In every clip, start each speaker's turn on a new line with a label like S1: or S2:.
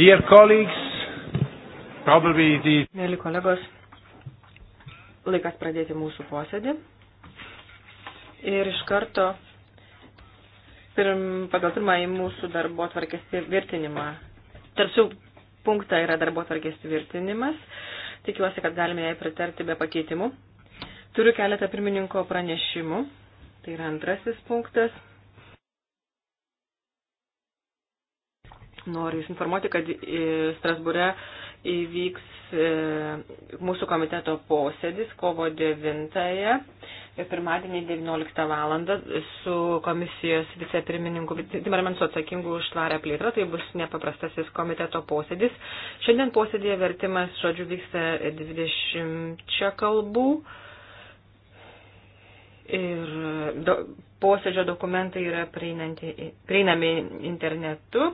S1: Dear colleagues, probably the... Mėly kolegos,
S2: laikas pradėti mūsų posėdį. Ir iš karto pirm, pagal pirmąjį mūsų darbo tvarkės tvirtinimą. Tarpsių punktą yra darbo tvarkės tvirtinimas. Tikiuosi, kad galime jai pritarti be pakeitimų. Turiu keletą pirmininko pranešimų. Tai yra antrasis punktas. Noriu Jūs informuoti, kad Strasbūre įvyks e, mūsų komiteto posėdis kovo 9-ąją, pirmadienį 19 val. su komisijos vicepirmininku Timarmensu atsakingu už tvarę plėtrą. Tai bus nepaprastasis komiteto posėdis. Šiandien posėdėje vertimas žodžiu vyksta 20 kalbų. Ir e, do, posėdžio dokumentai yra prieinami internetu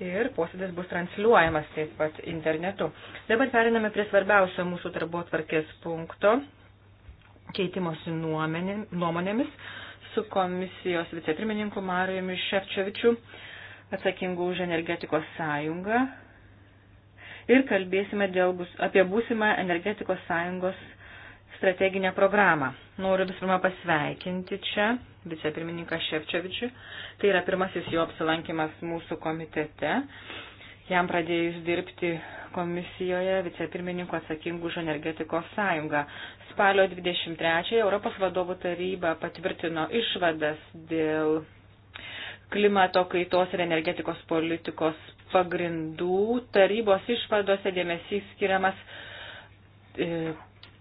S2: ir posėdis bus transliuojamas taip pat internetu. Dabar periname prie svarbiausio mūsų darbo tvarkės punkto keitimosi nuomonėmis su komisijos vicepirmininku Marijumi Ševčiovičiu, atsakingu už energetikos sąjungą. Ir kalbėsime dėl bus, apie būsimą energetikos sąjungos strateginę programą. Noriu visų pirma pasveikinti čia vicepirmininką Ševčiovičių. Tai yra pirmasis jo apsilankimas mūsų komitete. Jam pradėjus dirbti komisijoje vicepirmininko atsakingų už energetikos sąjungą. Spalio 23 Europos vadovų taryba patvirtino išvadas dėl klimato kaitos ir energetikos politikos pagrindų. Tarybos išvadose dėmesys skiriamas e,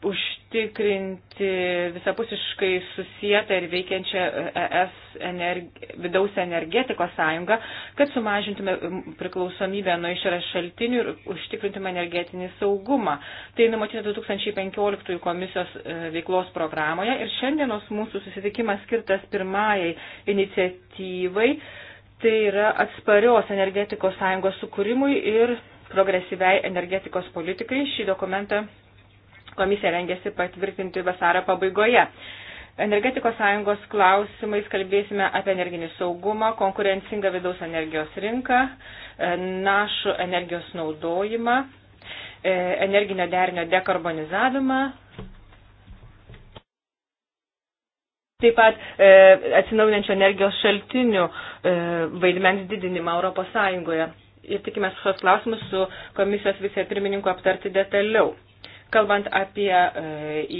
S2: užtikrinti visapusiškai susijęta ir veikiančią ES energi vidaus energetikos sąjungą, kad sumažintume priklausomybę nuo išorės šaltinių ir užtikrintume energetinį saugumą. Tai numatyta 2015 komisijos e, veiklos programoje ir šiandienos mūsų susitikimas skirtas pirmajai iniciatyvai, tai yra atsparios energetikos sąjungos sukūrimui ir progresyviai energetikos politikai. Šį dokumentą komisija rengiasi patvirtinti vasarą pabaigoje. Energetikos sąjungos klausimais kalbėsime apie energinį saugumą, konkurencingą vidaus energijos rinką, e, našų energijos naudojimą, e, energinio derinio dekarbonizavimą, Taip pat e, atsinaujinančio energijos šaltinių e, vaidmens didinimą Europos Sąjungoje. Ir tikime šios klausimus su komisijos vicepirmininku aptarti detaliau. Kalbant apie e,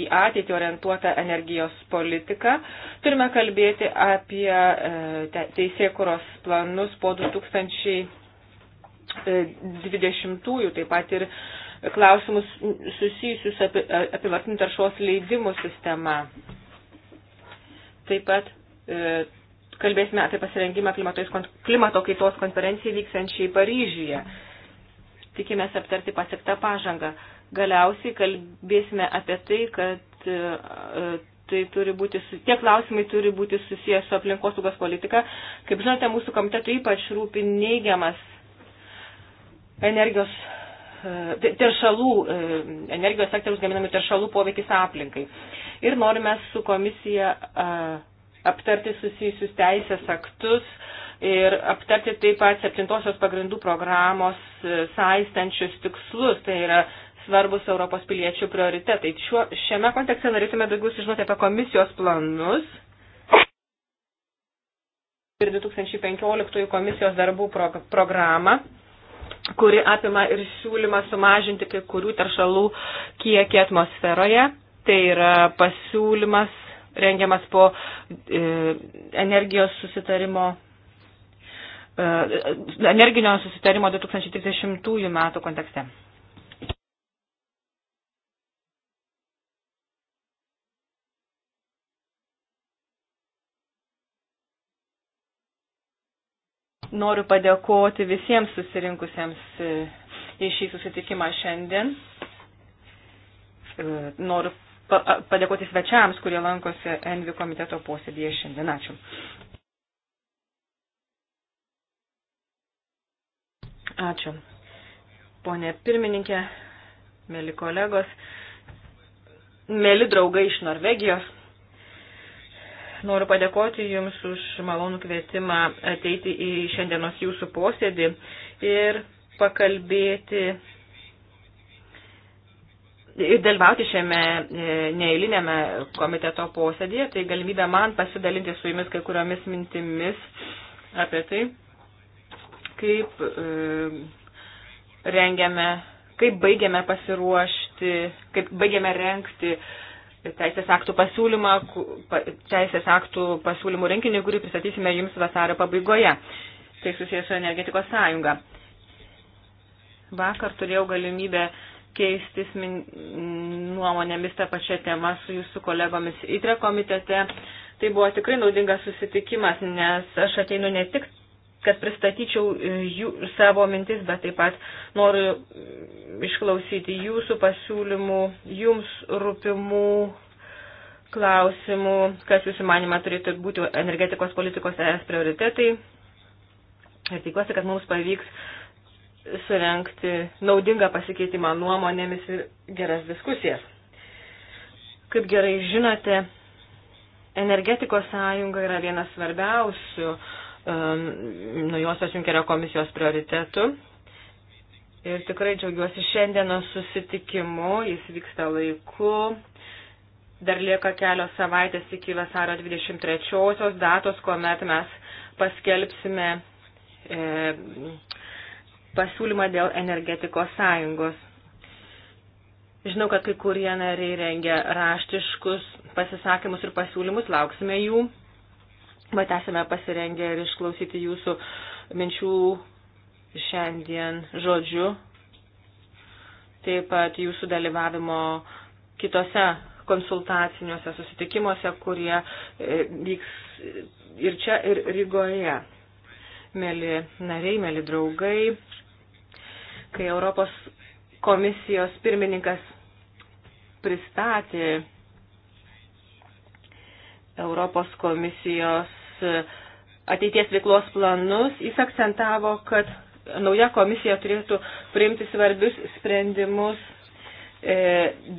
S2: į ateitį orientuotą energijos politiką, turime kalbėti apie e, teisėkuros planus po 2020-ųjų, e, taip pat ir klausimus susijusius apie, apie vartinių taršos leidimų sistemą. Taip pat kalbėsime apie pasirengimą klimato kaitos konferencijai vyksančiai Paryžiuje. Tikimės aptarti pasiektą pažangą galiausiai kalbėsime apie tai, kad e, tai turi būti, tie klausimai turi būti susijęs su aplinkosaugos politika. Kaip žinote, mūsų komitetui ypač rūpi neigiamas energijos e, teršalų, e, energijos sektoriaus gaminamų teršalų poveikis aplinkai. Ir norime su komisija aptarti susijusius teisės aktus ir aptarti taip pat septintosios pagrindų programos saistančius tikslus, tai yra svarbus Europos piliečių prioritetai. Šiuo, šiame kontekste norėtume daugiau sužinoti apie komisijos planus ir 2015 komisijos darbų pro, programą kuri apima ir siūlymą sumažinti kai kurių taršalų kiekį atmosferoje. Tai yra pasiūlymas rengiamas po e, energijos susitarimo e, e energinio susitarimo 2030 metų kontekste. noriu padėkoti visiems susirinkusiems e, į šį susitikimą šiandien. E, noriu padėkoti svečiams, kurie lankosi Envi komiteto posėdėje šiandien. Ačiū. Ačiū. Pone pirmininkė, mėly kolegos, mėly draugai iš Norvegijos. Noriu padėkoti Jums už malonų kvietimą ateiti į šiandienos Jūsų posėdį ir pakalbėti ir dalyvauti šiame e, neįlinėme komiteto posėdėje. Tai galimybė man pasidalinti su Jumis kai kuriomis mintimis apie tai, kaip e, rengiame, kaip baigiame pasiruošti, kaip baigiame renkti e, teisės aktų pasiūlymą, teisės aktų pasiūlymų rinkinį, kurį pristatysime jums vasario pabaigoje. Tai susijęs su energetikos sąjunga. Vakar turėjau galimybę keistis nuomonėmis tą pačią temą su jūsų kolegomis įtre komitete. Tai buvo tikrai naudingas susitikimas, nes aš ateinu ne tik kad pristatyčiau e, jų, savo mintis, bet taip pat noriu e, išklausyti jūsų pasiūlymų, jums rūpimų klausimų, kas jūsų manima turėtų būti energetikos politikos es prioritetai. Ir tikiuosi, kad mums pavyks surenkti naudingą pasikeitimą nuomonėmis ir geras diskusijas. Kaip gerai žinote, energetikos sąjunga yra vienas svarbiausių uh, Um, naujosios Junkerio komisijos prioritetų. Ir tikrai džiaugiuosi šiandienos susitikimu, jis vyksta laiku. Dar lieka kelios savaitės iki vasario 23 datos, kuomet mes paskelbsime e, pasiūlymą dėl energetikos sąjungos. Žinau, kad kai kurie nariai rengia raštiškus pasisakymus ir pasiūlymus, lauksime jų. Bet esame pasirengę ir išklausyti jūsų minčių šiandien žodžiu, taip pat jūsų dalyvavimo kitose konsultaciniuose susitikimuose, kurie e, vyks ir čia, ir Rygoje. Mėly nariai, mėly draugai, kai Europos komisijos pirmininkas pristatė Europos komisijos ateities veiklos planus, jis akcentavo, kad nauja komisija turėtų priimti svarbius sprendimus e,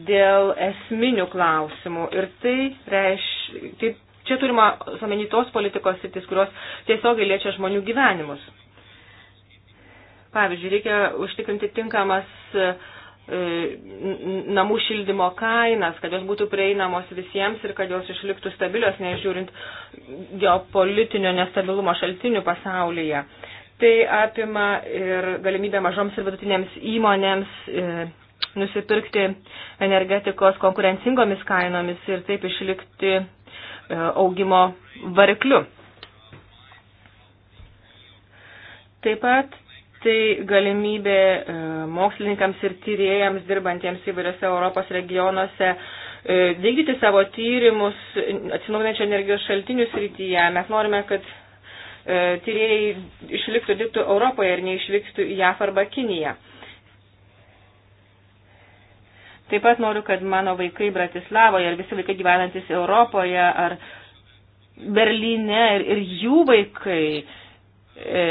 S2: dėl esminių klausimų. Ir tai reiškia, tai čia turima suomenį tos politikos sitis, kurios tiesiogiai liečia žmonių gyvenimus. Pavyzdžiui, reikia užtikrinti tinkamas E, namų šildymo kainas, kad jos būtų prieinamos visiems ir kad jos išliktų stabilios, nežiūrint geopolitinio nestabilumo šaltinių pasaulyje. Tai apima ir galimybę mažoms ir vidutinėms įmonėms e, nusipirkti energetikos konkurencingomis kainomis ir taip išlikti e, augimo varikliu. Taip pat tai galimybė e, mokslininkams ir tyriejams dirbantiems įvairiose Europos regionuose e, vykdyti savo tyrimus atsinaujinančio energijos šaltinių srityje. Mes norime, kad e, tyriejai išliktų dirbtų Europoje ir neišvyktų į JAF arba Kiniją. Taip pat noriu, kad mano vaikai Bratislavoje ir visi vaikai gyvenantis Europoje ar Berlyne ir, ir jų vaikai e,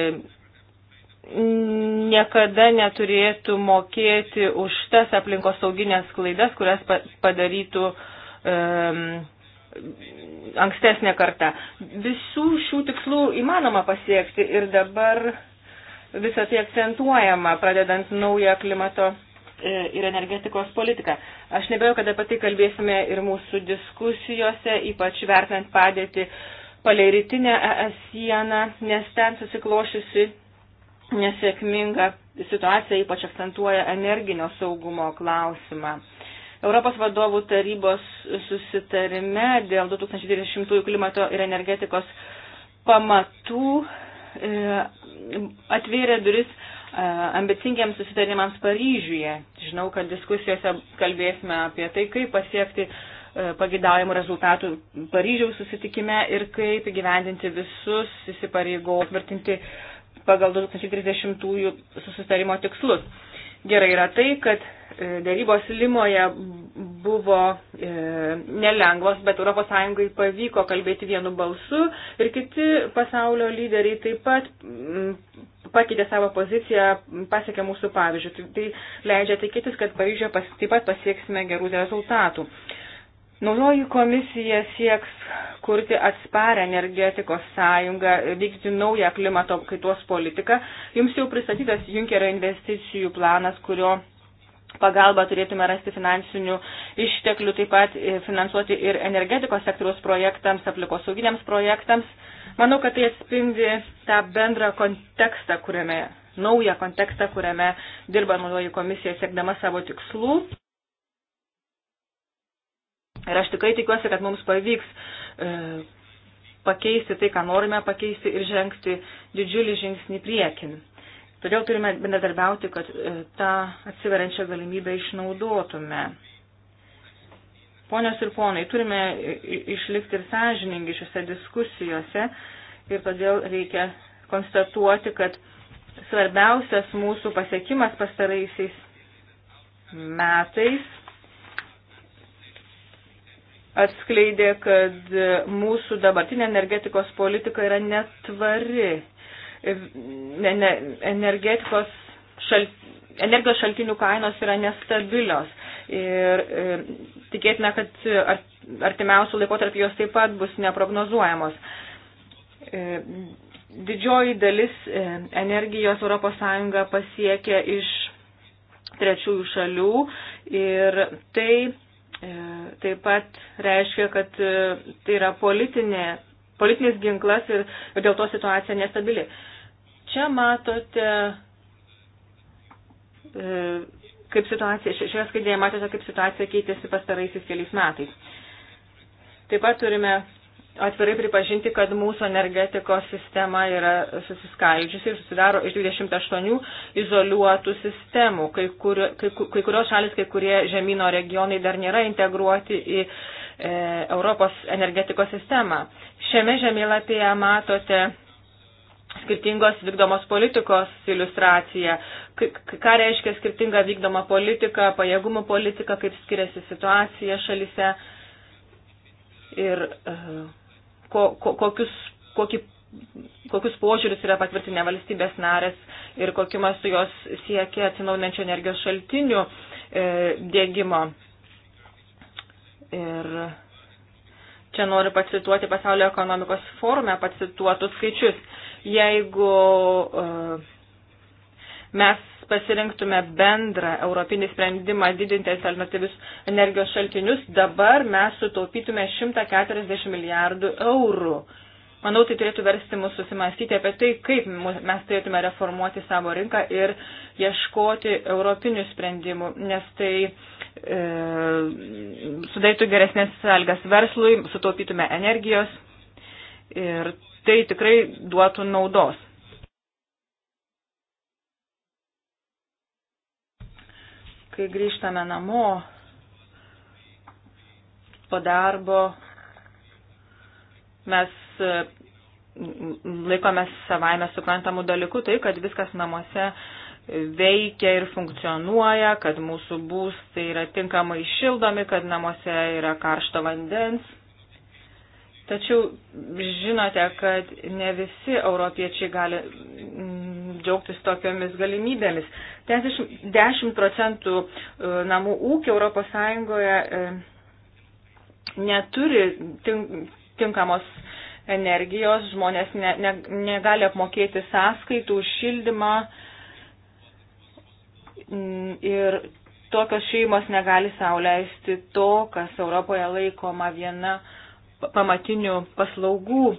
S2: niekada neturėtų mokėti už tas aplinkosauginės klaidas, kurias padarytų um, ankstesnė karta. Visų šių tikslų įmanoma pasiekti ir dabar visą tai akcentuojama, pradedant naują klimato e, ir energetikos politiką. Aš nebėjau, kad apie tai kalbėsime ir mūsų diskusijose, ypač vertinant padėti palei rytinę ES e-, sieną, nes ten susiklošiusi nesėkmingą situaciją, ypač akcentuoja energinio saugumo klausimą. Europos vadovų tarybos susitarime dėl 2020 klimato ir energetikos pamatų e, atvėrė duris e, ambicingiams susitarimams Paryžiuje. Žinau, kad diskusijose kalbėsime apie tai, kaip pasiekti e, pagidaujamų rezultatų Paryžiaus susitikime ir kaip įgyvendinti visus įsipareigojimus, tvirtinti pagal 2030-ųjų susitarimo tikslus. Gerai yra tai, kad e, dėrybos Limoje buvo e, nelengvos, bet ES pavyko kalbėti vienu balsu ir kiti pasaulio lyderiai taip pat m, pakeitė savo poziciją, pasiekė mūsų pavyzdžių. Tai, tai leidžia tikėtis, kad Paryžioje pas, taip pat pasieksime gerų rezultatų. E, Naujoji komisija sieks kurti atsparę energetikos sąjungą, vykdyti naują klimato kaitos politiką. Jums jau pristatytas Junkerio investicijų planas, kurio pagalba turėtume rasti finansinių išteklių, taip pat e, finansuoti ir energetikos sektoriaus projektams, aplikosauginiams projektams. Manau, kad tai atspindi tą bendrą kontekstą, kuriame, naują kontekstą, kuriame dirba naujoji komisija siekdama savo tikslų. Ir aš tikrai tikiuosi, kad mums pavyks e, pakeisti tai, ką norime pakeisti ir žengti didžiulį žingsnį priekin. Todėl turime bendradarbiauti, kad e, tą atsiverančią galimybę išnaudotume. Ponios ir ponai, turime išlikti ir sąžiningi šiuose diskusijose ir todėl reikia konstatuoti, kad svarbiausias mūsų pasiekimas pastaraisiais metais atskleidė, kad mūsų dabartinė energetikos politika yra netvari. Energetikos šalt, energijos šaltinių kainos yra nestabilios ir e, tikėtina, kad artimiausių laikotarpį jos taip pat bus neprognozuojamos. E, didžioji dalis e, energijos ES pasiekia iš trečiųjų šalių ir tai E, taip pat reiškia, kad e, tai yra politinė, politinis ginklas ir dėl to situacija nestabili. Čia matote, e, kaip situacija, šioje skaidrėje matote, kaip situacija keitėsi pastaraisiais keliais metais. Taip pat turime atvirai pripažinti, kad mūsų energetikos sistema yra susiskaldžiusi ir susidaro iš 28 izoliuotų sistemų. Kai, kur, kai, kai kurios šalis, kai kurie žemynų regionai dar nėra integruoti į e, Europos energetikos sistemą. Šiame žemėlapyje matote skirtingos vykdomos politikos iliustracija, ką reiškia skirtinga vykdoma politika, pajėgumų politika, kaip skiriasi situacija šalise ir uh, ko, ko, kokius, kokį, kokius požiūrius yra patvirtinę valstybės narės ir kokiu mastu jos siekia atsinaujinančio energijos šaltinių e, dėgymo. Ir čia noriu pacituoti pasaulio ekonomikos forume pacituotus skaičius. Jeigu e, mes pasirinktume bendrą europinį sprendimą didinti alternatyvius energijos šaltinius, dabar mes sutaupytume 140 milijardų eurų. Manau, tai turėtų versti mus susimastyti apie tai, kaip mes turėtume reformuoti savo rinką ir ieškoti europinių sprendimų, nes tai e, sudarytų geresnės sąlygas verslui, sutaupytume energijos ir tai tikrai duotų naudos. kai grįžtame namo po darbo, mes laikomės savaime suprantamų dalykų tai, kad viskas namuose veikia ir funkcionuoja, kad mūsų būstai yra tinkamai šildomi, kad namuose yra karšto vandens. Tačiau žinote, kad ne visi europiečiai gali džiaugtis tokiomis galimybėmis. 10 procentų e, namų ūkio ES e, neturi tinkamos energijos, žmonės ne, ne, negali apmokėti sąskaitų už šildymą mm, ir tokios šeimos negali sauliaisti to, kas Europoje laikoma viena pamatinių paslaugų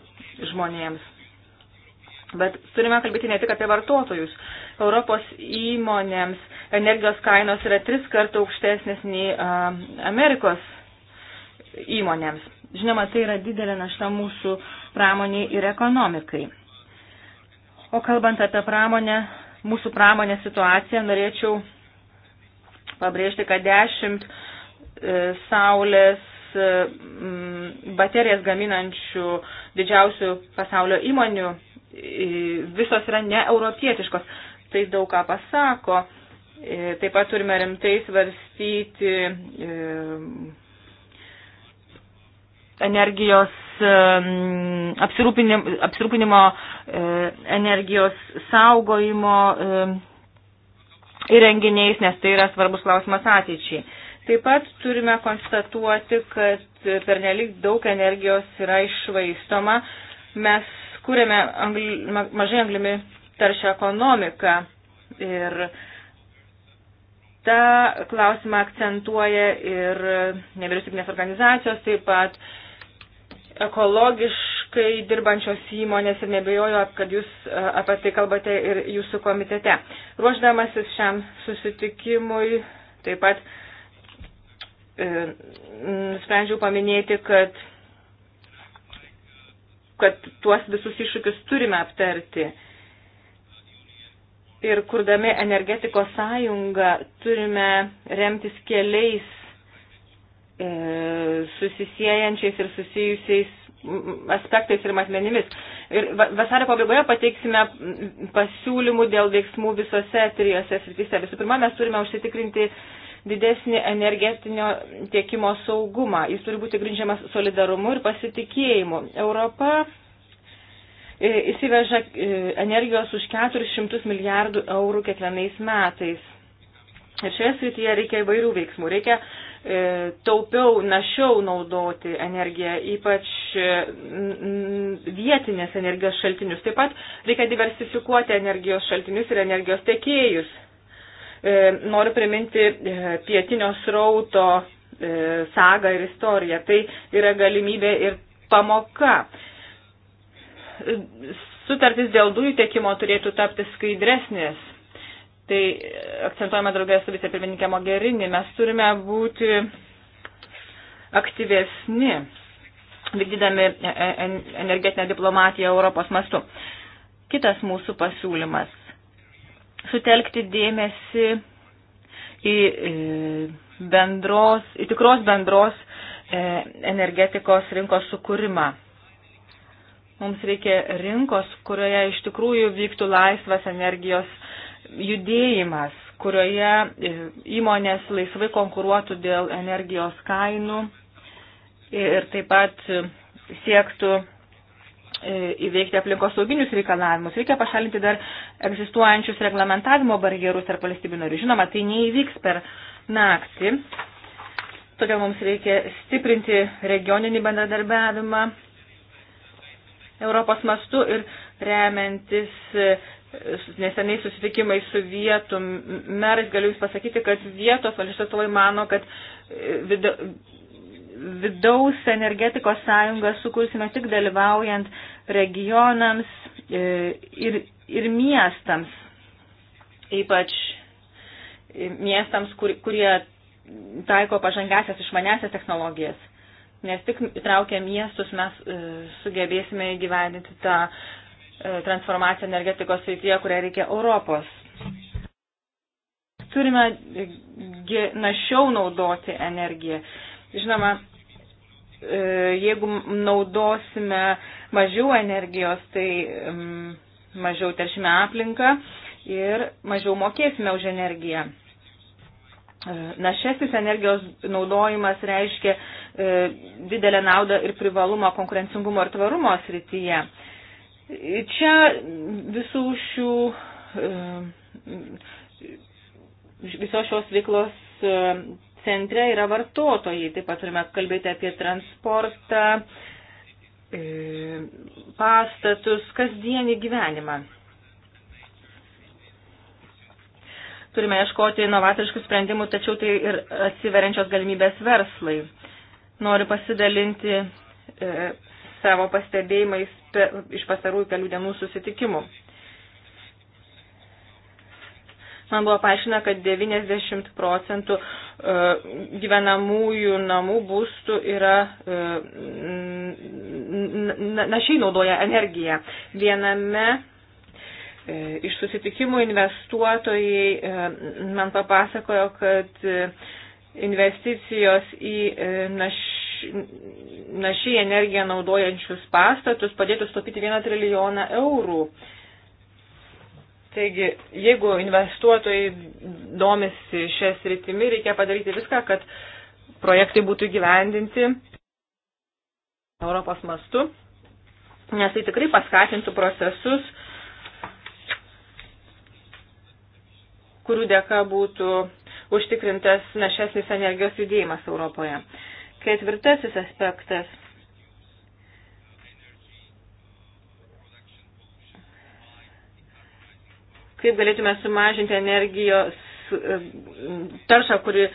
S2: žmonėms. Bet turime kalbėti ne tik apie vartotojus. Europos įmonėms energijos kainos yra tris kartų aukštesnės nei uh, Amerikos įmonėms. Žinoma, tai yra didelė našta mūsų pramoniai ir ekonomikai. O kalbant apie pramonę, mūsų pramonę situaciją, norėčiau pabrėžti, kad 10 e, saulės e, baterijas gaminančių didžiausių pasaulio įmonių visos yra neeuropietiškos. Tai daug ką pasako. E, taip pat turime rimtai svarstyti e, energijos e, apsirūpinimo, energijos saugojimo įrenginiais, nes tai yra svarbus klausimas ateičiai. Taip pat turime konstatuoti, kad pernelik daug energijos yra išvaistoma. Mes kūrėme angli, mažai anglimi taršę ekonomiką ir tą klausimą akcentuoja ir nevyriausybinės organizacijos, taip pat ekologiškai dirbančios įmonės ir nebejoju, kad jūs e, apie tai kalbate ir jūsų komitete. Ruoždamasis šiam susitikimui taip pat e, nusprendžiau paminėti, kad kad tuos visus iššūkius turime aptarti. Ir kurdami energetikos sąjungą turime remtis keliais e, susisiejančiais ir susijusiais aspektais ir matmenimis. Ir vasario pabaigoje pateiksime pasiūlymų dėl veiksmų visose trijose srityse. Visų pirma, mes turime užsitikrinti didesnį energetinio tiekimo saugumą. Jis turi būti grindžiamas solidarumu ir pasitikėjimu. Europa e, įsiveža e, energijos už 400 milijardų eurų kiekvienais metais. Ir šioje srityje reikia įvairių veiksmų. Reikia e, taupiau, našiau naudoti energiją, ypač vietinės energijos šaltinius. Taip pat reikia diversifikuoti energijos šaltinius ir energijos tiekėjus. E, noriu priminti e, pietinio srauto e, sagą ir istoriją. Tai yra galimybė ir pamoka. Sutartis dėl dujų tiekimo turėtų tapti skaidresnės. Tai akcentuojame draugės su vicepirmininkė Mogherini. Mes turime būti aktyvesni, vykdydami energetinę diplomatiją Europos mastu. Kitas mūsų pasiūlymas sutelkti dėmesį į e, bendros, į tikros bendros e, energetikos rinkos sukūrimą. Mums reikia rinkos, kurioje iš tikrųjų vyktų laisvas energijos judėjimas, kurioje e, įmonės laisvai konkuruotų dėl energijos kainų ir taip pat siektų E, įveikti aplinkosauginius reikalavimus. Reikia pašalinti dar egzistuojančius reglamentavimo barjerus tarp valstybių narių. Žinoma, tai neįvyks per naktį. Todėl mums reikia stiprinti regioninį bendradarbiavimą Europos mastu ir remiantis e, neseniai susitikimai su vietų merais galiu Jums pasakyti, kad vietos valdžios atstovai mano, kad e, vidaus energetikos sąjungą sukursime tik dalyvaujant regionams e, ir, ir miestams, ypač e, miestams, kur, kurie taiko pažangasias išmanesias technologijas. Nes tik traukia miestus mes e, sugebėsime įgyvendinti tą transformaciją energetikos srityje, kurią reikia Europos. Turime našiau naudoti energiją. Žinoma, E, jeigu naudosime mažiau energijos, tai mažiau teršime aplinką ir mažiau mokėsime už energiją. E, našesnis energijos naudojimas reiškia e, didelę naudą ir privalumą konkurencingumo ir tvarumo srityje. Čia visų šių visos šios veiklos centre yra vartotojai. Taip pat turime kalbėti apie transportą, e, pastatus, kasdienį gyvenimą. Turime ieškoti inovatoriškų sprendimų, tačiau tai ir atsiveriančios galimybės verslai. Noriu pasidalinti e, savo pastebėjimais pe, iš pastarųjų kelių dienų susitikimų. Man buvo paaiškina, kad 90 procentų e, gyvenamųjų namų būstų yra e, našiai naudoja energiją. Viename e, iš susitikimų investuotojai man papasakojo, kad investicijos į naš, našiai energiją naudojančius pastatus padėtų stopyti 1 trilijoną eurų. Taigi, jeigu investuotojai domisi šią sritimį, reikia padaryti viską, kad projektai būtų gyvendinti Europos mastu, nes tai tikrai paskatintų procesus, kurių dėka būtų užtikrintas našesnis energijos judėjimas Europoje. Ketvirtasis aspektas kaip galėtume sumažinti energijos e, taršą, kuri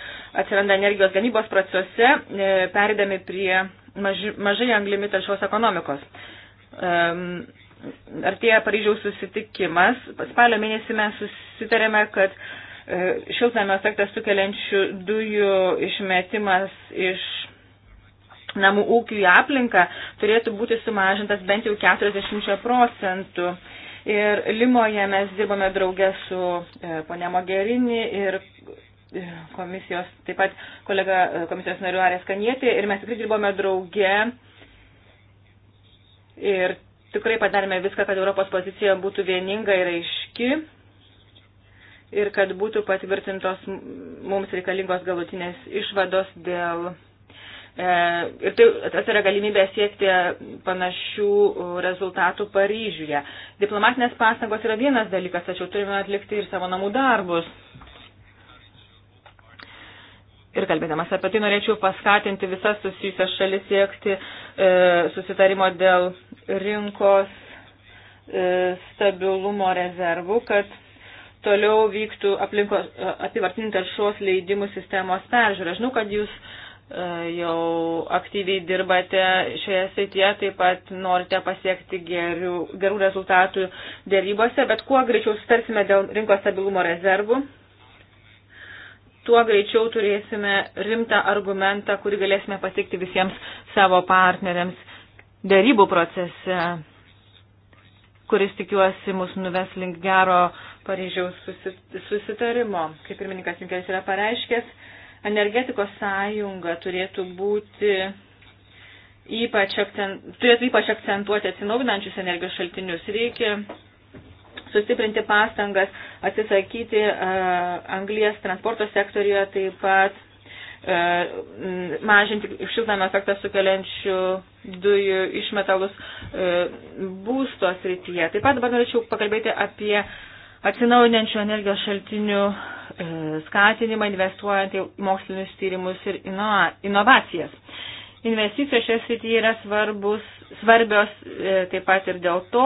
S2: atsiranda energijos gamybos procese, e, perėdami prie maži, mažai anglimi taršos ekonomikos. Artėja Paryžiaus susitikimas. Spalio mėnesį mes susitarėme, kad e, šiltnamio efektą sukeliančių dujų išmetimas iš namų ūkių į aplinką turėtų būti sumažintas bent jau 40 procentų Ir Limoje mes dirbame draugę su e, ponė Mogerini ir e, komisijos, taip pat kolega e, komisijos nariu Arės Kanietė ir mes tikrai dirbome drauge ir tikrai padarėme viską, kad Europos pozicija būtų vieninga ir aiški ir kad būtų patvirtintos mums reikalingos galutinės išvados dėl E, ir tai atsiria galimybė siekti panašių e, rezultatų Paryžiuje. Diplomatinės pastangos yra vienas dalykas, tačiau turime atlikti ir savo namų darbus. Ir kalbėdamas apie tai norėčiau paskatinti visas susijusias šalis siekti e, susitarimo dėl rinkos e, stabilumo rezervų, kad toliau vyktų aplinkos, e, apivartinių taršos leidimų sistemos peržiūra. Žinau, kad jūs e, E, jau aktyviai dirbate šioje srityje, taip pat norite pasiekti gerių, gerų rezultatų dėrybose, bet kuo greičiau sutarsime dėl rinkos stabilumo rezervų, tuo greičiau turėsime rimtą argumentą, kurį galėsime patikti visiems savo partneriams dėrybų procese, kuris tikiuosi mus nuves link gero Paryžiaus susitarimo, kaip pirmininkas Junkeris yra pareiškęs energetikos sąjunga turėtų būti ypač, akcent, turėtų ypač akcentuoti atsinaujinančius energijos šaltinius. Reikia sustiprinti pastangas, atsisakyti uh, anglijas transporto sektorijoje, taip pat uh, mažinti šiltnamio efektą sukeliančių dujų išmetalus uh, būsto srityje. Taip pat dabar norėčiau pakalbėti apie atsinaujinančių energijos šaltinių uh, E, skatinimą investuojant į mokslinius tyrimus ir inovacijas. Investicijos šią sritį yra svarbus, svarbios e, taip pat ir dėl to,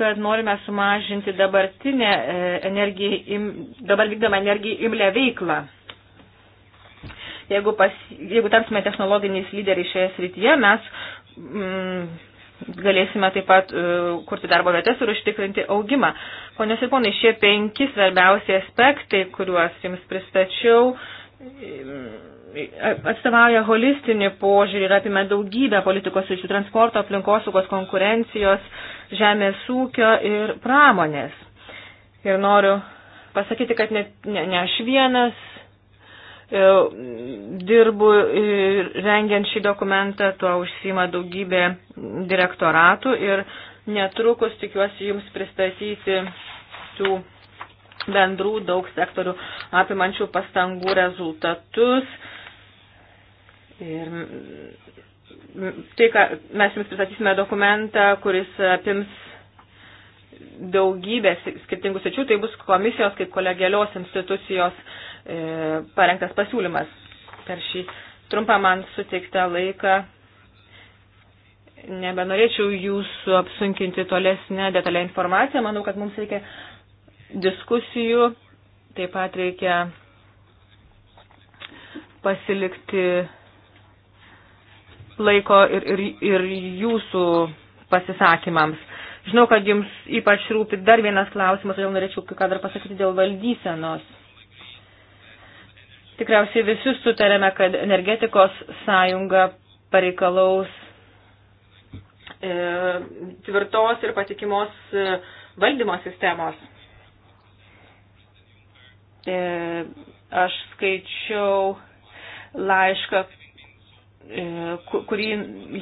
S2: kad norime sumažinti dabartinę e, energiją, dabar vykdomą energiją imlę veiklą. Jeigu, pas, jeigu tapsime technologiniais lyderiais šioje srityje, mes mm, galėsime taip pat e, kurti darbo vietas ir užtikrinti augimą. Ponios ir ponai, šie penki svarbiausi aspektai, kuriuos jums pristačiau, e, atstovauja holistinį požiūrį ir apima daugybę politikos ryčių transporto, aplinkosaugos, konkurencijos, žemės ūkio ir pramonės. Ir noriu pasakyti, kad ne, ne, ne aš vienas E, dirbu rengiant šį dokumentą, tuo užsima daugybė direktoratų ir netrukus tikiuosi jums pristatyti tų bendrų daug sektorių apimančių pastangų rezultatus. Ir tai, ką mes jums pristatysime dokumentą, kuris apims daugybės skirtingų sečių, tai bus komisijos kaip kolegialios institucijos uh, E, parengtas pasiūlymas. Per šį trumpą man suteiktą laiką nebenorėčiau jūsų apsunkinti tolesnę detalę informaciją. Manau, kad mums reikia diskusijų, taip pat reikia pasilikti laiko ir, ir, ir jūsų pasisakymams. Žinau, kad jums ypač rūpi dar vienas klausimas, todėl norėčiau ką dar pasakyti dėl valdysenos. Tikriausiai visi sutarėme, kad energetikos sąjunga pareikalaus e, tvirtos ir patikimos e, valdymo sistemos. E, aš skaičiau laišką, e, kurį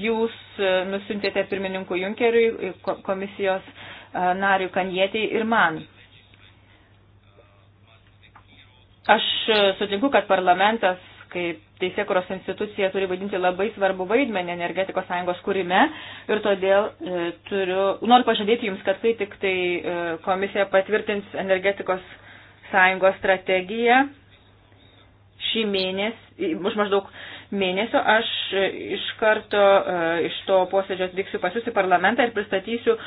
S2: jūs e, nusintėte pirmininkų Junkeriui, e, komisijos narių Kanjetei ir man. Aš e, sutinku, kad parlamentas kaip teisėkuros institucija turi vaidinti labai svarbu vaidmenį energetikos sąjungos kūrime ir todėl e, turiu, noriu pažadėti Jums, kad kai tik tai e, komisija patvirtins energetikos sąjungos strategiją šį mėnesį, už maždaug mėnesio aš e, iš karto e, iš to posėdžio atvyksiu pas Jūs į parlamentą ir pristatysiu e,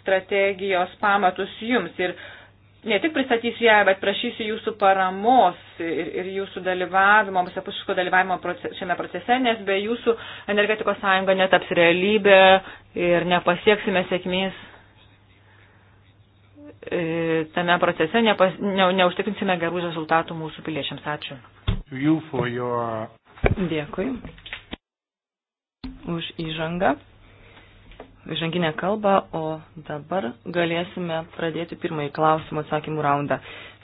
S2: strategijos pamatus Jums. Ir, e, ne tik pristatysiu ją, bet prašysiu jūsų paramos ir, ir jūsų dalyvavimo, visapusiško dalyvavimo proces, šiame procese, nes be jūsų energetikos sąjunga netaps realybė ir nepasieksime sėkmės e, tame procese, nepas, ne, neužtikrinsime gerų rezultatų mūsų piliečiams. Ačiū.
S1: You your...
S2: Dėkui už įžangą žanginę kalbą, o dabar galėsime pradėti pirmąjį klausimų atsakymų raundą.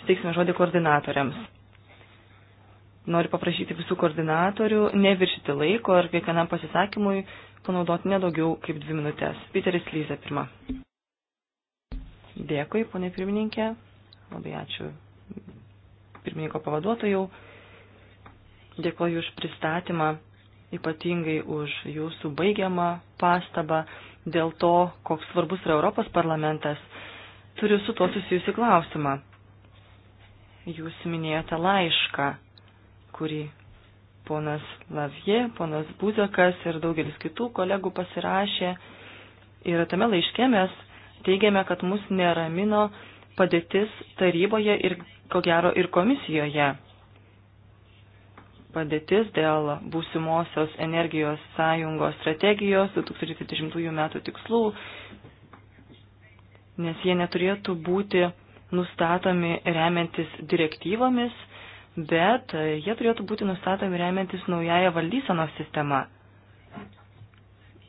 S2: Steiksime žodį koordinatoriams. Noriu paprašyti visų koordinatorių neviršyti laiko ir kiekvienam pasisakymui panaudoti nedaugiau kaip dvi minutės. Piteris Lyza pirma. Dėkui, ponė pirmininkė. Labai ačiū pirmininko pavaduotojų. Dėkoju už pristatymą, ypatingai už jūsų baigiamą pastabą dėl to, koks svarbus yra Europos parlamentas, turiu su to susijusi klausimą. Jūs minėjote laišką, kurį ponas Lavie, ponas Buzekas ir daugelis kitų kolegų pasirašė. Ir tame laiške mes teigiame, kad mus neramino padėtis taryboje ir ko gero ir komisijoje padėtis dėl būsimosios energijos sąjungos strategijos 2020 m. tikslų, nes jie neturėtų būti nustatomi remiantis direktyvomis, bet jie turėtų būti nustatomi remiantis naująją valdysenos sistemą.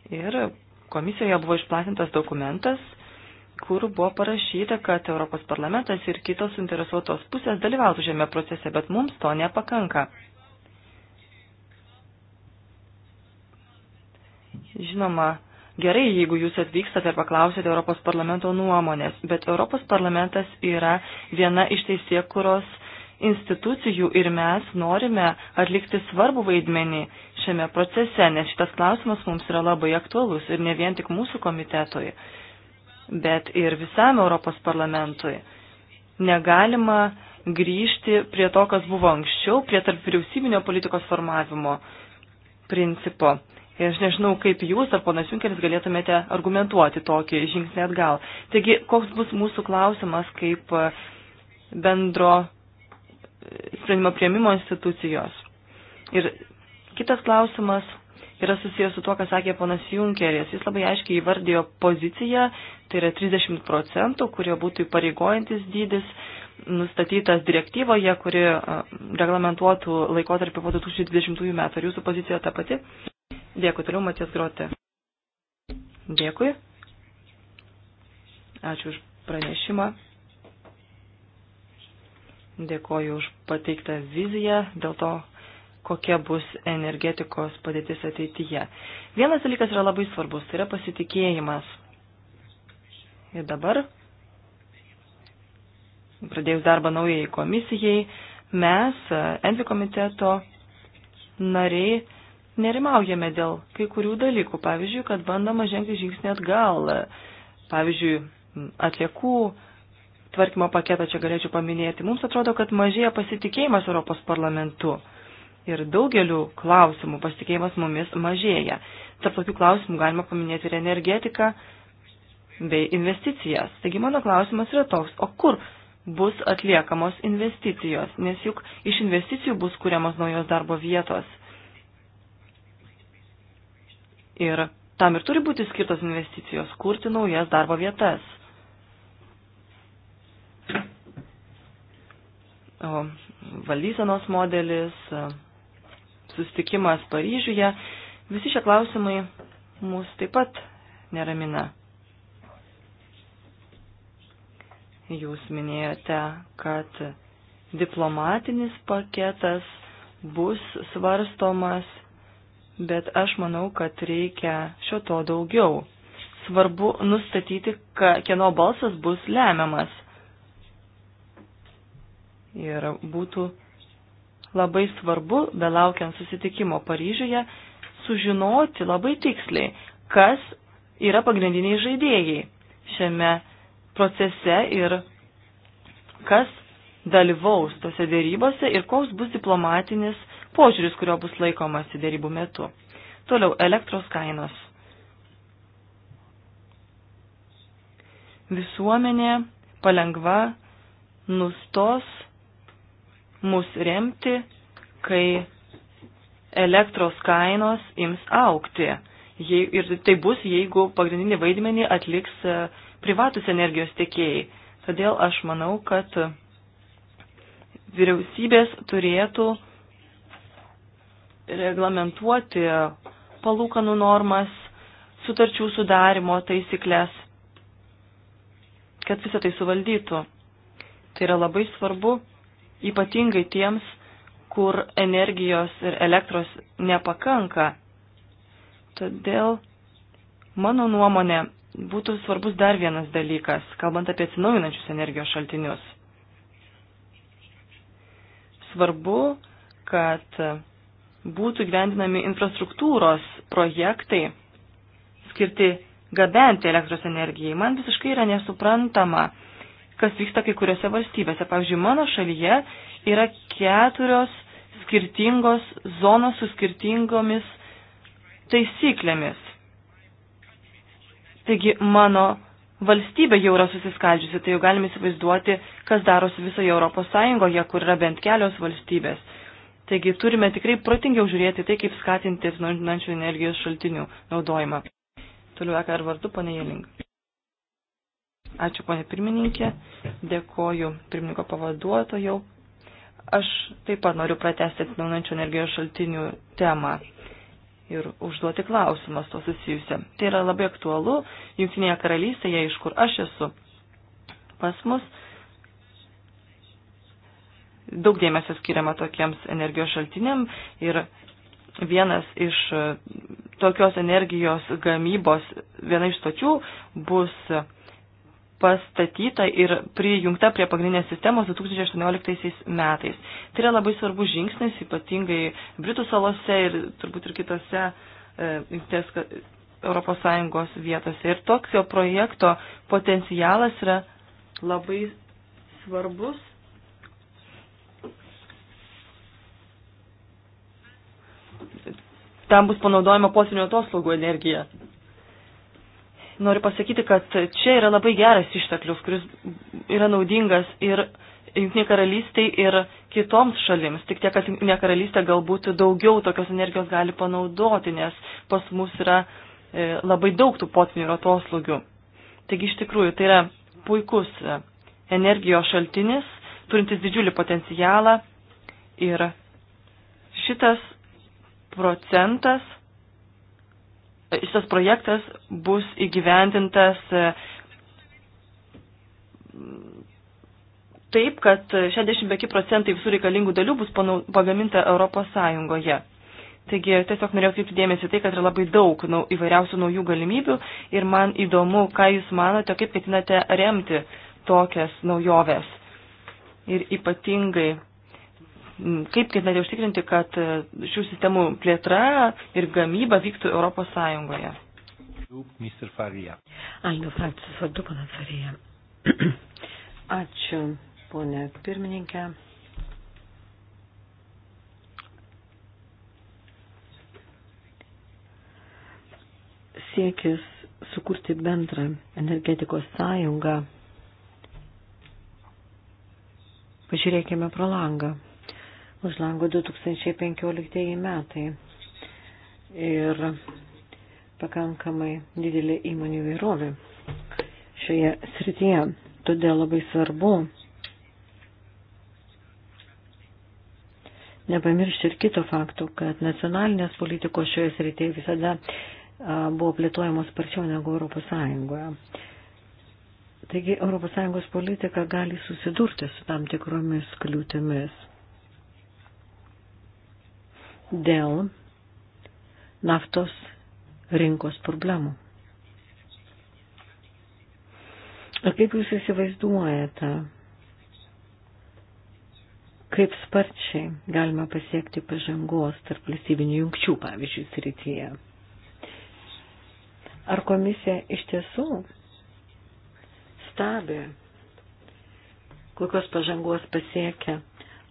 S2: Ir komisijoje buvo išplatintas dokumentas, kur buvo parašyta, kad Europos parlamentas ir kitos suinteresuotos pusės dalyvautų šiame procese, bet mums to nepakanka. Žinoma, gerai, jeigu jūs atvykstate ir paklausėte Europos parlamento nuomonės, bet Europos parlamentas yra viena iš teisėkuros institucijų ir mes norime atlikti svarbų vaidmenį šiame procese, nes šitas klausimas mums yra labai aktualus ir ne vien tik mūsų komitetui, bet ir visam Europos parlamentui. Negalima grįžti prie to, kas buvo anksčiau, prie tarp vyriausybinio politikos formavimo principo. Ir aš nežinau, kaip jūs ar ponas Junkeris galėtumėte argumentuoti tokį žingsnį atgal. Taigi, koks bus mūsų klausimas kaip e, bendro e, sprendimo prieimimo institucijos. Ir kitas klausimas yra susijęs su tuo, ką sakė ponas Junkeris. Jis labai aiškiai įvardėjo poziciją, tai yra 30 procentų, kurio būtų įpareigojantis dydis nustatytas direktyvoje, kuri reglamentuotų laikotarpį po 2020 metų. Ar jūsų pozicija ta pati? Dėkui, toliau Matės Grotė. Dėkui. Ačiū už pranešimą. Dėkoju už pateiktą viziją dėl to, kokia bus energetikos padėtis ateityje. Vienas dalykas yra labai svarbus, tai yra pasitikėjimas. Ir dabar pradėjus darbą naujai komisijai, mes, e, Envi komiteto nariai, nerimaujame dėl kai kurių dalykų. Pavyzdžiui, kad bandoma žengti žingsnį atgal. Pavyzdžiui, atliekų tvarkymo paketą čia galėčiau paminėti. Mums atrodo, kad mažėja pasitikėjimas Europos parlamentu. Ir daugeliu klausimų pasitikėjimas mumis mažėja. Tarp tokių klausimų galima paminėti ir energetiką bei investicijas. Taigi mano klausimas yra toks, o kur bus atliekamos investicijos, nes juk iš investicijų bus kuriamos naujos darbo vietos. Ir tam ir turi būti skirtos investicijos - kurti naujas darbo vietas. O valdysenos modelis, sustikimas Paryžiuje, visi šie klausimai mus taip pat neramina. Jūs minėjote, kad diplomatinis paketas bus svarstomas, bet aš manau, kad reikia šio to daugiau. Svarbu nustatyti, kieno balsas bus lemiamas. Ir būtų labai svarbu, belaukiant susitikimo Paryžiuje, sužinoti labai tiksliai, kas yra pagrindiniai žaidėjai šiame procese ir kas dalyvaus tose dėrybose ir koks bus diplomatinis požiūris, kurio bus laikomasi dėrybų metu. Toliau elektros kainos. Visuomenė palengva nustos mus remti, kai elektros kainos ims aukti. Ir tai bus, jeigu pagrindinį vaidmenį atliks uh, privatus energijos tiekėjai. Todėl aš manau, kad vyriausybės turėtų reglamentuoti palūkanų normas, sutarčių sudarimo taisyklės, kad visą tai suvaldytų. Tai yra labai svarbu, ypatingai tiems, kur energijos ir elektros nepakanka. Todėl, mano nuomonė, būtų svarbus dar vienas dalykas, kalbant apie atsinaujinančius energijos šaltinius. Svarbu, kad būtų gyvendinami infrastruktūros projektai skirti gabenti elektros energijai. Man visiškai yra nesuprantama, kas vyksta kai kuriuose valstybėse. Pavyzdžiui, mano šalyje yra keturios skirtingos zonos su skirtingomis taisyklėmis Taigi mano valstybė jau yra susiskaldžiusi, tai jau galime įsivaizduoti, kas darosi visoje Europos Sąjungoje, kur yra bent kelios valstybės. Taigi turime tikrai protingiau žiūrėti tai, kaip skatinti atsinaujinančių energijos šaltinių naudojimą. Toliau vakar vardu, ponė Jeling. Ačiū, ponė pirmininkė. Dėkoju pirmininko pavaduotojau. Aš taip pat noriu pratesti atsinaujinančių energijos šaltinių temą ir užduoti klausimas to susijusia. Tai yra labai aktualu Junktinėje karalystėje, iš kur aš esu. Pas mus daug dėmesio skiriama tokiems energijos šaltiniam ir vienas iš e, tokios energijos gamybos, viena iš tokių bus pastatyta ir prijungta prie pagrindinės sistemos 2018 metais. Tai yra labai svarbus žingsnis, ypatingai Britų salose ir turbūt ir kitose e, Europos Sąjungos vietose. Ir toks jo projekto potencialas yra labai svarbus. Tam bus panaudojama posvinio atoslogų energija noriu pasakyti, kad čia yra labai geras išteklius, kuris yra naudingas ir Junktinė karalystė ir kitoms šalims. Tik tiek, kad Junktinė karalystė galbūt daugiau tokios energijos gali panaudoti, nes pas mus yra e, labai daug tų potvinių ir atoslugių. Taigi iš tikrųjų tai yra puikus e, energijos šaltinis, turintis didžiulį potencialą ir šitas procentas šitas projektas bus įgyvendintas e, taip, kad 65 procentai visų reikalingų dalių bus pagaminta Europos Sąjungoje. Taigi tiesiog norėjau kreipti dėmesį tai, kad yra labai daug nau, įvairiausių naujų galimybių ir man įdomu, ką Jūs manote, kaip ketinate remti tokias naujoves. Ir ypatingai Kaip ketinate užtikrinti, kad e, šių sistemų plėtra ir gamyba vyktų Europos Sąjungoje?
S1: Mr. Farija.
S2: Aldo frakcijos vardu, pana Farija. Ačiū, ponė pirmininkė. Siekis sukurti bendrą energetikos sąjungą. Pažiūrėkime pro langą už lango 2015 metai. Ir pakankamai didelė įmonių vairovė šioje srityje. Todėl labai svarbu nepamiršti ir kito fakto, kad nacionalinės politikos šioje srityje visada buvo plėtojamos sparčiau negu Europos Sąjungoje. Taigi Europos Sąjungos politika gali susidurti su tam tikromis kliūtimis dėl naftos rinkos problemų. O kaip jūs įsivaizduojate, kaip sparčiai galima pasiekti pažangos tarp valstybinių jungčių, pavyzdžiui, srityje? Ar komisija iš tiesų stebi, kokios pažangos pasiekia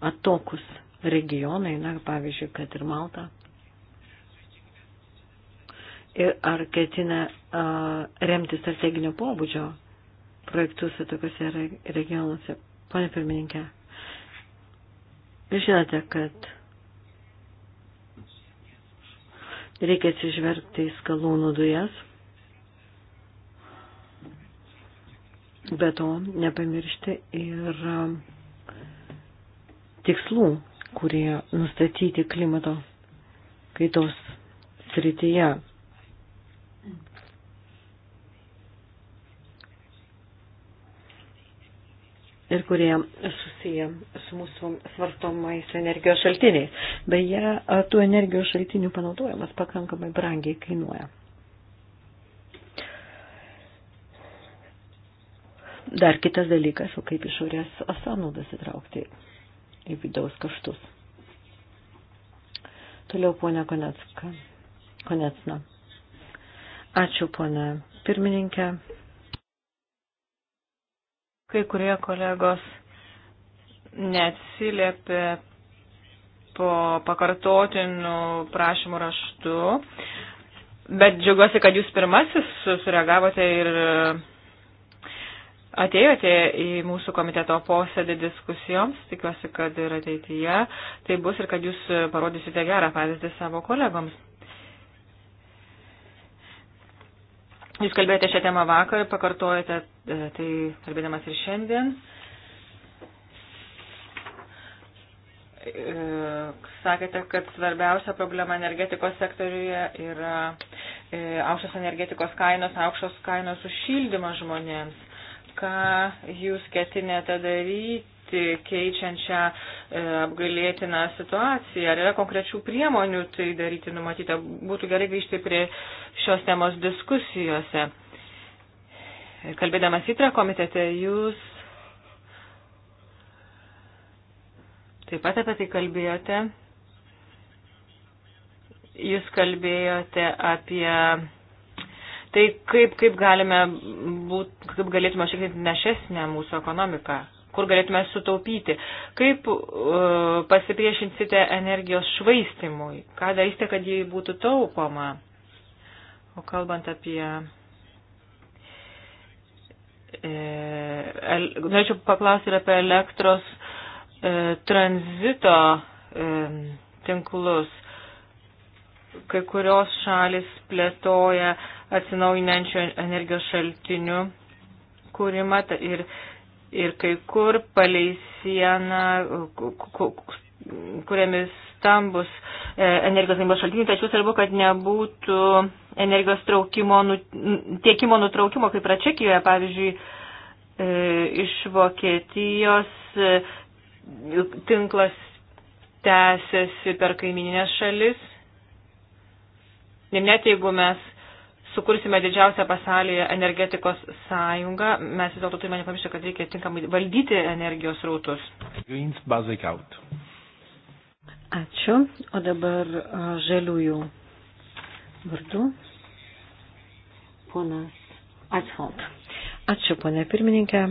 S2: atokus regionai, na, pavyzdžiui, kad ir Malta. Ir ar ketina uh, remti strateginio pobūdžio projektus tokiuose regionuose. Pone pirmininkė, jūs žinote, kad reikia atsižvelgti į skalūnų dujas. Be to, nepamiršti ir tikslų kurie nustatyti klimato kaitos srityje. Ir kurie susiję su mūsų svarstomais energijos šaltiniais. Beje, tų energijos šaltinių panaudojimas pakankamai brangiai kainuoja. Dar kitas dalykas, o kaip išorės sąnaudas įtraukti į vidaus kaštus. Toliau ponia Konecka. Konecna. Ačiū ponia pirmininkė. Kai kurie kolegos neatsiliepė po pakartotinių prašymų raštu, bet džiaugiuosi, kad jūs pirmasis sureagavote ir atėjote į mūsų komiteto posėdį diskusijoms. Tikiuosi, kad ir ateityje tai bus ir kad jūs parodysite gerą pavyzdį savo kolegoms. Jūs kalbėjote šią temą vakar, pakartojate e, tai kalbėdamas ir šiandien. E, sakėte, kad svarbiausia problema energetikos sektoriuje yra e, aukštos energetikos kainos, aukštos kainos už šildymą žmonėms ką jūs ketinėte daryti, keičiančią e, apgalėtiną situaciją. Ar yra konkrečių priemonių tai daryti numatyta? Būtų gerai grįžti prie šios temos diskusijose. Kalbėdamas įtra komitete, jūs taip pat apie tai kalbėjote. Jūs kalbėjote apie Tai kaip, kaip, galime būt, kaip galėtume šiek našesnę mūsų ekonomiką, kur galėtume sutaupyti, kaip uh, pasipriešinsite energijos švaistimui, ką darysite, kad jį būtų taupoma. O kalbant apie e, norėčiau paklausti ir apie elektros e, tranzito e, tinklus kai kurios šalis plėtoja atsinaujinančių energijos šaltinių kūrimą ir, ir kai kur palei sieną kuriami stambus e, energijos gamybos šaltiniai, tačiau svarbu, kad nebūtų energijos traukimo, nu, tiekimo nutraukimo, kaip yra Čekijoje, pavyzdžiui, e, iš Vokietijos e, tinklas tęsiasi per kaimininės šalis Ir net jeigu mes sukursime didžiausią pasaulyje energetikos sąjungą, mes vis dėlto turime nepamiršti, kad reikia tinkamai valdyti energijos rautus. Ačiū. O dabar žaliųjų vardu. Ponas Atshold. Ačiū, ponė pirmininkė.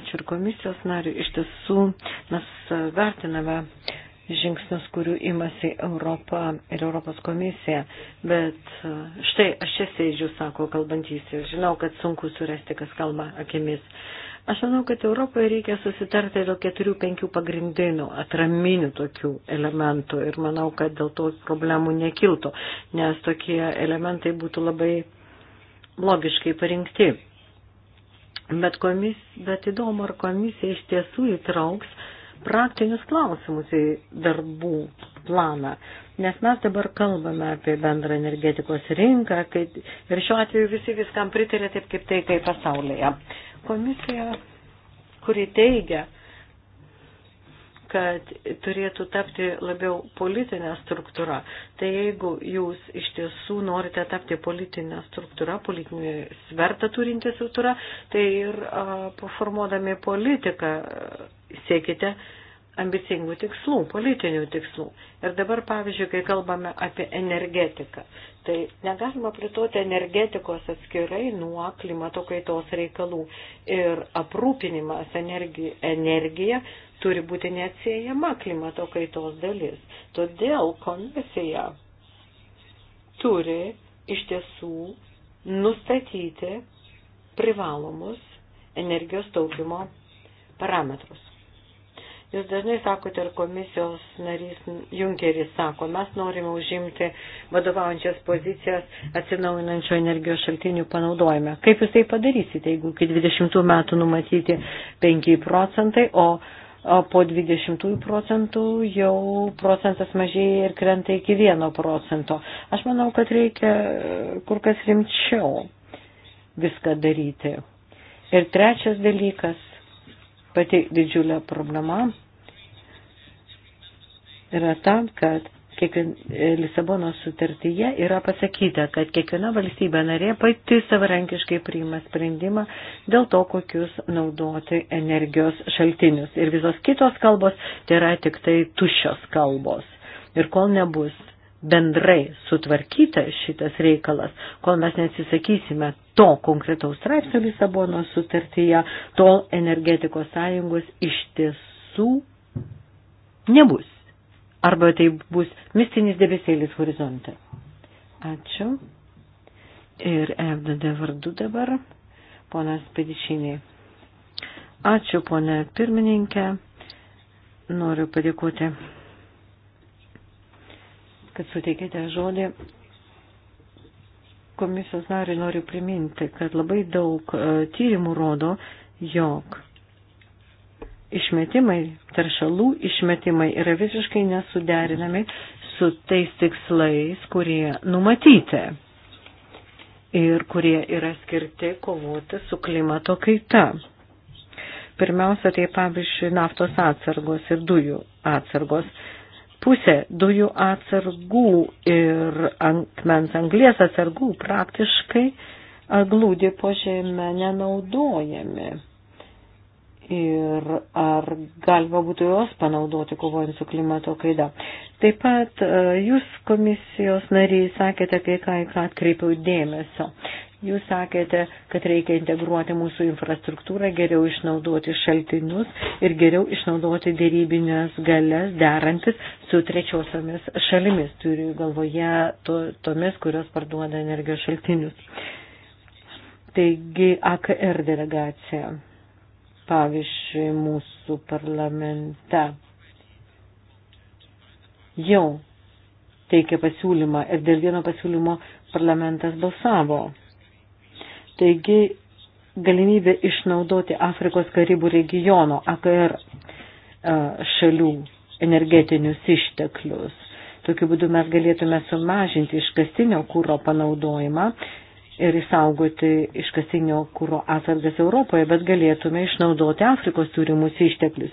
S2: Ačiū ir komisijos nariu. Iš tiesų mes vertiname uh, žingsnius, kurių imasi Europa ir Europos komisija. Bet e, štai aš čia sėdžiu, sako kalbantysis, žinau, kad sunku surasti, kas kalba akimis. Aš manau, kad Europoje reikia susitarti dėl keturių, penkių pagrindinių, atraminių tokių elementų ir manau, kad dėl to problemų nekiltų, nes tokie elementai būtų labai logiškai parinkti. Bet, komis, bet įdomu, ar komisija iš tiesų įtrauks praktinius klausimus į darbų planą, nes mes dabar kalbame apie bendrą energetikos rinką kaip, ir šiuo atveju visi viskam pritarė taip kaip tai, kaip pasaulyje. Komisija, kuri teigia, kad turėtų tapti labiau politinė struktūra. Tai jeigu jūs iš tiesų norite tapti politinę struktūrą, politinį svertą turintį struktūrą, tai ir a, formuodami politiką a, siekite ambicingų tikslų, politinių tikslų. Ir dabar, pavyzdžiui, kai kalbame apie energetiką, tai negalima plėtoti energetikos atskirai nuo klimato kaitos reikalų. Ir aprūpinimas energi, energija turi būti neatsiejama klimato kaitos dalis. Todėl komisija turi iš tiesų nustatyti privalomus energijos taupimo parametrus. Jūs dažnai sakote, ir komisijos narys Junkeris sako, mes norime užimti vadovaujančias pozicijas atsinaujinančio energijos šaltinių panaudojime. Kaip jūs tai padarysite, jeigu iki 20 metų numatyti 5 procentai, o, o po 20 procentų jau procentas mažėja ir krenta iki 1 procento? Aš manau, kad reikia e, kur kas rimčiau viską daryti. Ir trečias dalykas pati didžiulė problema yra ta, kad kiekvien, Lisabono sutartyje yra pasakyta, kad kiekviena valstybė narė pati savarankiškai priima sprendimą dėl to, kokius naudoti energijos šaltinius. Ir visos kitos kalbos tai yra tik tai tuščios kalbos. Ir kol nebus bendrai sutvarkyta šitas reikalas, kol mes neatsisakysime to konkretaus straipsnio Lisabono sutartyje, tol energetikos sąjungos iš tiesų nebus. Arba tai bus mistinis debesėlis horizonte. Ačiū. Ir FDD vardu dabar, ponas Pedišiniai. Ačiū, ponė pirmininkė. Noriu padėkoti kad suteikėte žodį. Komisijos nariui noriu priminti, kad labai daug e, tyrimų rodo, jog išmetimai, taršalų išmetimai yra visiškai nesuderinami su tais tikslais, kurie numatyti ir kurie yra skirti kovoti su klimato kaita. Pirmiausia, tai pavyzdžiui, naftos atsargos ir dujų atsargos pusė dujų atsargų ir antmens anglės atsargų praktiškai glūdi po žemę nenaudojami. Ir ar galima būtų jos panaudoti kovojant su klimato kaida. Taip pat e, jūs komisijos nariai sakėte, kai ką į ką atkreipiau dėmesio. Jūs sakėte, kad reikia integruoti mūsų infrastruktūrą, geriau išnaudoti šaltinius ir geriau išnaudoti dėrybinės galės derantis su trečiosiomis šalimis, turiu galvoje to, tomis, kurios parduoda energijos šaltinius. Taigi AKR delegacija, pavyzdžiui, mūsų parlamente jau teikia pasiūlymą ir dėl vieno pasiūlymo parlamentas balsavo Taigi galimybė išnaudoti Afrikos Karibų regiono AKR e, šalių energetinius išteklius. Tokiu būdu mes galėtume sumažinti iškastinio kūro panaudojimą ir įsaugoti iškastinio kūro atsargas Europoje, bet galėtume išnaudoti Afrikos turimus išteklius.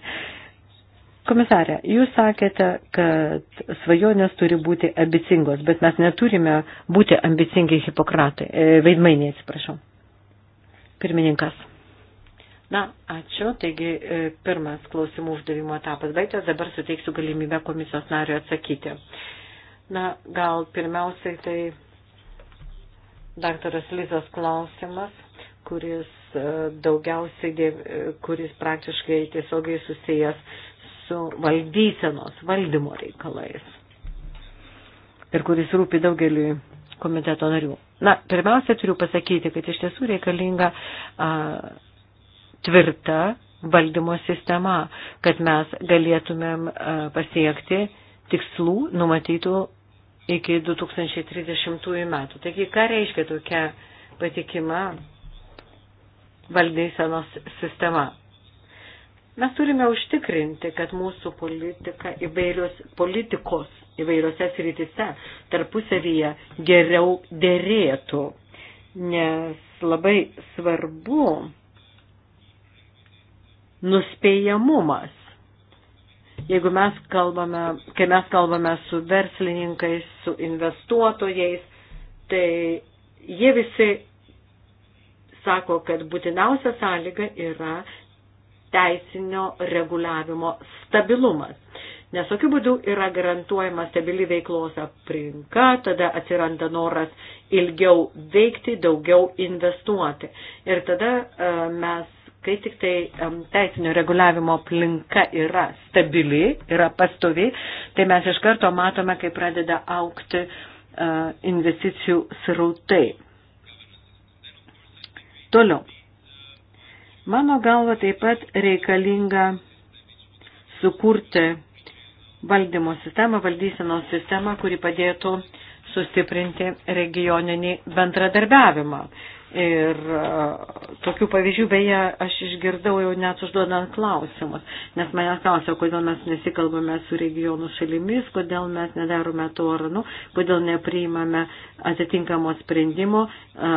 S2: Komisarė, jūs sakėte, kad svajonės turi būti ambicingos, bet mes neturime būti ambicingi hipokratai, e, veidmainiai, atsiprašau. Pirmininkas. Na, ačiū. Taigi, e, pirmas klausimų uždavimo etapas baigtas. Dabar suteiksiu galimybę komisijos nariui atsakyti. Na, gal pirmiausiai tai daktaras Lizos klausimas, kuris e, daugiausiai, e, kuris praktiškai tiesiogiai susijęs su valdysenos, valdymo reikalais ir kuris rūpi daugeliui komiteto narių. Na, pirmiausia, turiu pasakyti, kad iš tiesų reikalinga a, tvirta valdymo sistema, kad mes galėtumėm a, pasiekti tikslų numatytų iki 2030 metų. Taigi, ką reiškia tokia patikima valdysenos sistema? Mes turime užtikrinti, kad mūsų politika įvairios politikos įvairiose sritise tarpusavyje geriau dėrėtų, nes labai svarbu nuspėjamumas. Jeigu mes kalbame, kai mes kalbame su verslininkais, su investuotojais, tai jie visi sako, kad būtiniausia sąlyga yra teisinio reguliavimo stabilumas nes tokiu būdu yra garantuojama stabili veiklos aplinka, tada atsiranda noras ilgiau veikti, daugiau investuoti. Ir tada e, mes, kai tik tai teisinio reguliavimo aplinka yra stabili, yra pastovi, tai mes iš karto matome, kai pradeda aukti e, investicijų srautai. Toliau. Mano galva taip pat reikalinga sukurti valdymo sistemą, valdysenos sistemą, kuri padėtų sustiprinti regioninį bendradarbiavimą. Ir e, tokių pavyzdžių beje aš išgirdau jau net užduodant klausimus, nes manęs klausia, kodėl mes nesikalbame su regionų šalimis, kodėl mes nedarome to ar nu, kodėl nepriimame atitinkamo sprendimo, e,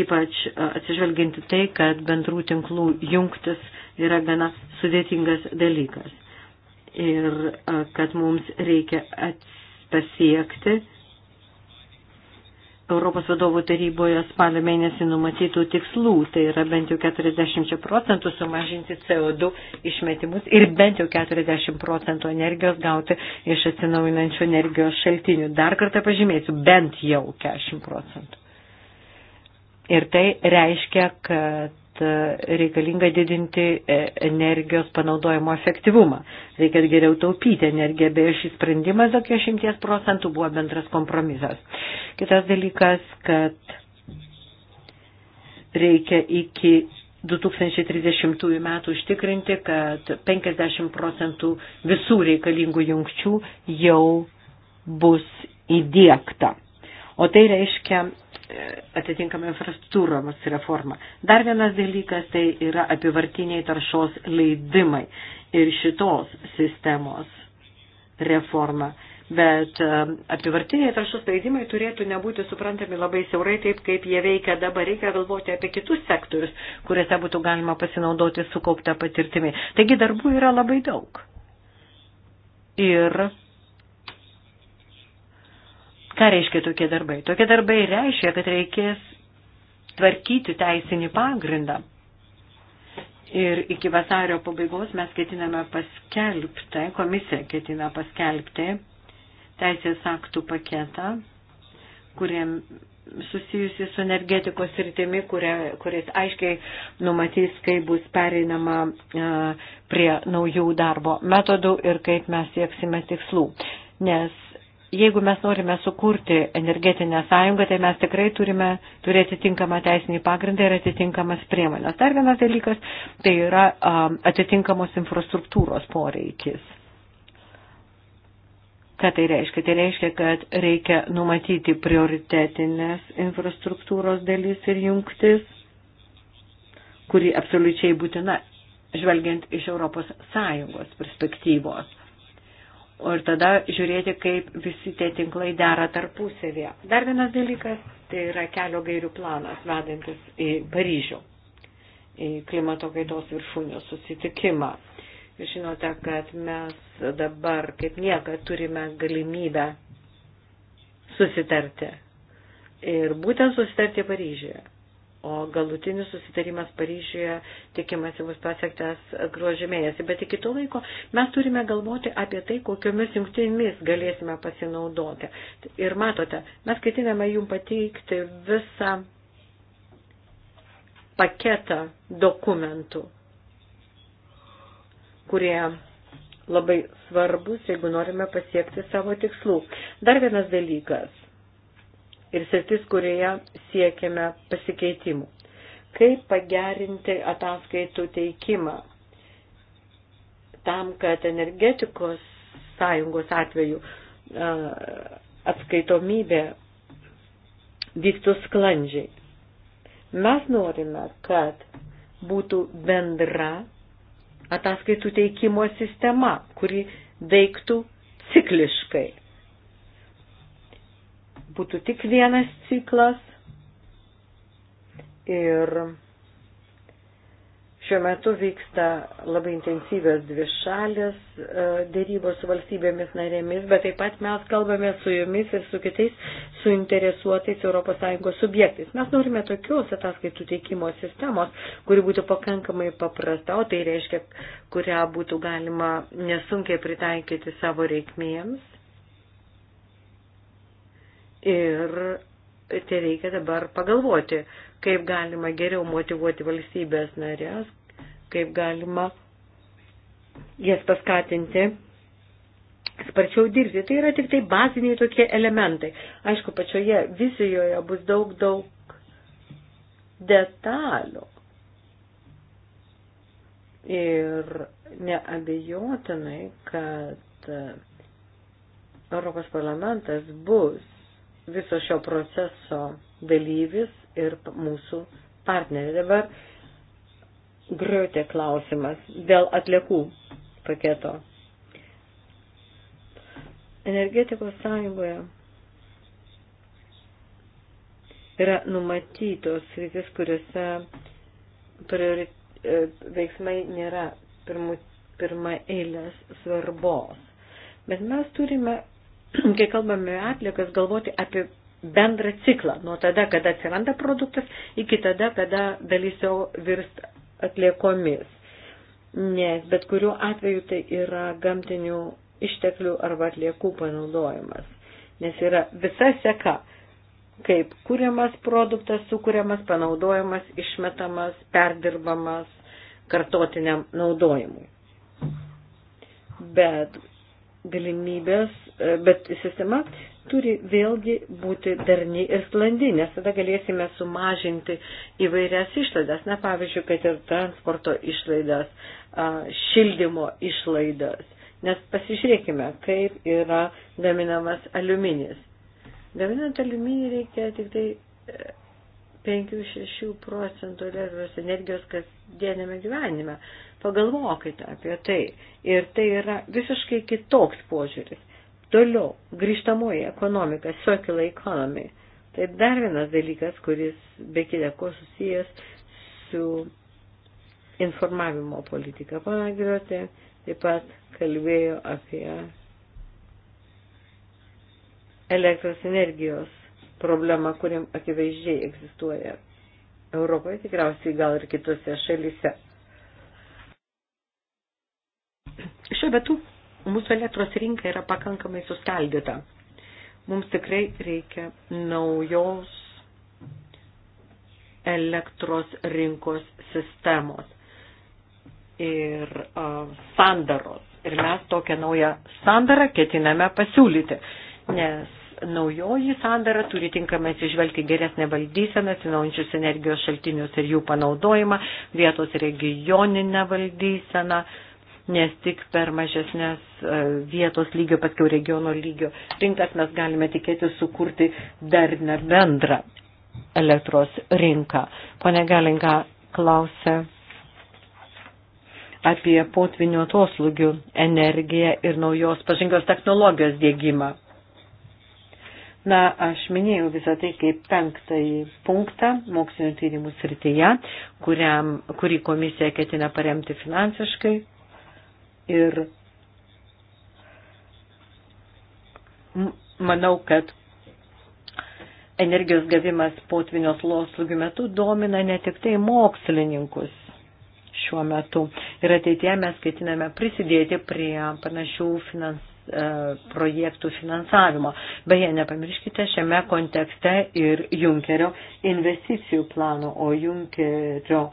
S2: ypač e, atsižvelginti tai, kad bendrų tinklų jungtis yra gana sudėtingas dalykas ir kad mums reikia pasiekti Europos vadovų taryboje spalio mėnesį numatytų tikslų, tai yra bent jau 40 procentų sumažinti CO2 išmetimus ir bent jau 40 procentų energijos gauti iš atsinaujinančių energijos šaltinių. Dar kartą pažymėsiu, bent jau 40 procentų. Ir tai reiškia, kad E, reikalinga didinti e, energijos panaudojimo efektyvumą. Reikia geriau taupyti energiją, beje, šis sprendimas tokie šimties procentų buvo bendras kompromisas. Kitas dalykas, kad reikia iki 2030 metų užtikrinti, kad 50 procentų visų reikalingų jungčių jau bus įdėkta. O tai reiškia atitinkamą infrastruktūros reformą. Dar vienas dalykas tai yra apivartiniai taršos leidimai ir šitos sistemos reforma. Bet e, apivartiniai taršos leidimai turėtų nebūti suprantami labai siaurai taip, kaip jie veikia dabar. Reikia galvoti apie kitus sektorius, kuriuose būtų galima pasinaudoti sukauptą patirtimį. Taigi darbų yra labai daug. Ir Ką reiškia tokie darbai? Tokie darbai reiškia, kad reikės tvarkyti teisinį pagrindą. Ir iki vasario pabaigos mes ketiname paskelbti, komisija ketina paskelbti teisės aktų paketą, kuriam susijusi su energetikos rytimi, kuris aiškiai numatys, kaip bus pereinama e, prie naujų darbo metodų ir kaip mes sieksime tikslų. Nes jeigu mes norime sukurti energetinę sąjungą, tai mes tikrai turime turėti tinkamą teisinį pagrindą ir atitinkamas priemonės. Dar vienas dalykas tai yra um, atitinkamos infrastruktūros poreikis. Ką tai reiškia? Tai reiškia, kad reikia numatyti prioritetinės infrastruktūros dalis ir jungtis, kuri absoliučiai būtina žvelgiant iš Europos Sąjungos perspektyvos O ir tada žiūrėti, kaip visi tie tinklai dera tarpusavėje. Dar vienas dalykas - tai yra kelio gairių planas vedantis į Paryžių, į klimato kaitos viršūnių susitikimą. Ir žinote, kad mes dabar kaip niekad turime galimybę susitarti. Ir būtent susitarti Paryžiuje o galutinis susitarimas Paryžiuje tikimasi bus pasiektas gruožio mėnesį. Bet iki to laiko mes turime galvoti apie tai, kokiomis jungtimis galėsime pasinaudoti. Ir matote, mes ketiname jum pateikti visą paketą dokumentų, kurie labai svarbus, jeigu norime pasiekti savo tikslų. Dar vienas dalykas ir sritis, kurioje siekiame pasikeitimų. Kaip pagerinti ataskaitų teikimą tam, kad energetikos sąjungos atveju atskaitomybė vyktų sklandžiai. Mes norime, kad būtų bendra ataskaitų teikimo sistema, kuri veiktų cikliškai būtų tik vienas ciklas ir šiuo metu vyksta labai intensyvios dvišalės e, dėrybos su valstybėmis narėmis, bet taip pat mes kalbame su jumis ir su kitais suinteresuotais ES subjektais. Mes norime tokios ataskaitų teikimo sistemos, kuri būtų pakankamai paprasta, o tai reiškia, kurią būtų galima nesunkiai pritaikyti savo reikmėms Ir tai reikia dabar pagalvoti, kaip galima geriau motivuoti valstybės narės, kaip galima jas paskatinti sparčiau dirbti. Tai yra tik tai baziniai tokie elementai. Aišku, pačioje vizijoje bus daug, daug detalių. Ir neabejotinai, kad Europos parlamentas bus viso šio proceso dalyvis ir mūsų partneriai. Dabar griuotė klausimas dėl atliekų paketo. Energetikos sąjungoje yra numatytos sritis, kuriuose priori, e, veiksmai nėra pirmų, pirma eilės svarbos. Bet mes turime kai kalbame atlikas, galvoti apie bendrą ciklą, nuo tada, kada atsiranda produktas, iki tada, kada dalis jau virst atliekomis. Nes bet kuriuo atveju tai yra gamtinių išteklių arba atliekų panaudojimas. Nes yra visa seka, kaip kūriamas produktas, sukūriamas, panaudojamas, išmetamas, perdirbamas kartotiniam naudojimui. Bet galimybės E, bet sistema turi vėlgi būti darni ir sklandi, nes tada galėsime sumažinti įvairias išlaidas, na pavyzdžiui, kad ir transporto išlaidas, šildymo išlaidas, nes pasižiūrėkime, kaip yra gaminamas aliuminis. Gaminant aliuminį reikia tik tai 5-6 e, procentų elektros energijos kasdienėme gyvenime. Pagalvokite apie tai. Ir tai yra visiškai kitoks požiūris Toliau, grįžtamoji ekonomika, circular economy. Tai dar vienas dalykas, kuris be kita ko susijęs su informavimo politika. Pana Griotė taip pat kalbėjo apie elektros energijos problemą, kuriam akivaizdžiai egzistuoja Europoje, tikriausiai gal ir kitose šalyse. Šiuo metu Mūsų elektros rinka yra pakankamai suskaldyta. Mums tikrai reikia naujos elektros rinkos sistemos ir uh, sandaros. Ir mes tokią naują sandarą ketiname pasiūlyti, nes naujoji sandara turi tinkamai atsižvelgti geresnę valdyseną, atsinaujančius energijos šaltinius ir jų panaudojimą, vietos regioninę valdyseną, uh, nes tik per mažesnės e, vietos lygio, paskiau regiono lygio rinkas mes galime tikėti sukurti dar ne bendrą elektros rinką. Pone Galinga klausė apie potvinio atoslūgių energiją ir naujos pažangios technologijos dėgymą. Na, aš minėjau visą tai kaip penktąjį punktą mokslinio tyrimų srityje, kuriam, kurį komisija ketina paremti finansiškai. Ir manau, kad energijos gavimas potvinios loslūgių metu domina ne tik tai mokslininkus šiuo metu. Ir ateitie mes ketiname prisidėti prie panašių finans, e, projektų finansavimo. Beje, nepamirškite šiame kontekste ir Junkerio investicijų plano, o Junkerio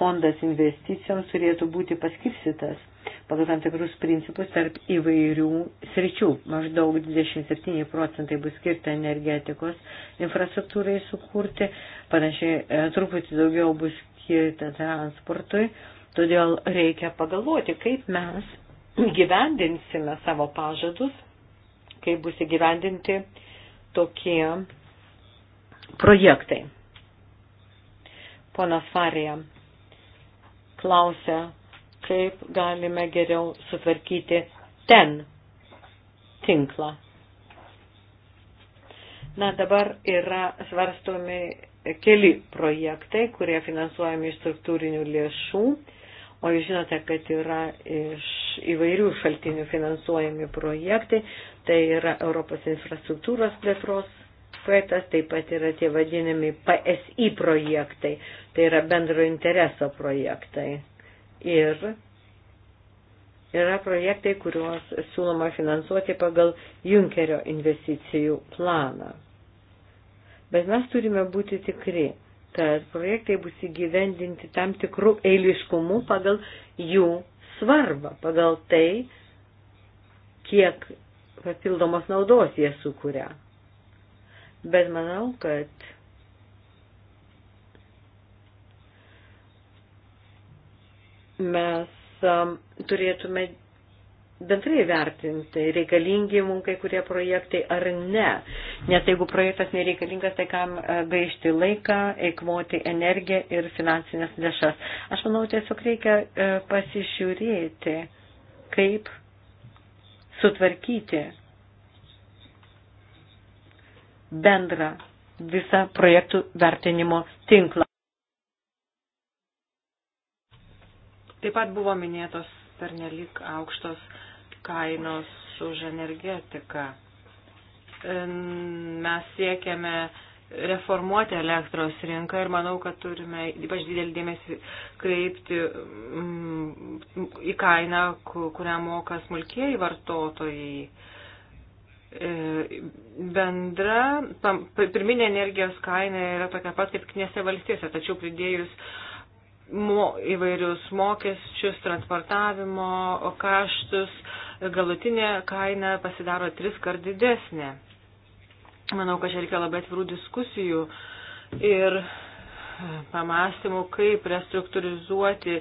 S2: fondas investicijoms turėtų būti paskirsitas pagal tam tikrus principus tarp įvairių sričių. Maždaug 27 procentai bus skirta energetikos infrastruktūrai sukurti, panašiai e, truputį daugiau bus skirta transportui, todėl reikia pagalvoti, kaip mes gyvendinsime savo pažadus, kaip bus įgyvendinti tokie projektai. Ponas Farija klausė, kaip galime geriau sutvarkyti ten tinklą. Na, dabar yra svarstomi keli projektai, kurie finansuojami iš struktūrinių lėšų, o jūs žinote, kad yra iš įvairių šaltinių finansuojami projektai, tai yra Europos infrastruktūros plėtros projektas, taip pat yra tie vadinami PSI projektai, tai yra bendro intereso projektai ir yra projektai, kuriuos siūloma finansuoti pagal Junkerio investicijų planą. Bet mes turime būti tikri, kad projektai bus įgyvendinti tam tikrų eiliškumų pagal jų svarbą, pagal tai, kiek papildomos naudos jie sukuria. Bet manau, kad mes um, turėtume bendrai vertinti, reikalingi mums kai kurie projektai ar ne. Nes jeigu projektas nereikalingas, tai kam e, gaišti laiką, eikvoti energiją ir finansinės lėšas. Aš manau, tiesiog reikia e, pasižiūrėti, kaip sutvarkyti bendrą visą projektų vertinimo tinklą. Taip pat buvo minėtos pernelyg aukštos kainos už energetiką. E, mes siekiame reformuoti elektros rinką ir manau, kad turime ypač didelį dėmesį kreipti mm, į kainą, kurią moka smulkieji vartotojai. E, bendra pirminė energijos kaina yra tokia pat kaip knėse valstybėse, tačiau pridėjus mo, įvairius mokesčius, transportavimo kaštus, galutinė kaina pasidaro tris kart didesnė. Manau, kad čia reikia labai atvirų diskusijų ir e, pamastymų, kaip restruktūrizuoti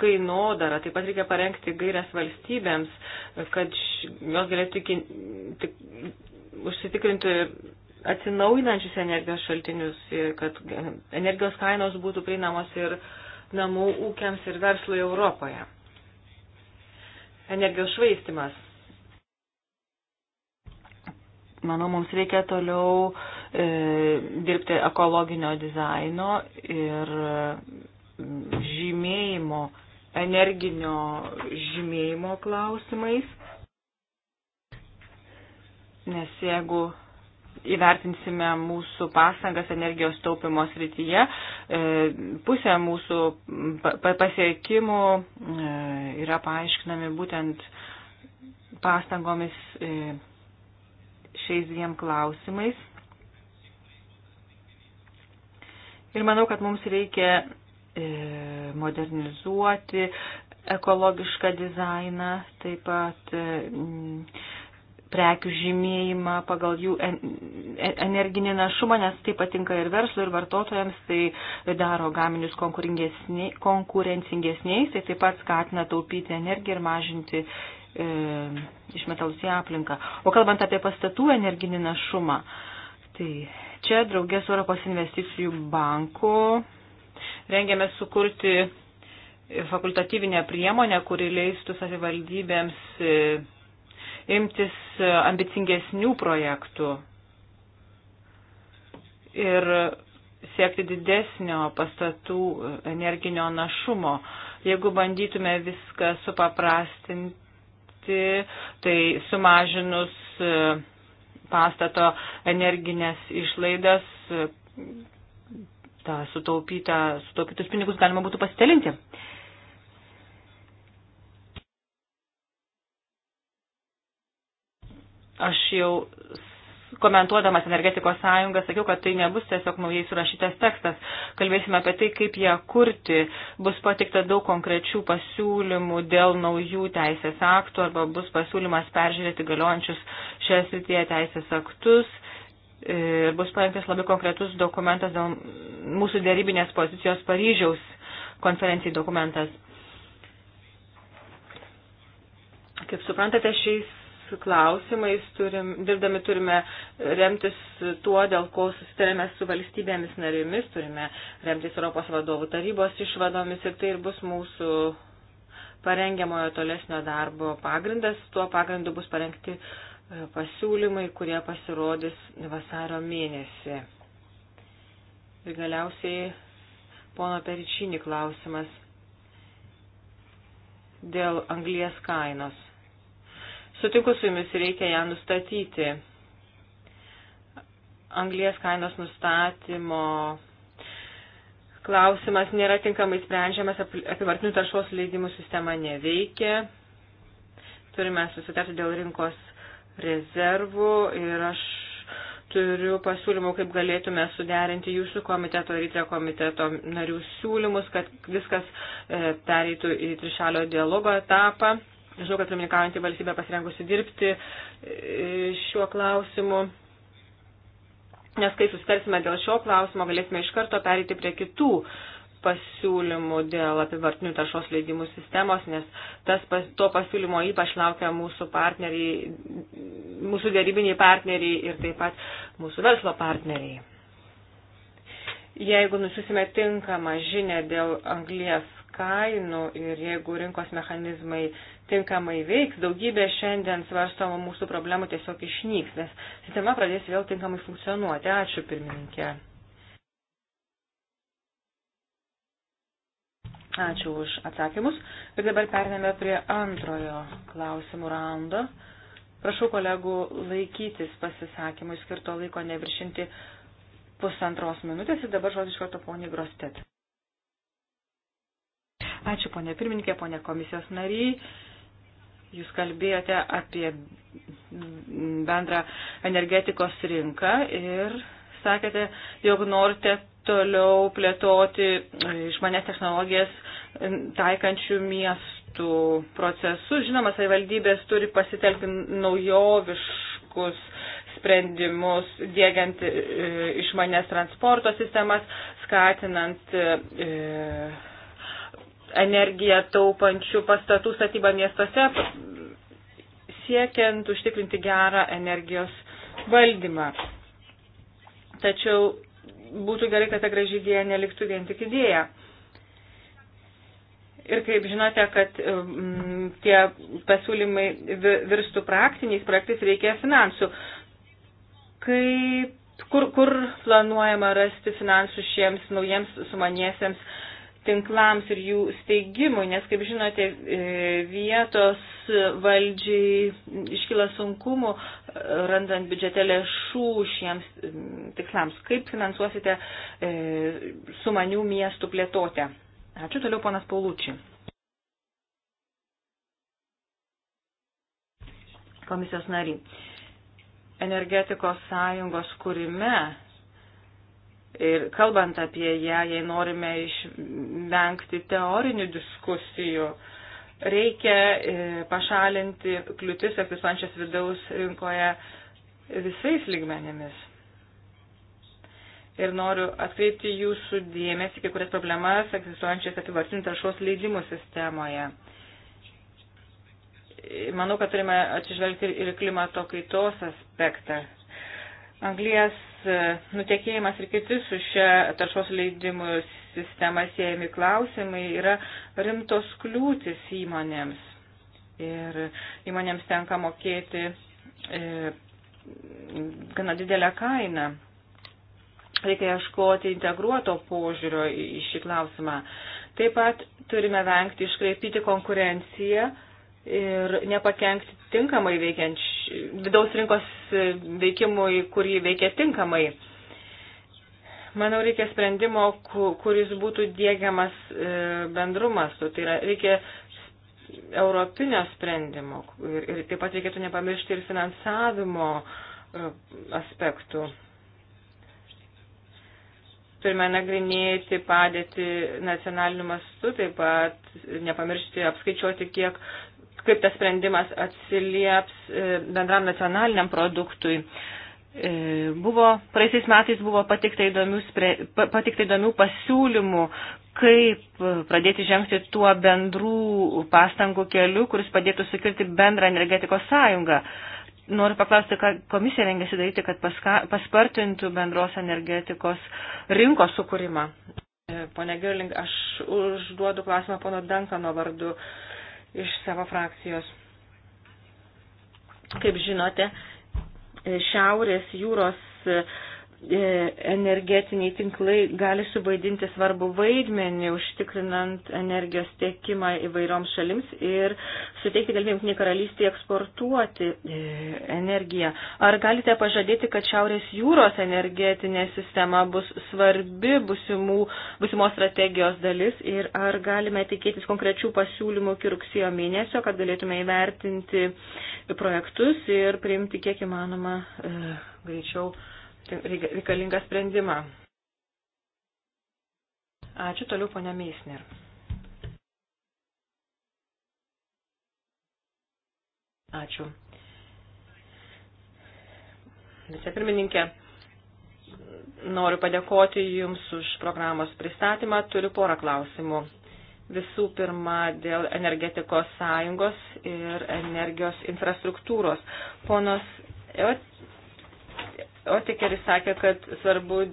S2: kainodarą. Taip pat reikia parengti gairias valstybėms, kad jos galėtų tik, tik, užsitikrinti atsinaujinančius energijos šaltinius, kad e, energijos kainos būtų prieinamos ir uh, namų ūkiams ir verslui Europoje. Energijos švaistimas. Manau, mums reikia toliau e, dirbti ekologinio dizaino ir mm, žymėjimo, energinio žymėjimo klausimais. Nes jeigu įvertinsime mūsų pasangas energijos taupimo srityje, e, pusė mūsų pasiekimų e, yra paaiškinami būtent pastangomis e, šiais dviem klausimais. Ir manau, kad mums reikia modernizuoti ekologišką dizainą, taip pat prekių žymėjimą, pagal jų e, energinį našumą, nes tai patinka ir verslui, ir vartotojams, tai daro gaminius konkurencingesniais, tai taip pat skatina taupyti energiją ir mažinti e, išmetalus į aplinką. O kalbant apie pastatų energinį našumą, tai čia draugės Europos investicijų banku rengiame sukurti fakultatyvinę priemonę, kuri leistų savivaldybėms e, imtis e, ambicingesnių projektų ir siekti didesnio pastatų energinio našumo. Jeigu bandytume viską supaprastinti, tai sumažinus e, pastato energinės išlaidas, e, tą sutaupytą, sutaupytus pinigus galima būtų pasitelinti. Uh, Aš jau komentuodamas energetikos sąjungą sakiau, kad tai nebus tiesiog naujai surašytas tekstas. Kalbėsime apie tai, kaip ją kurti. Bus patikta daug konkrečių pasiūlymų dėl naujų teisės aktų arba bus pasiūlymas peržiūrėti galiojančius šią srityje teisės aktus. Ir bus parengtas labai konkretus dokumentas dėl mūsų dėrybinės pozicijos Paryžiaus konferencijai dokumentas. Kaip suprantate, šiais klausimais turim, dirbdami turime remtis tuo, dėl ko susitarėme su valstybėmis narėmis, turime remtis Europos vadovų tarybos išvadomis ir tai ir bus mūsų parengiamojo tolesnio darbo pagrindas. Tuo pagrindu bus parengti e, pasiūlymai, kurie pasirodys vasario mėnesį. Ir galiausiai pono Peričinį klausimas dėl anglies kainos. Sutinku su jumis, reikia ją nustatyti. Anglijas kainos nustatymo klausimas nėra tinkamai sprendžiamas, apivartinių taršos leidimų sistema neveikia. Turime susitarti dėl rinkos rezervų ir aš turiu pasiūlymų, kaip galėtume suderinti jūsų komiteto ir įtrio komiteto narių siūlymus, kad viskas e, pereitų į trišalio dialogo etapą. Žinau, kad pirmininkaujantį valstybę pasirengusi dirbti e, šiuo klausimu. Nes kai susitarsime dėl šio klausimo, galėsime iš karto pereiti prie kitų pasiūlymų dėl apivartinių taršos leidimų sistemos, nes tas, to pasiūlymo ypač laukia mūsų partneriai, mūsų dėrybiniai partneriai ir taip pat mūsų verslo partneriai. Jeigu nusisime tinkamą žinę dėl anglies kainų ir jeigu rinkos mechanizmai uh, tinkamai veiks, daugybė šiandien svarstomų mūsų problemų tiesiog išnyks, nes sistema pradės vėl tinkamai funkcionuoti. Ačiū pirmininkė. Ačiū už atsakymus. Ir dabar periname prie antrojo klausimų raundo. Prašau kolegų laikytis pasisakymui skirto laiko neviršinti pusantros minutės ir dabar žodžiu iš karto poniai Grostet. Ačiū ponė pirmininkė, ponė komisijos nariai. Jūs kalbėjote apie bendrą energetikos rinką ir sakėte, jog norite toliau plėtoti išmanės technologijas taikančių miestų procesus. Žinoma, savivaldybės turi pasitelkti naujoviškus sprendimus, dėgiant e, išmanės transporto sistemas, skatinant. E, energiją taupančių pastatų statybą miestuose, siekiant užtikrinti gerą energijos valdymą. Tačiau būtų gerai, kad ta graži idėja neliktų vien tik idėja. Ir kaip žinote, kad mm, tie pasiūlymai virstų praktiniais projektais reikia finansų. Kaip, kur, kur planuojama rasti finansų šiems naujiems sumaniesiems tinklams ir jų steigimui, nes, kaip žinote, e, vietos valdžiai iškyla sunkumų e, randant biudžete lėšų šiems tikslams. Kaip finansuosite e, sumanių miestų plėtotę? Ačiū toliau, ponas Paulučiai. Komisijos nariai. Energetikos sąjungos kūrime Ir kalbant apie ją, jei norime išvengti teorinių diskusijų, reikia e, pašalinti kliūtis egzistuojančias vidaus rinkoje visais lygmenėmis. Ir noriu atkreipti jūsų dėmesį kai kurias problemas egzistuojančias apivartinių taršos leidimų sistemoje. Manau, kad turime atsižvelgti ir klimato kaitos aspektą. Anglijas E, nutekėjimas ir kiti su šia taršos leidimų sistema siejami klausimai yra rimtos kliūtis įmonėms. Ir įmonėms tenka mokėti e, gana didelę kainą. Reikia ieškoti integruoto požiūrio į šį klausimą. Taip pat turime vengti iškreipyti konkurenciją ir nepakenkti tinkamai veikiant vidaus rinkos veikimui, kurį veikia tinkamai. Manau, reikia sprendimo, kuris būtų dėgiamas e, bendrumas, tai yra reikia europinio sprendimo ir, ir taip pat reikėtų nepamiršti ir finansavimo e, aspektų. Turime nagrinėti padėti nacionaliniu mastu, taip pat nepamiršti apskaičiuoti, kiek kaip tas sprendimas atsilieps e, bendram nacionaliniam produktui. E, buvo, praeisiais metais buvo patikta įdomių, spre, patikta įdomių pasiūlymų, kaip pradėti žengti tuo bendrų pastangų keliu, kuris padėtų sukirti bendrą energetikos sąjungą. Noriu paklausti, ką komisija rengiasi daryti, kad paska, paspartintų bendros energetikos rinkos sukūrimą. E, pone Girling, aš užduodu klausimą pono Dankano vardu. Uh, iš savo frakcijos. Kaip žinote, Šiaurės jūros E, energetiniai tinklai gali suvaidinti svarbu vaidmenį, užtikrinant energijos tiekimą įvairioms šalims ir suteikti galimybę Junktinė karalystė eksportuoti e, energiją. Ar galite pažadėti, kad Šiaurės jūros energetinė sistema bus svarbi busimų, busimos strategijos dalis ir ar galime tikėtis konkrečių pasiūlymų iki rugsėjo mėnesio, kad galėtume įvertinti projektus ir priimti kiek įmanoma e, greičiau reikalingą sprendimą. Ačiū toliau, ponia Meisner. Ačiū. Vicepirmininkė, noriu padėkoti Jums už programos pristatymą. Turiu porą klausimų. Visų pirma, dėl energetikos sąjungos ir energijos infrastruktūros. Ponas Otikeris sakė, kad svarbu e,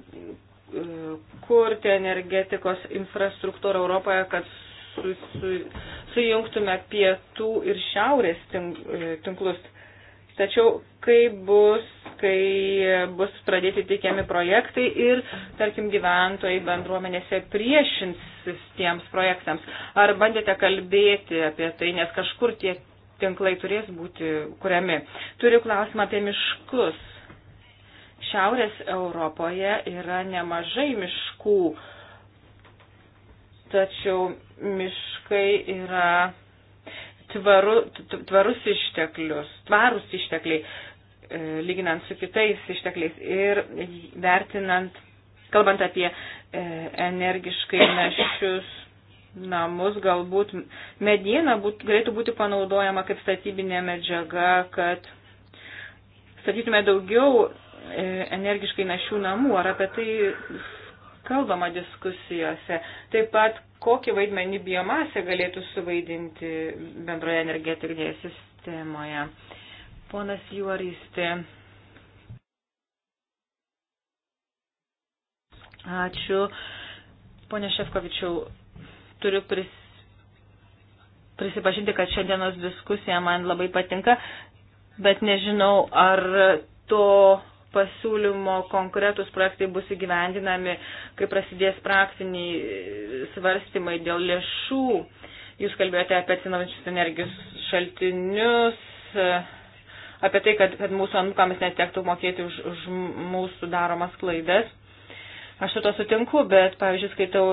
S2: kurti energetikos infrastruktūrą Europoje, kad su, su, sujungtume pietų ir šiaurės e, tinklus. Tačiau kaip bus, kai bus pradėti teikiami projektai ir, tarkim, gyventojai bendruomenėse priešinsis tiems projektams. Ar bandėte kalbėti apie tai, nes kažkur tie tinklai turės būti kuriami. Turiu klausimą apie miškus Šiaurės Europoje yra nemažai miškų, tačiau miškai yra tvaru, tvarus išteklius, tvarus ištekliai, e, lyginant su kitais ištekliais ir vertinant, kalbant apie e, energiškai našius namus, galbūt mediena būt, galėtų būti panaudojama kaip statybinė medžiaga, kad statytume daugiau E, energiškai našių namų, ar apie tai kalbama diskusijose. Taip pat, kokį vaidmenį biomasė galėtų suvaidinti bendroje energetinėje sistemoje. Ponas Juaristi. Ačiū. Pone Šefkovičiau, turiu pris, prisipažinti, kad šiandienos diskusija man labai patinka, bet nežinau, ar to pasiūlymo konkretus projektai bus įgyvendinami, kai prasidės praktiniai e, svarstymai dėl lėšų. Jūs kalbėjote apie atsinaujančius energijos šaltinius, e, apie tai, kad, kad mūsų anukams netektų mokėti už, už mūsų daromas klaidas. Aš su to sutinku, bet, pavyzdžiui, skaitau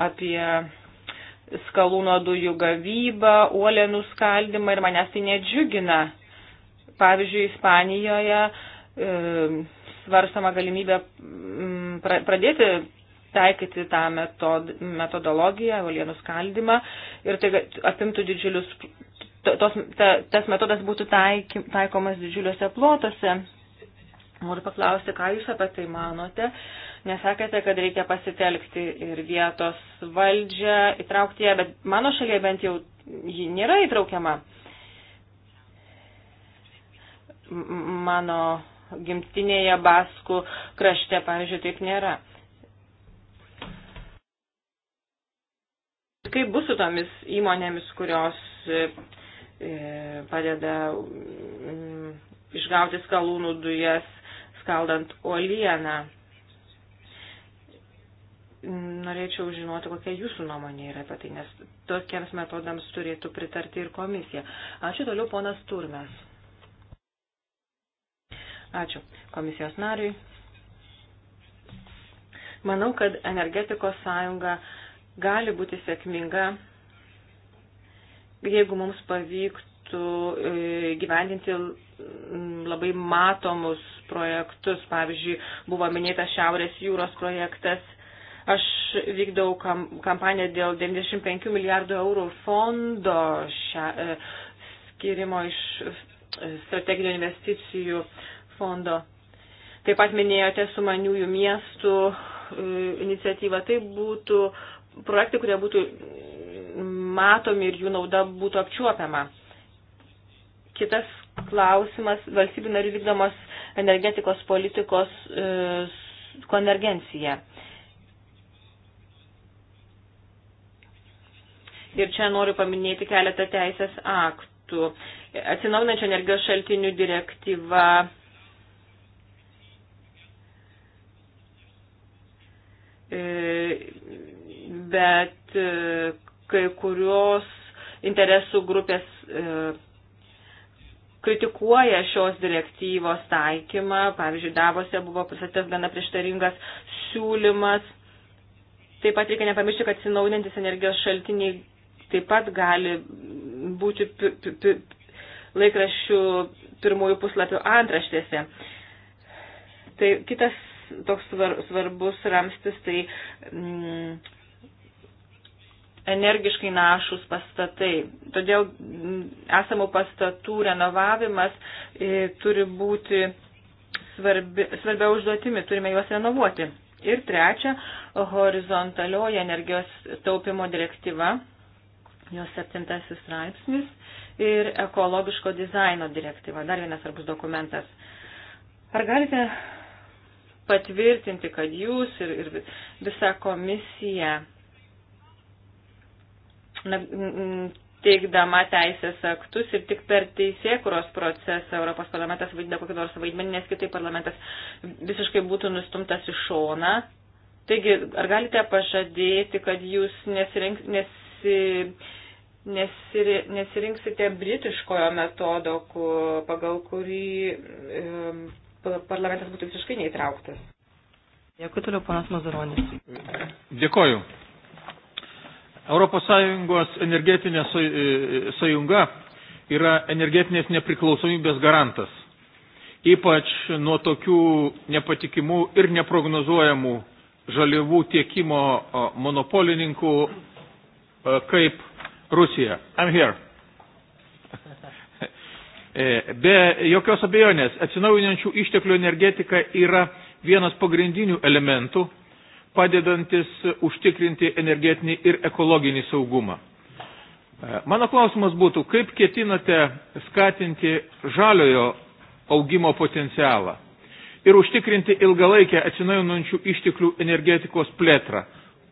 S2: apie skalūno dujų gavybą, uolienų skaldimą ir manęs tai nedžiugina. Pavyzdžiui, Ispanijoje uh, svarstama galimybė pradėti taikyti tą metod, metodologiją, uolienų skaldymą ir tai apimtų didžiulius, tos, ta, tas metodas būtų taik, taikomas didžiuliuose plotuose. Noriu paklausti, ką Jūs apie tai manote, nesakėte, kad reikia pasitelkti ir vietos valdžią, įtraukti ją, bet mano šalyje bent jau ji nėra įtraukiama. Mano gimtinėje Baskų krašte, pavyzdžiui, taip nėra. Kaip bus su tomis įmonėmis, kurios e, e, padeda mm, išgauti skalūnų dujas, skaldant uolieną? norėčiau žinoti, kokia jūsų nuomonė yra apie tai, nes tokiems metodams turėtų pritarti ir komisija. Ačiū toliau, ponas Turmes. Ačiū komisijos nariui. Manau, kad energetikos sąjunga gali būti sėkminga, jeigu mums pavyktų e, gyvendinti labai matomus projektus. Pavyzdžiui, buvo minėtas Šiaurės jūros projektas. Aš vykdau kam, kampaniją dėl 95 milijardų eurų fondo šia, e, skirimo iš e, strateginių investicijų fondo. Taip pat minėjote sumaniųjų miestų e, iniciatyvą. Tai būtų projektai, kurie būtų matomi ir jų nauda būtų apčiuopiama. Kitas klausimas - valstybių narių vykdomos energetikos politikos e, konvergencija. Ir čia noriu paminėti keletą teisės aktų. Atsinaunančio energijos šaltinių direktyva E, bet e, kai kurios interesų grupės e, kritikuoja šios direktyvos taikymą. Pavyzdžiui, Davose buvo pristatytas gana prieštaringas siūlymas. Taip pat reikia nepamiršti, kad sinaudintis energijos šaltiniai taip pat gali būti laikraščių pirmųjų puslapių antraštėse. Tai kitas toks svar, svarbus ramstis, tai mm, energiškai našus pastatai. Todėl mm, esamų pastatų renovavimas e, turi būti svarbi, svarbia užduotimi, turime juos renovuoti. Ir trečia, horizontalioji energijos taupimo direktyva, jos septintasis straipsnis ir ekologiško dizaino direktyva, dar vienas svarbus dokumentas. Ar galite patvirtinti, kad jūs ir, ir visa komisija teikdama teisės aktus ir tik per teisėkuros procesą Europos parlamentas vaidina kokį nors vaidmenį, nes kitaip parlamentas visiškai būtų nustumtas į šoną. Taigi, ar galite pažadėti, kad jūs nesirink, nesi, nesiri, nesirinksite britiškojo metodo, pagal kurį parlamentas būtų visiškai neįtrauktas. Dėkui toliau, panas Mazaronis.
S1: Dėkoju. ES energetinė e, e, sąjunga yra energetinės nepriklausomybės garantas, ypač nuo tokių nepatikimų ir neprognozuojamų žaliavų tiekimo monopolininkų kaip Rusija. I'm here. E, be jokios abejonės, atsinaujinančių išteklių energetika yra vienas pagrindinių elementų, padedantis užtikrinti energetinį ir ekologinį saugumą. E, mano klausimas būtų, kaip ketinate skatinti žaliojo augimo potencialą ir užtikrinti ilgalaikę atsinaujinančių išteklių energetikos plėtrą.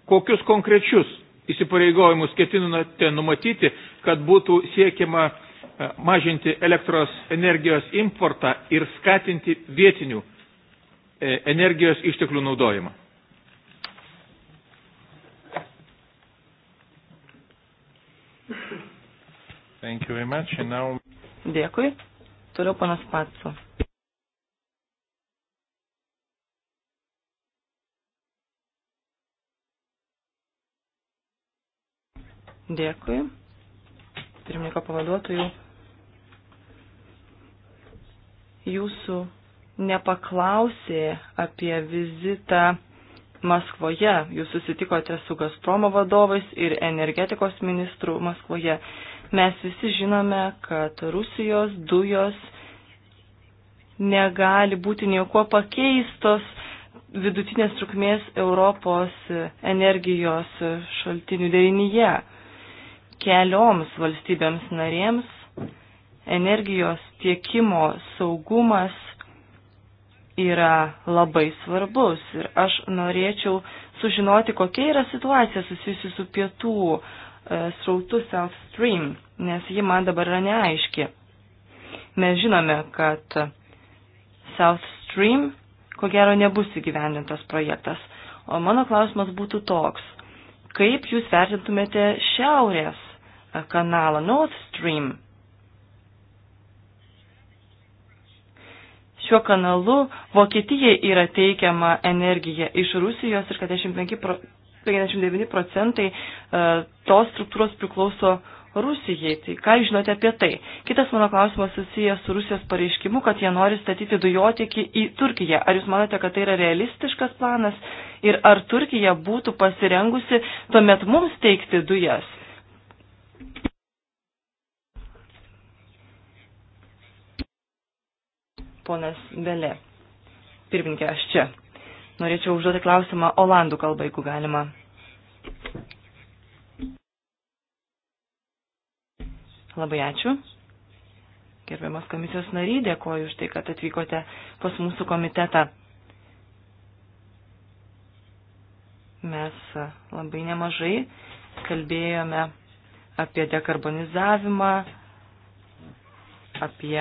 S1: Kokius konkrečius įsipareigojimus ketinate numatyti, kad būtų siekiama E, mažinti elektros energijos importą ir skatinti vietinių e, energijos išteklių naudojimą. Thank you very much. And now...
S2: Dėkui. Toliau panas Patso. Dėkui. Pirmininko pavaduotojų jūsų nepaklausė apie vizitą Maskvoje. Jūs susitikote su Gazpromo vadovais ir energetikos ministru Maskvoje. Mes visi žinome, kad Rusijos dujos negali būti nieko pakeistos vidutinės trukmės Europos energijos šaltinių derinyje. Kelioms valstybėms narėms energijos tiekimo saugumas yra labai svarbus. Ir aš norėčiau sužinoti, kokia yra situacija susijusi su pietų e, srautu South Stream, nes ji man dabar yra neaiški. Mes žinome, kad South Stream, ko gero, nebus įgyvendintas projektas. O mano klausimas būtų toks. Kaip jūs vertintumėte šiaurės e, kanalą Nord Stream? šiuo kanalu Vokietijai yra teikiama energija iš Rusijos ir 45 pro, 59 procentai e, tos struktūros priklauso Rusijai. Tai ką žinote apie tai? Kitas mano klausimas susijęs su Rusijos pareiškimu, kad jie nori statyti dujotiekį į Turkiją. Ar jūs manote, kad tai yra realistiškas planas ir ar Turkija būtų pasirengusi tuomet mums teikti dujas? ponas Belė. Pirminkė, aš čia. Norėčiau užduoti klausimą olandų kalbą, jeigu galima. Labai ačiū. Gerbiamas komisijos nary, dėkoju už tai, kad atvykote pas mūsų komitetą. Mes labai nemažai kalbėjome apie dekarbonizavimą, apie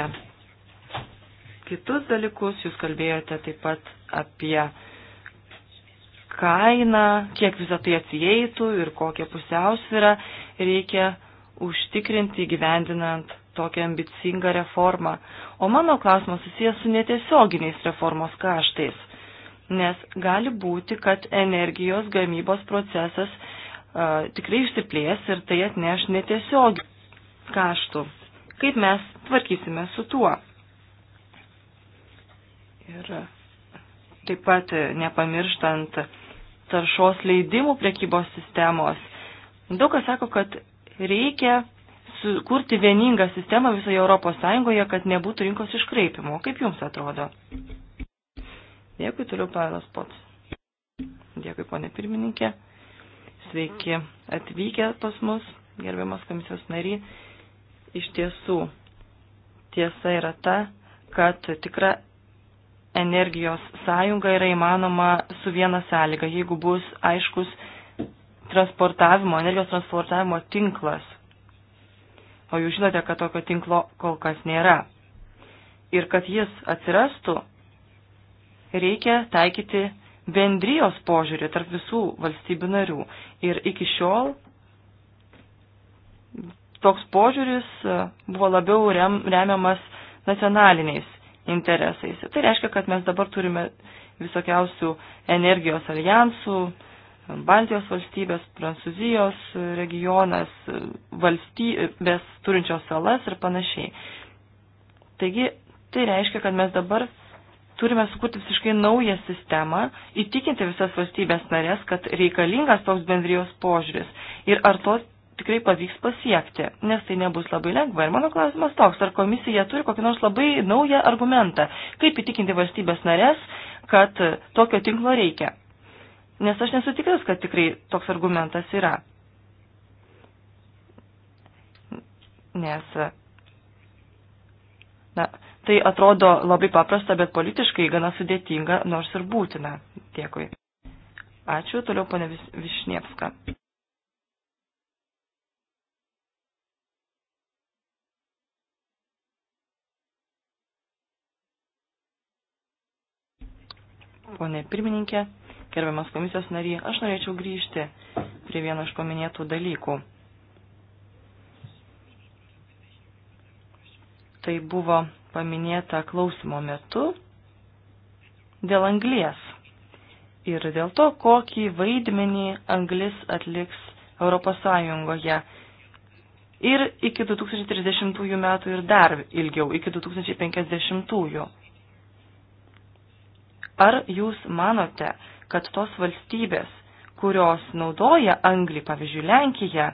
S2: kitus dalykus, jūs kalbėjote taip pat apie kainą, kiek visą tai atsieitų ir kokią pusiausvyrą reikia užtikrinti gyvendinant tokią ambicingą reformą. O mano klausimas susijęs su netiesioginiais reformos kaštais, nes gali būti, kad energijos gamybos procesas uh, tikrai išsiplės ir tai atneš netiesiogių kaštų. Kaip mes tvarkysime su tuo? Ir taip pat nepamirštant taršos leidimų priekybos sistemos. Daug kas sako, kad reikia sukurti vieningą sistemą visoje Europos Sąjungoje, kad nebūtų rinkos iškreipimo. Kaip jums atrodo? Dėkui, toliau Pavelas Pots. Dėkui, ponė pirmininkė. Sveiki atvykę pas mus, gerbiamas komisijos nariai. Iš tiesų, tiesa yra ta, kad tikra energijos sąjunga yra įmanoma su viena sąlyga, jeigu bus aiškus transportavimo, energijos transportavimo tinklas. O jūs žinote, kad tokio tinklo kol kas nėra. Ir kad jis atsirastų, reikia taikyti bendrijos požiūrį tarp visų valstybių narių. Ir iki šiol toks požiūris buvo labiau rem, remiamas nacionaliniais interesais. Tai reiškia, kad mes dabar turime visokiausių energijos alijansų, Baltijos valstybės, Prancūzijos regionas, valstybės turinčios salas ir panašiai. Taigi, tai reiškia, kad mes dabar turime sukurti visiškai naują sistemą, įtikinti visas valstybės narės, kad reikalingas toks bendrijos požiūris. Ir ar tos tikrai pavyks pasiekti, nes tai nebus labai lengva. Ir mano klausimas toks, ar komisija turi kokį nors labai naują argumentą, kaip įtikinti valstybės narės, kad tokio tinklo reikia. Nes aš nesu tikras, kad tikrai toks argumentas yra. Nes, na, tai atrodo labai paprasta, bet politiškai gana sudėtinga, nors ir būtina. Dėkui. Ačiū, toliau pane Višnievska.
S1: Pone pirmininkė,
S2: gerbiamas komisijos nary, aš norėčiau grįžti prie vieno iš paminėtų dalykų. Tai buvo paminėta klausimo metu dėl anglies ir dėl to, kokį vaidmenį anglis atliks Europos Sąjungoje ir iki 2030 metų ir dar ilgiau, iki 2050. -ųjų. Ar jūs manote, kad tos valstybės, kurios naudoja anglį, pavyzdžiui, Lenkija,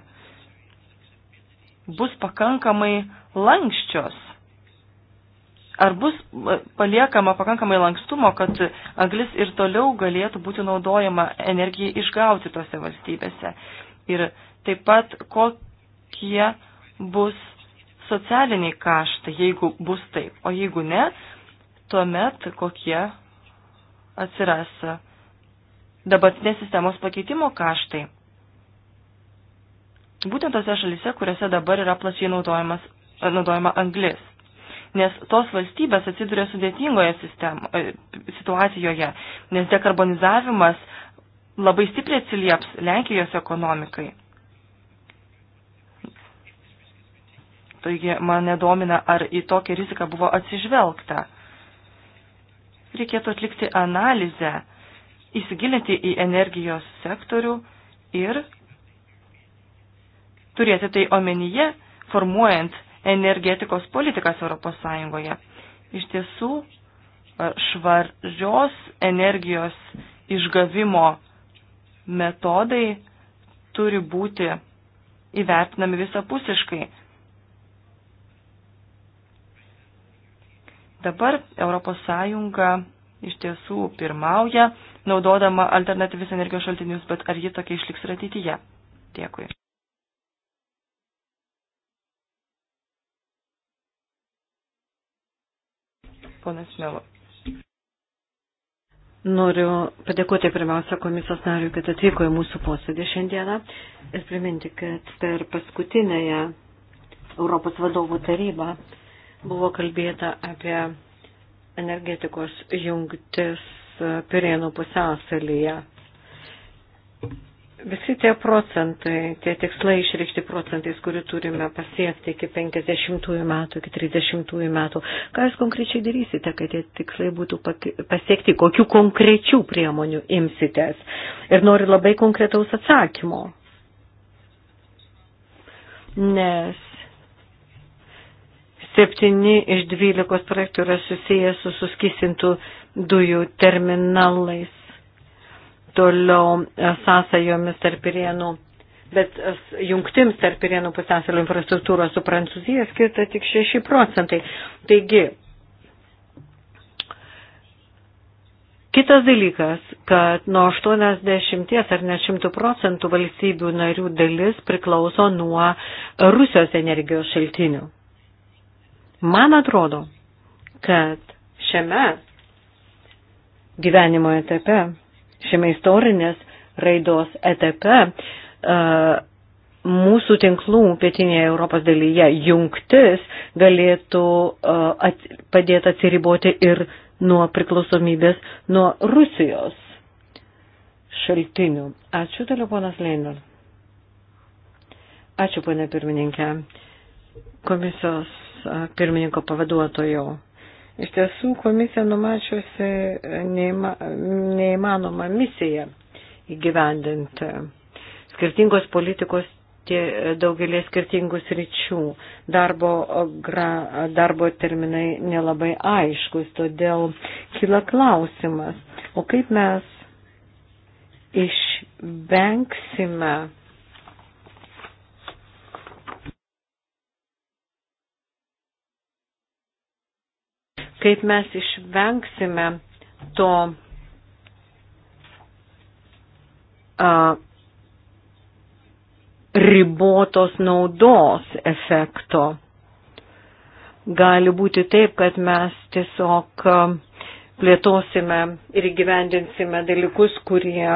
S2: bus pakankamai lankščios? Ar bus e, paliekama pakankamai lankstumo, kad anglis ir toliau galėtų būti naudojama energijai išgauti tose valstybėse? Ir taip pat, kokie bus socialiniai kaštai, jeigu bus taip. O jeigu ne, tuomet kokie atsiras dabartinės sistemos pakeitimo kaštai. Būtent tose šalise, kuriuose dabar yra plačiai naudojama anglis. Nes tos valstybės atsiduria sudėtingoje sistemo, e, situacijoje, nes dekarbonizavimas labai stipriai atsilieps Lenkijos ekonomikai. Taigi mane domina, ar į tokią riziką buvo atsižvelgta reikėtų atlikti analizę, įsigilinti į energijos sektorių ir turėti tai omenyje, formuojant energetikos politikas Europos Sąjungoje. Iš tiesų, e, švarios energijos išgavimo metodai turi būti įvertinami visapusiškai, Dabar ES iš tiesų pirmauja, naudodama alternatyvius energijos šaltinius, bet ar ji tokia išliks ir ateityje? Dėkui. Ponas Melo. Noriu padėkoti pirmiausia komisijos nariui, kad atvyko į mūsų posėdį šiandieną ir priminti, kad per paskutinąją Europos vadovų tarybą Buvo kalbėta apie energetikos jungtis Pirėnų pusiasalyje. Visi tie procentai, tie tikslai išreikšti procentais, kurių turime pasiekti iki 50 metų, iki 30 metų. Ką jūs konkrečiai darysite, kad tie tikslai būtų pasiekti? Kokių konkrečių priemonių imsitės? Ir noriu labai konkretaus atsakymo. Nes Septyni iš dvylikos projektų yra susijęs su suskistintų dujų terminalais, toliau e, sąsajomis tarp irienų, bet e, jungtims tarp irienų pusęsalio infrastruktūros su Prancūzija skirta tik 6 procentai. Taigi, Kitas dalykas, kad nuo 80 ar net 100 procentų valstybių narių dalis priklauso nuo Rusijos energijos šaltinių. Man atrodo, kad šiame gyvenimo etape, šiame istorinės raidos etape e, mūsų tinklų pietinėje Europos dalyje jungtis galėtų e, at, padėti atsiriboti ir nuo priklausomybės nuo Rusijos šaltinių. Ačiū, telefonas Leinor. Ačiū, pane pirmininkė. Komisijos pirmininko pavaduotojų. Iš tiesų komisija numačiusi neįma, neįmanomą misiją įgyvendinti. Skirtingos politikos tie daugelį skirtingų sričių. Darbo, gra, darbo terminai nelabai aiškus, todėl kyla klausimas, o kaip mes išvengsime kaip mes išvengsime to a, ribotos naudos efekto. Gali būti taip, kad mes tiesiog plėtosime ir įgyvendinsime dalykus, kurie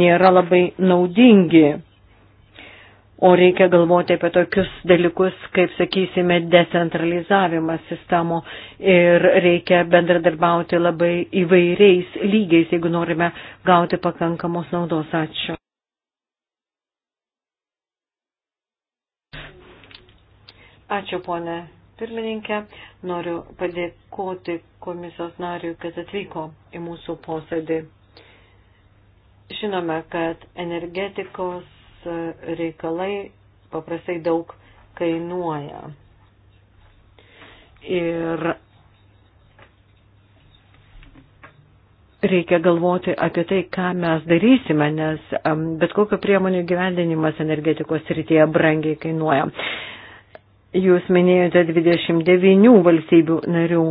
S2: nėra labai naudingi O reikia galvoti apie tokius dalykus, kaip, sakysime, decentralizavimas sistemų ir reikia bendradarbiauti labai įvairiais lygiais, jeigu norime gauti pakankamos naudos. Ačiū. Ačiū, ponė pirmininkė. Noriu padėkoti komisijos nariui, kad atvyko į mūsų posėdį. Žinome, kad energetikos reikalai paprastai daug kainuoja. Ir reikia galvoti apie tai, ką mes darysime, nes bet kokio priemonių gyvendinimas energetikos srityje brangiai kainuoja. Jūs minėjote 29 valstybių narių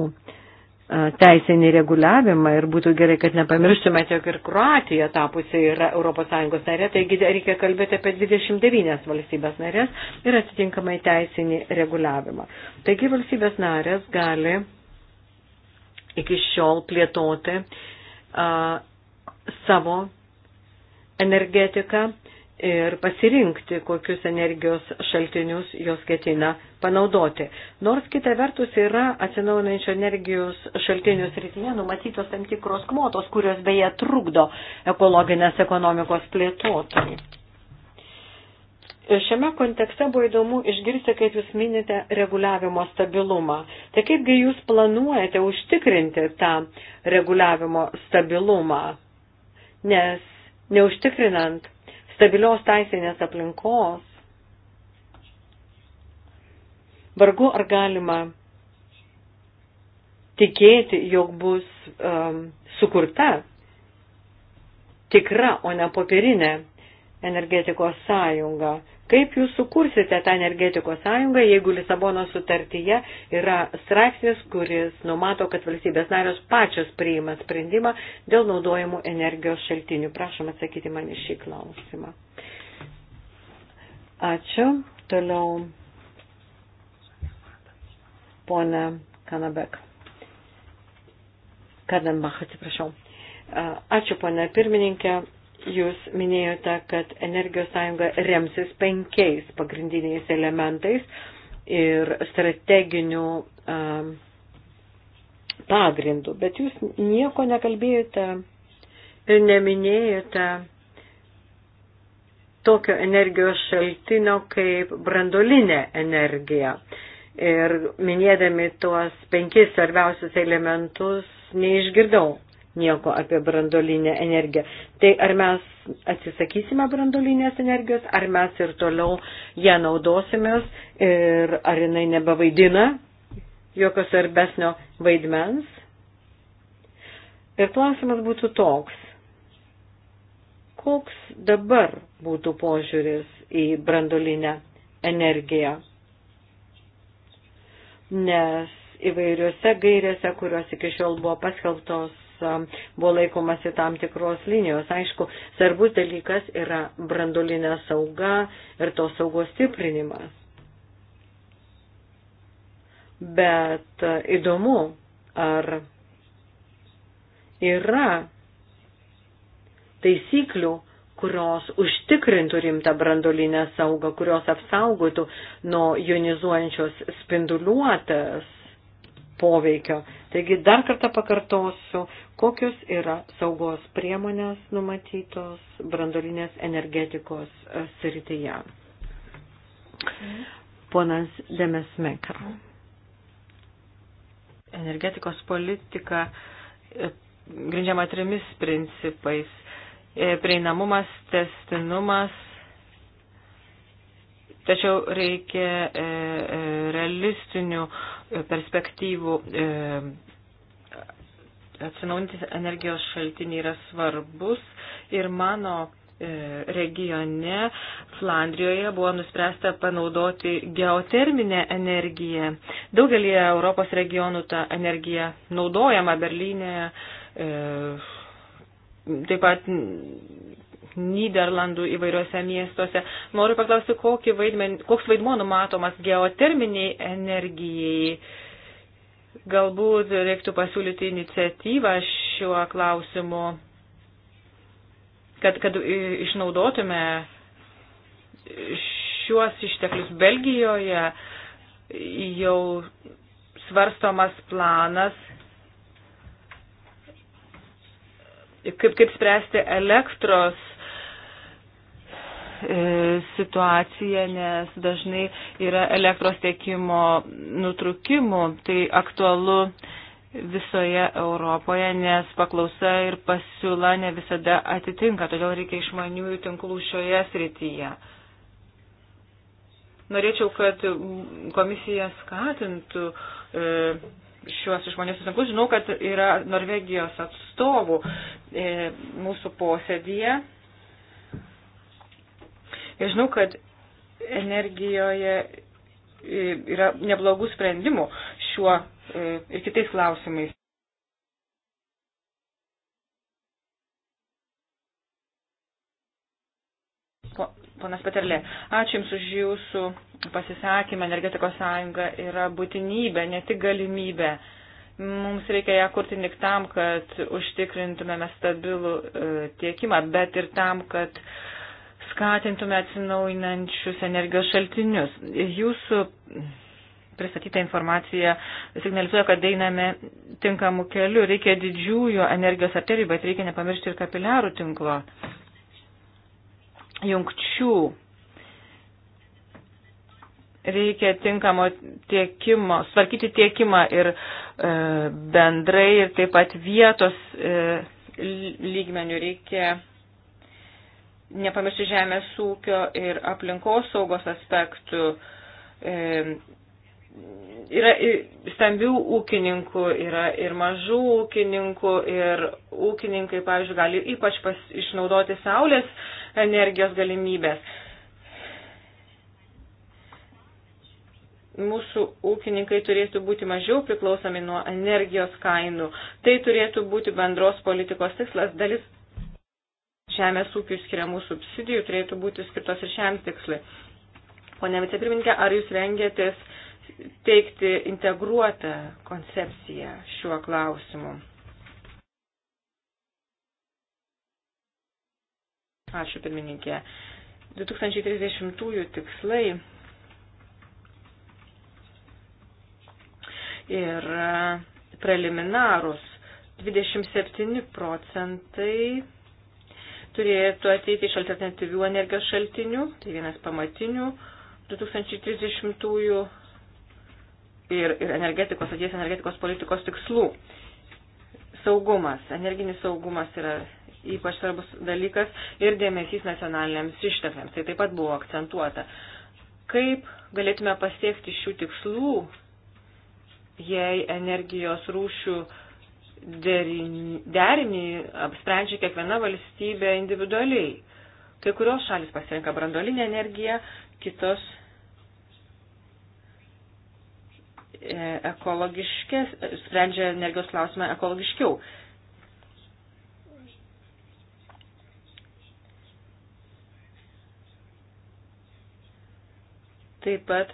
S2: teisinį reguliavimą ir būtų gerai, kad nepamirštume, jog ir Kroatija tapusi yra ES narė, taigi reikia kalbėti apie 29 valstybės narės ir atitinkamai teisinį reguliavimą. Taigi valstybės narės gali iki šiol plėtoti a, savo energetiką ir pasirinkti, kokius energijos šaltinius jos ketina panaudoti. Nors kita vertus yra atsinaujinančio energijos šaltinių srityje numatytos tam tikros kvotos, kurios beje trukdo ekologinės ekonomikos plėtotojai. Šiame kontekste buvo įdomu išgirsti, kaip Jūs minite reguliavimo stabilumą. Tai kaipgi Jūs planuojate užtikrinti tą reguliavimo stabilumą? Nes neužtikrinant stabilios teisinės aplinkos, vargu ar galima tikėti, jog bus um, sukurta tikra, o ne popierinė energetikos sąjunga. Kaip jūs sukursite tą energetikos sąjungą, jeigu Lisabono sutartyje yra straipsnis, kuris numato, kad valstybės narios pačios priima sprendimą dėl naudojimų energijos šaltinių? Prašom atsakyti man į šį klausimą. Ačiū. Toliau ponę Kanabek. Kadenbach, atsiprašau. Ačiū, ponė pirmininkė. Jūs minėjote, kad Energijos sąjunga remsis penkiais pagrindiniais elementais ir strateginių pagrindų, bet jūs nieko nekalbėjote ir neminėjote tokio energijos šaltinio kaip brandolinė energija. Ir minėdami tuos penkis svarbiausius elementus neišgirdau nieko apie brandolinę energiją. Tai ar mes atsisakysime brandolinės energijos, ar mes ir toliau ją naudosimės ir ar jinai nebevaidina jokio svarbesnio vaidmens? Ir klausimas būtų toks. Koks dabar būtų požiūris į brandolinę energiją? nes įvairiuose gairėse, kurios iki šiol buvo paskelbtos, buvo laikomasi tam tikros linijos. Aišku, svarbus dalykas yra brandolinė sauga ir tos saugos stiprinimas. Bet e, įdomu, ar yra taisyklių, kurios užtikrintų rimtą brandolinę saugą, kurios apsaugotų nuo jonizuojančios spinduliuotės poveikio. Taigi dar kartą pakartosiu, kokios yra saugos priemonės numatytos brandolinės energetikos e, srityje. Ponas Demesmekar. Energetikos politika e, grindžiama trimis principais E, prieinamumas, testinumas, tačiau reikia e, e, realistinių perspektyvų. Atsinaujantis energijos šaltiniai yra svarbus ir mano regione Flandrijoje buvo nuspręsta panaudoti geoterminę energiją. Daugelį Europos regionų ta energija naudojama Berlyne, taip pat Niderlandų įvairiuose miestuose. Noriu paklausti, vaidmen, koks vaidmuo numatomas geoterminiai energijai. Galbūt reiktų pasiūlyti iniciatyvą šiuo klausimu, kad, kad išnaudotume šiuos išteklius Belgijoje jau svarstomas planas kaip, kaip spręsti elektros e, situacija, nes dažnai yra elektros tiekimo nutrukimų. Tai aktualu visoje Europoje, nes paklausa ir pasiūla ne visada atitinka, todėl reikia išmaniųjų tinklų šioje srityje. Norėčiau, kad komisija skatintų e, šiuos žmonės susirinkus. Žinau, kad yra Norvegijos atstovų e, mūsų posėdėje. Ir žinau, kad energijoje e, yra neblogų sprendimų šiuo e, ir kitais klausimais. Ponas Paterlė, ačiū Jums už Jūsų pasisakymą. Energetikos sąjunga yra būtinybė, ne tik galimybė. Mums reikia ją kurti tik tam, kad užtikrintumėme stabilų e, tiekimą, bet ir tam, kad skatintume atsinaujinančius energijos šaltinius. Jūsų pristatyta informacija signalizuoja, kad einame tinkamų kelių. Reikia didžiųjų energijos arterijų, bet reikia nepamiršti ir kapiliarų tinklo jungčių. Reikia tinkamo tiekimo, svarkyti tiekimą ir e, bendrai, ir taip pat vietos e, lygmenių reikia nepamiršti žemės ūkio ir aplinkos saugos aspektų. E, yra ir stambių ūkininkų, yra ir mažų ūkininkų, ir ūkininkai, pavyzdžiui, gali ypač pas, išnaudoti saulės energijos galimybės. Mūsų ūkininkai turėtų būti mažiau priklausomi nuo energijos kainų. Tai turėtų būti bendros politikos tikslas. Dalis žemės ūkių skiriamų subsidijų turėtų būti skirtos ir šiam tikslui. Pone vicepirmininkė, ar jūs rengėtės teikti integruotą koncepciją šiuo klausimu? Ačiū pirmininkė. 2030-ųjų tikslai ir preliminarus 27 procentai turėtų ateiti iš alternatyvių energijos šaltinių, tai vienas pamatinių 2030-ųjų ir, ir energetikos, ateities energetikos politikos tikslų. Saugumas, energinis saugumas yra ypač svarbus dalykas ir dėmesys nacionaliniams ištekliams. Tai taip pat buvo akcentuota. Kaip galėtume pasiekti šių tikslų, jei energijos rūšių derinį apsprendžia kiekviena valstybė individualiai? Kai kurios šalis pasirenka brandolinę energiją, kitos e, ekologiškės, sprendžia energijos klausimą ekologiškiau. Taip pat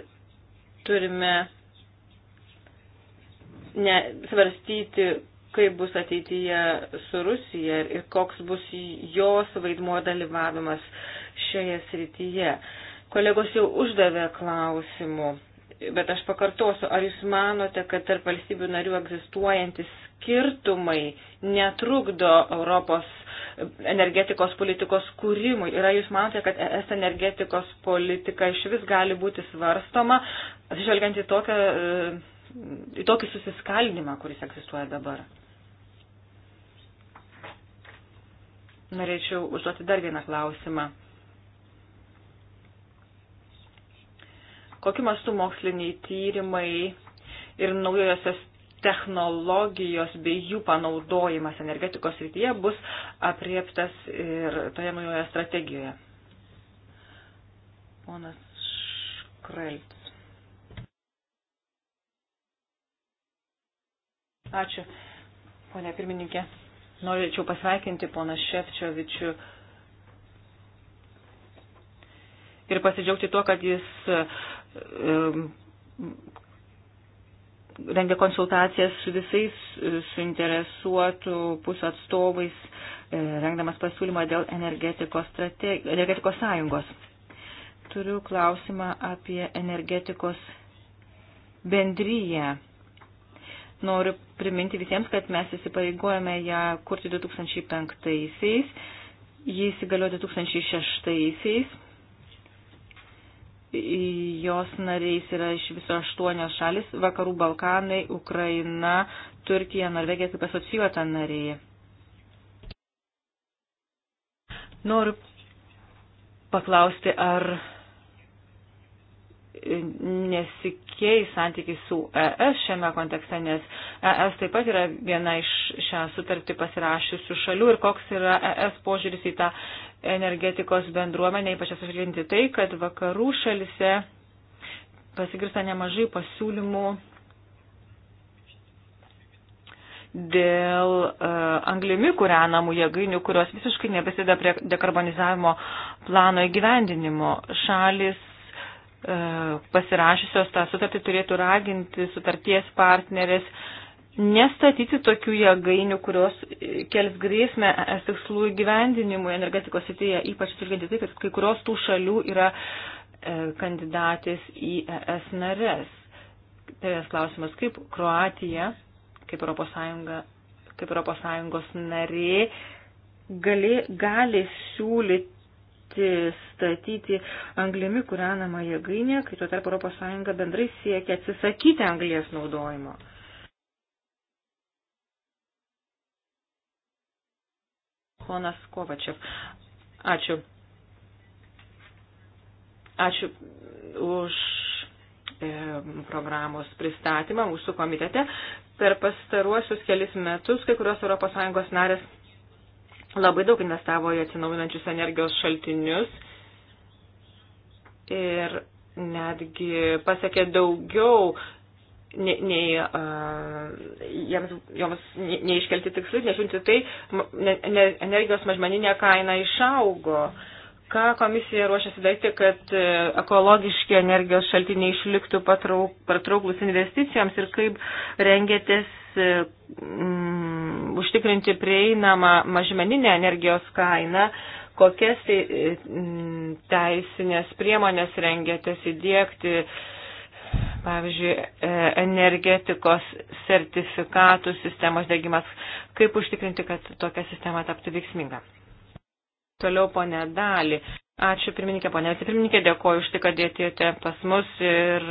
S2: turime ne, svarstyti, kaip bus ateityje su Rusija ir koks bus jos vaidmuo dalyvavimas šioje srityje. Kolegos jau uždavė klausimų bet aš pakartosiu, ar jūs manote, kad tarp valstybių narių egzistuojantis skirtumai netrukdo Europos energetikos politikos kūrimui. Ir jūs manote, kad ES energetikos politika iš vis gali būti svarstoma, atsižvelgiant į, tokią, e, į tokį susiskaldimą, kuris egzistuoja dabar? Norėčiau užduoti dar vieną klausimą. Kokiu mastu moksliniai tyrimai ir naujosios technologijos bei jų panaudojimas energetikos rytyje bus apriektas ir toje naujoje strategijoje. Ponas Škrelts. Ačiū, ponė pirmininkė. Norėčiau pasveikinti poną Šefčiovičių ir pasidžiaugti tuo, kad jis rengia konsultacijas su visais e, suinteresuotų pusių atstovais, e, rengdamas pasiūlymą dėl energetikos, strate... energetikos sąjungos. Turiu klausimą apie energetikos bendryje. Noriu priminti visiems, kad mes įsipareigojame ją kurti 2005-aisiais, jį įsigaliojo 2006-aisiais Jos nariais yra iš viso aštuonios šalis - Vakarų Balkanai, Ukraina, Turkija, Norvegija kaip asocijuota narė. Noriu paklausti, ar nesikeis santykiai su ES šiame kontekste, nes ES taip pat yra viena iš šią sutartį pasirašiusių šalių ir koks yra ES požiūris į tą energetikos bendruomenė, ypač atsižvelgiant į tai, kad vakarų šalise pasigirsta nemažai pasiūlymų dėl uh, anglimi kūrenamų jėgainių, kurios visiškai nebesideda prie dekarbonizavimo plano įgyvendinimo. Šalis uh, e, pasirašysios tą sutartį turėtų raginti sutarties partneris uh, nestatyti tokių jėgainių, kurios kels grėsmę es tikslų įgyvendinimui energetikos srityje, ypač turint tai, kad kai kurios tų šalių yra e, kandidatės į ES nares. Perės klausimas, kaip Kroatija, kaip Europos, Sąjunga, kaip Europos Sąjungos narė, gali, gali siūlyti statyti anglimi kūrenamą jėgainę, kai tuo tarp Europos Sąjunga bendrai siekia atsisakyti anglės naudojimo. Ponas Kovačev. Ačiū. Ačiū už e, programos pristatymą mūsų komitete. Per pastaruosius kelis metus kai kurios ES narės labai daug investavo į atsinaujinančius energijos šaltinius ir netgi pasiekė daugiau nei, nei uh, jiems, joms neiškelti tikslai, nežiūrinti tai, ne, ne, energijos mažmeninė kaina išaugo. Ką komisija ruošiasi daryti, kad e, ekologiški energijos šaltiniai išliktų patrauk, patrauklus investicijoms ir kaip rengėtės mm, e, užtikrinti prieinamą mažmeninę energijos kainą, kokias e, teisinės priemonės rengėtės įdėkti, uh, pavyzdžiui, e, energetikos sertifikatų sistemos dėgymas. Kaip užtikrinti, kad tokia sistema taptų veiksminga? Toliau, ponė Dali. Ačiū, pirmininkė, ponė. Pirmininkė, dėkoju už tai, kad atėjote pas mus ir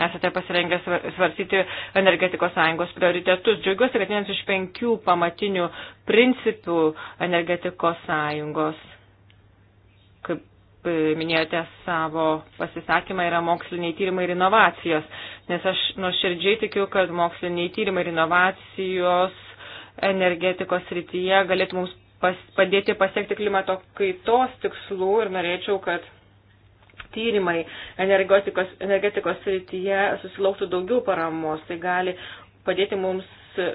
S2: esate pasirengę svarstyti energetikos sąjungos prioritetus. Džiaugiuosi, kad vienas iš penkių pamatinių principų energetikos sąjungos E, minėjote savo pasisakymą, yra moksliniai tyrimai ir inovacijos, nes aš nuoširdžiai tikiu, kad moksliniai tyrimai ir inovacijos energetikos rytyje galėtų mums pas, padėti pasiekti klimato kaitos tikslų ir norėčiau, kad tyrimai energetikos, energetikos srityje susilauktų daugiau paramos. Tai gali padėti mums e,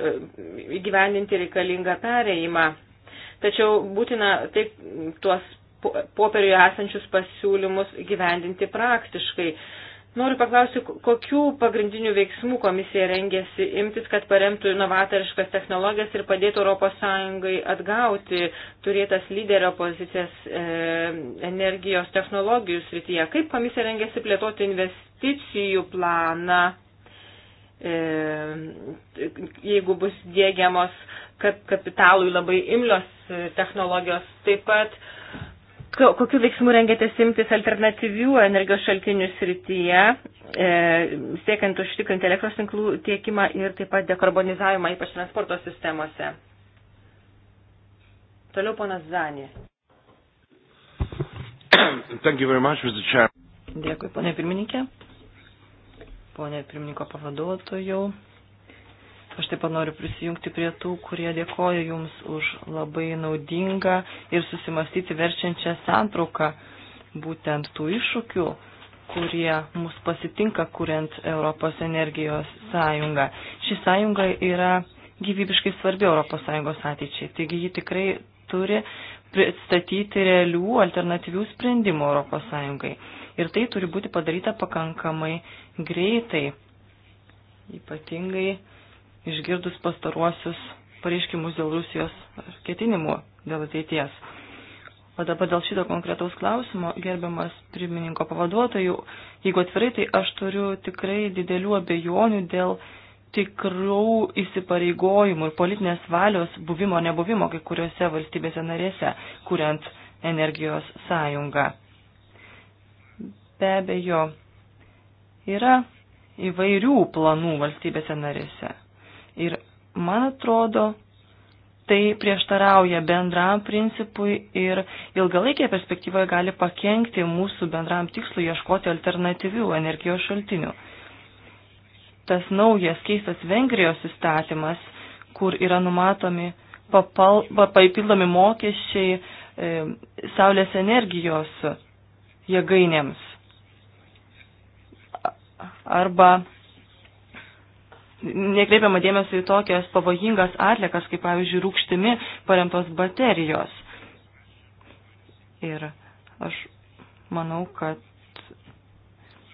S2: įgyvendinti reikalingą pereimą. Tačiau būtina taip tuos popieriuje esančius pasiūlymus gyvendinti praktiškai. Noriu paklausti, kokių pagrindinių veiksmų komisija rengėsi imtis, kad paremtų inovatoriškas technologijas ir padėtų ES atgauti turėtas lyderio pozicijas e, energijos technologijų srityje. Kaip komisija rengėsi plėtoti investicijų planą, e, jeigu bus dėgiamos kapitalui labai imlios e, technologijos, taip pat e, Kokiu veiksmu rengėtės imtis alternatyvių energijos šaltinių srityje, e, siekiant užtikrinti elektros tinklų tiekimą ir taip pat dekarbonizavimą, ypač transporto sistemose? Toliau ponas Zanė. Dėkui, ponė pirmininkė. Ponė pirmininko pavaduotojau, Aš taip pat noriu prisijungti prie tų, kurie dėkoja Jums už labai naudingą ir susimastyti verčiančią santrauką būtent tų iššūkių, kurie mus pasitinka, kuriant Europos energijos sąjungą. Ši sąjunga yra gyvybiškai svarbi ES ateičiai, taigi ji tikrai turi pristatyti realių alternatyvių sprendimų ES. Ir tai turi būti padaryta pakankamai greitai, ypatingai išgirdus pastaruosius pareiškimus dėl Rusijos ketinimų dėl ateities. O dabar dėl šito konkretaus klausimo, gerbiamas pirmininko pavaduotojų, jeigu atvirai, tai aš turiu tikrai didelių abejonių dėl tikrų įsipareigojimų ir politinės valios buvimo nebuvimo kai kuriuose valstybėse narėse, kuriant energijos sąjungą. Be abejo, yra įvairių planų valstybėse narėse. Ir man atrodo, tai prieštarauja bendram principui ir ilgalaikėje perspektyvoje gali pakengti mūsų bendram tikslui ieškoti alternatyvių energijos šaltinių. Tas naujas keistas Vengrijos įstatymas, kur yra numatomi papal, papildomi mokesčiai e, saulės energijos jėgainėms arba nekreipiama dėmesio į tokias pavojingas atlikas, kaip pavyzdžiui, rūkštimi paremtos baterijos. Ir aš manau, kad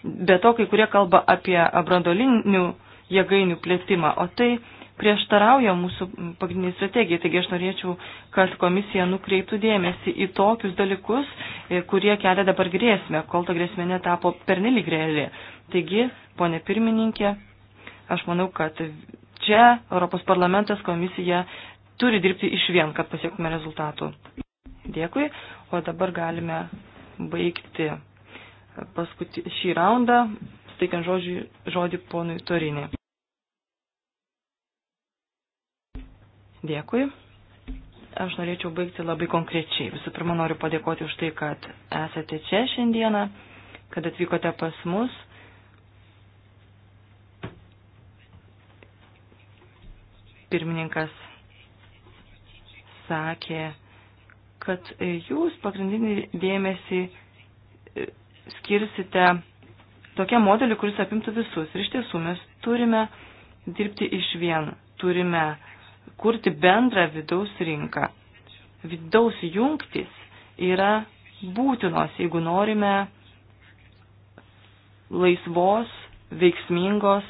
S2: be to, kai kurie kalba apie brandolinių jėgainių plėtimą, o tai prieštarauja mūsų pagrindiniai strategijai. Taigi aš norėčiau, kad komisija nukreiptų dėmesį į tokius dalykus, e, kurie kelia dabar grėsmę, kol ta grėsmė netapo pernelyg reali. Taigi, ponė pirmininkė, Aš manau, kad čia Europos parlamentas komisija turi dirbti iš vien, kad pasiektume rezultatų. Dėkui. O dabar galime baigti paskutį, šį raundą, steikiant žodžių, žodį ponui Torinį. Dėkui. Aš norėčiau baigti labai konkrečiai. Visų pirma, noriu padėkoti už tai, kad esate čia šiandieną, kad atvykote pas mus pirmininkas sakė, kad jūs pagrindinį dėmesį e, skirsite tokiam modeliu, kuris apimtų visus. Ir iš tiesų mes turime dirbti iš vien, turime kurti bendrą vidaus rinką. Vidaus jungtis yra būtinos, jeigu norime laisvos, veiksmingos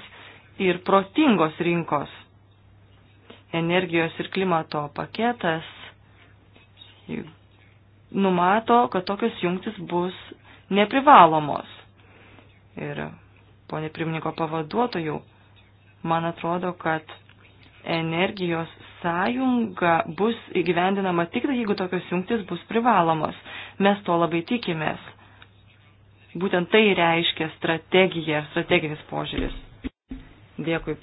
S2: ir protingos rinkos energijos ir klimato paketas numato, kad tokios jungtis bus neprivalomos. Ir ponė pirmininko pavaduotojų, man atrodo, kad energijos sąjunga bus įgyvendinama tik tai, jeigu tokios jungtis bus privalomos. Mes to labai tikimės. Būtent tai reiškia strategija, strateginis požiūris. Dėkui,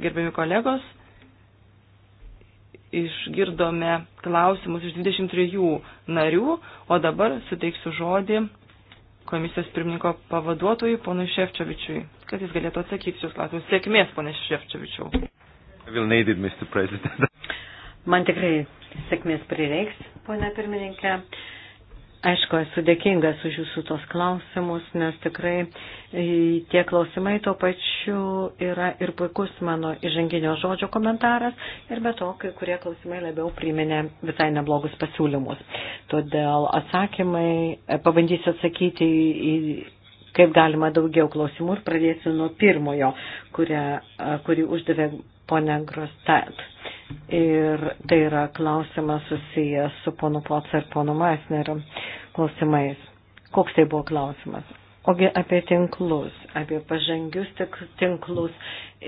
S2: gerbiami kolegos išgirdome klausimus iš 23 narių, o dabar suteiksiu žodį komisijos pirmininko pavaduotojui, ponui Šefčiovičiui, kad jis galėtų atsakyti šios klausimus. Sėkmės, ponė Šefčiovičiau. Man tikrai sėkmės prireiks, ponė pirmininkė. Aišku, esu dėkingas už jūsų tos klausimus, nes tikrai e, tie klausimai tuo pačiu yra ir puikus mano įžanginio žodžio komentaras ir be to, kai kurie klausimai labiau priminė visai neblogus pasiūlymus. Todėl atsakymai, e, pabandysiu atsakyti į kaip galima daugiau klausimų ir pradėsiu nuo pirmojo, kurią, e, kurį uždavė ponia Grostat ir tai yra klausimas susijęs su ponu Pots ir ponu Maisneriu klausimais. Koks tai buvo klausimas? Ogi apie tinklus, apie pažangius tinklus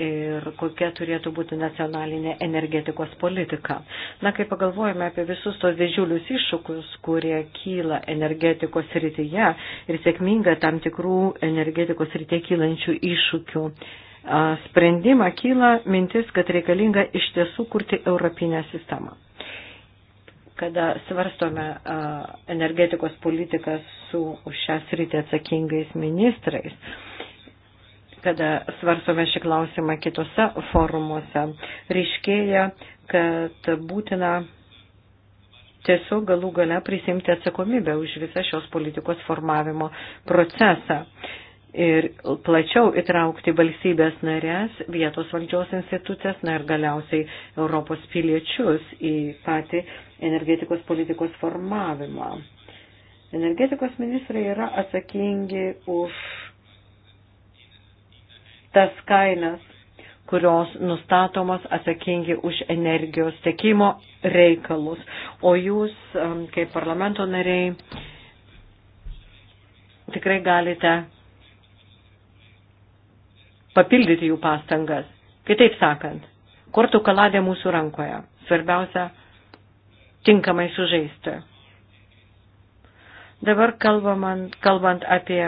S2: ir kokia turėtų būti nacionalinė energetikos politika. Na, kai pagalvojame apie visus tos didžiulius iššūkius, kurie kyla energetikos rytyje ir sėkminga tam tikrų energetikos rytyje kylančių iššūkių sprendimą kyla mintis, kad reikalinga iš tiesų kurti europinę sistemą. Kada svarstome energetikos politiką su už šią sritį atsakingais ministrais, kada svarstome šį klausimą kitose forumuose, ryškėja, kad būtina tiesiog galų gale prisimti atsakomybę už visą šios politikos formavimo procesą ir plačiau įtraukti valstybės narės, vietos valdžios institucijas, na ir galiausiai Europos piliečius į patį energetikos politikos formavimą. Energetikos ministrai yra atsakingi už tas kainas, kurios nustatomos atsakingi už energijos tiekimo reikalus. O jūs, kaip parlamento nariai, tikrai galite papildyti jų pastangas. Kitaip sakant, kortų kaladė mūsų rankoje. Svarbiausia, tinkamai sužaisti. Dabar kalbant, kalbant apie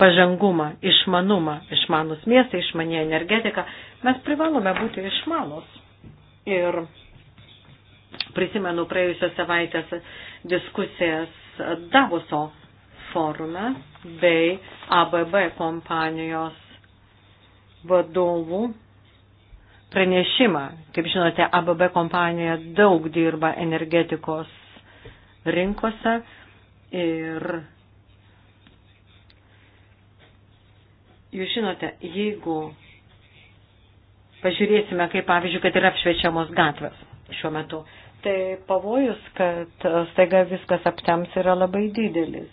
S2: pažangumą, išmanumą, išmanus miestai, išmanė energetika, mes privalome būti išmanus. Ir prisimenu praėjusios savaitės diskusijas Davoso forume bei ABB kompanijos vadovų pranešimą. Kaip žinote, ABB kompanija daug dirba energetikos rinkose ir jūs žinote, jeigu pažiūrėsime, kaip pavyzdžiui, kad yra apšviečiamos gatvės šiuo metu, tai pavojus, kad staiga viskas aptems yra labai didelis.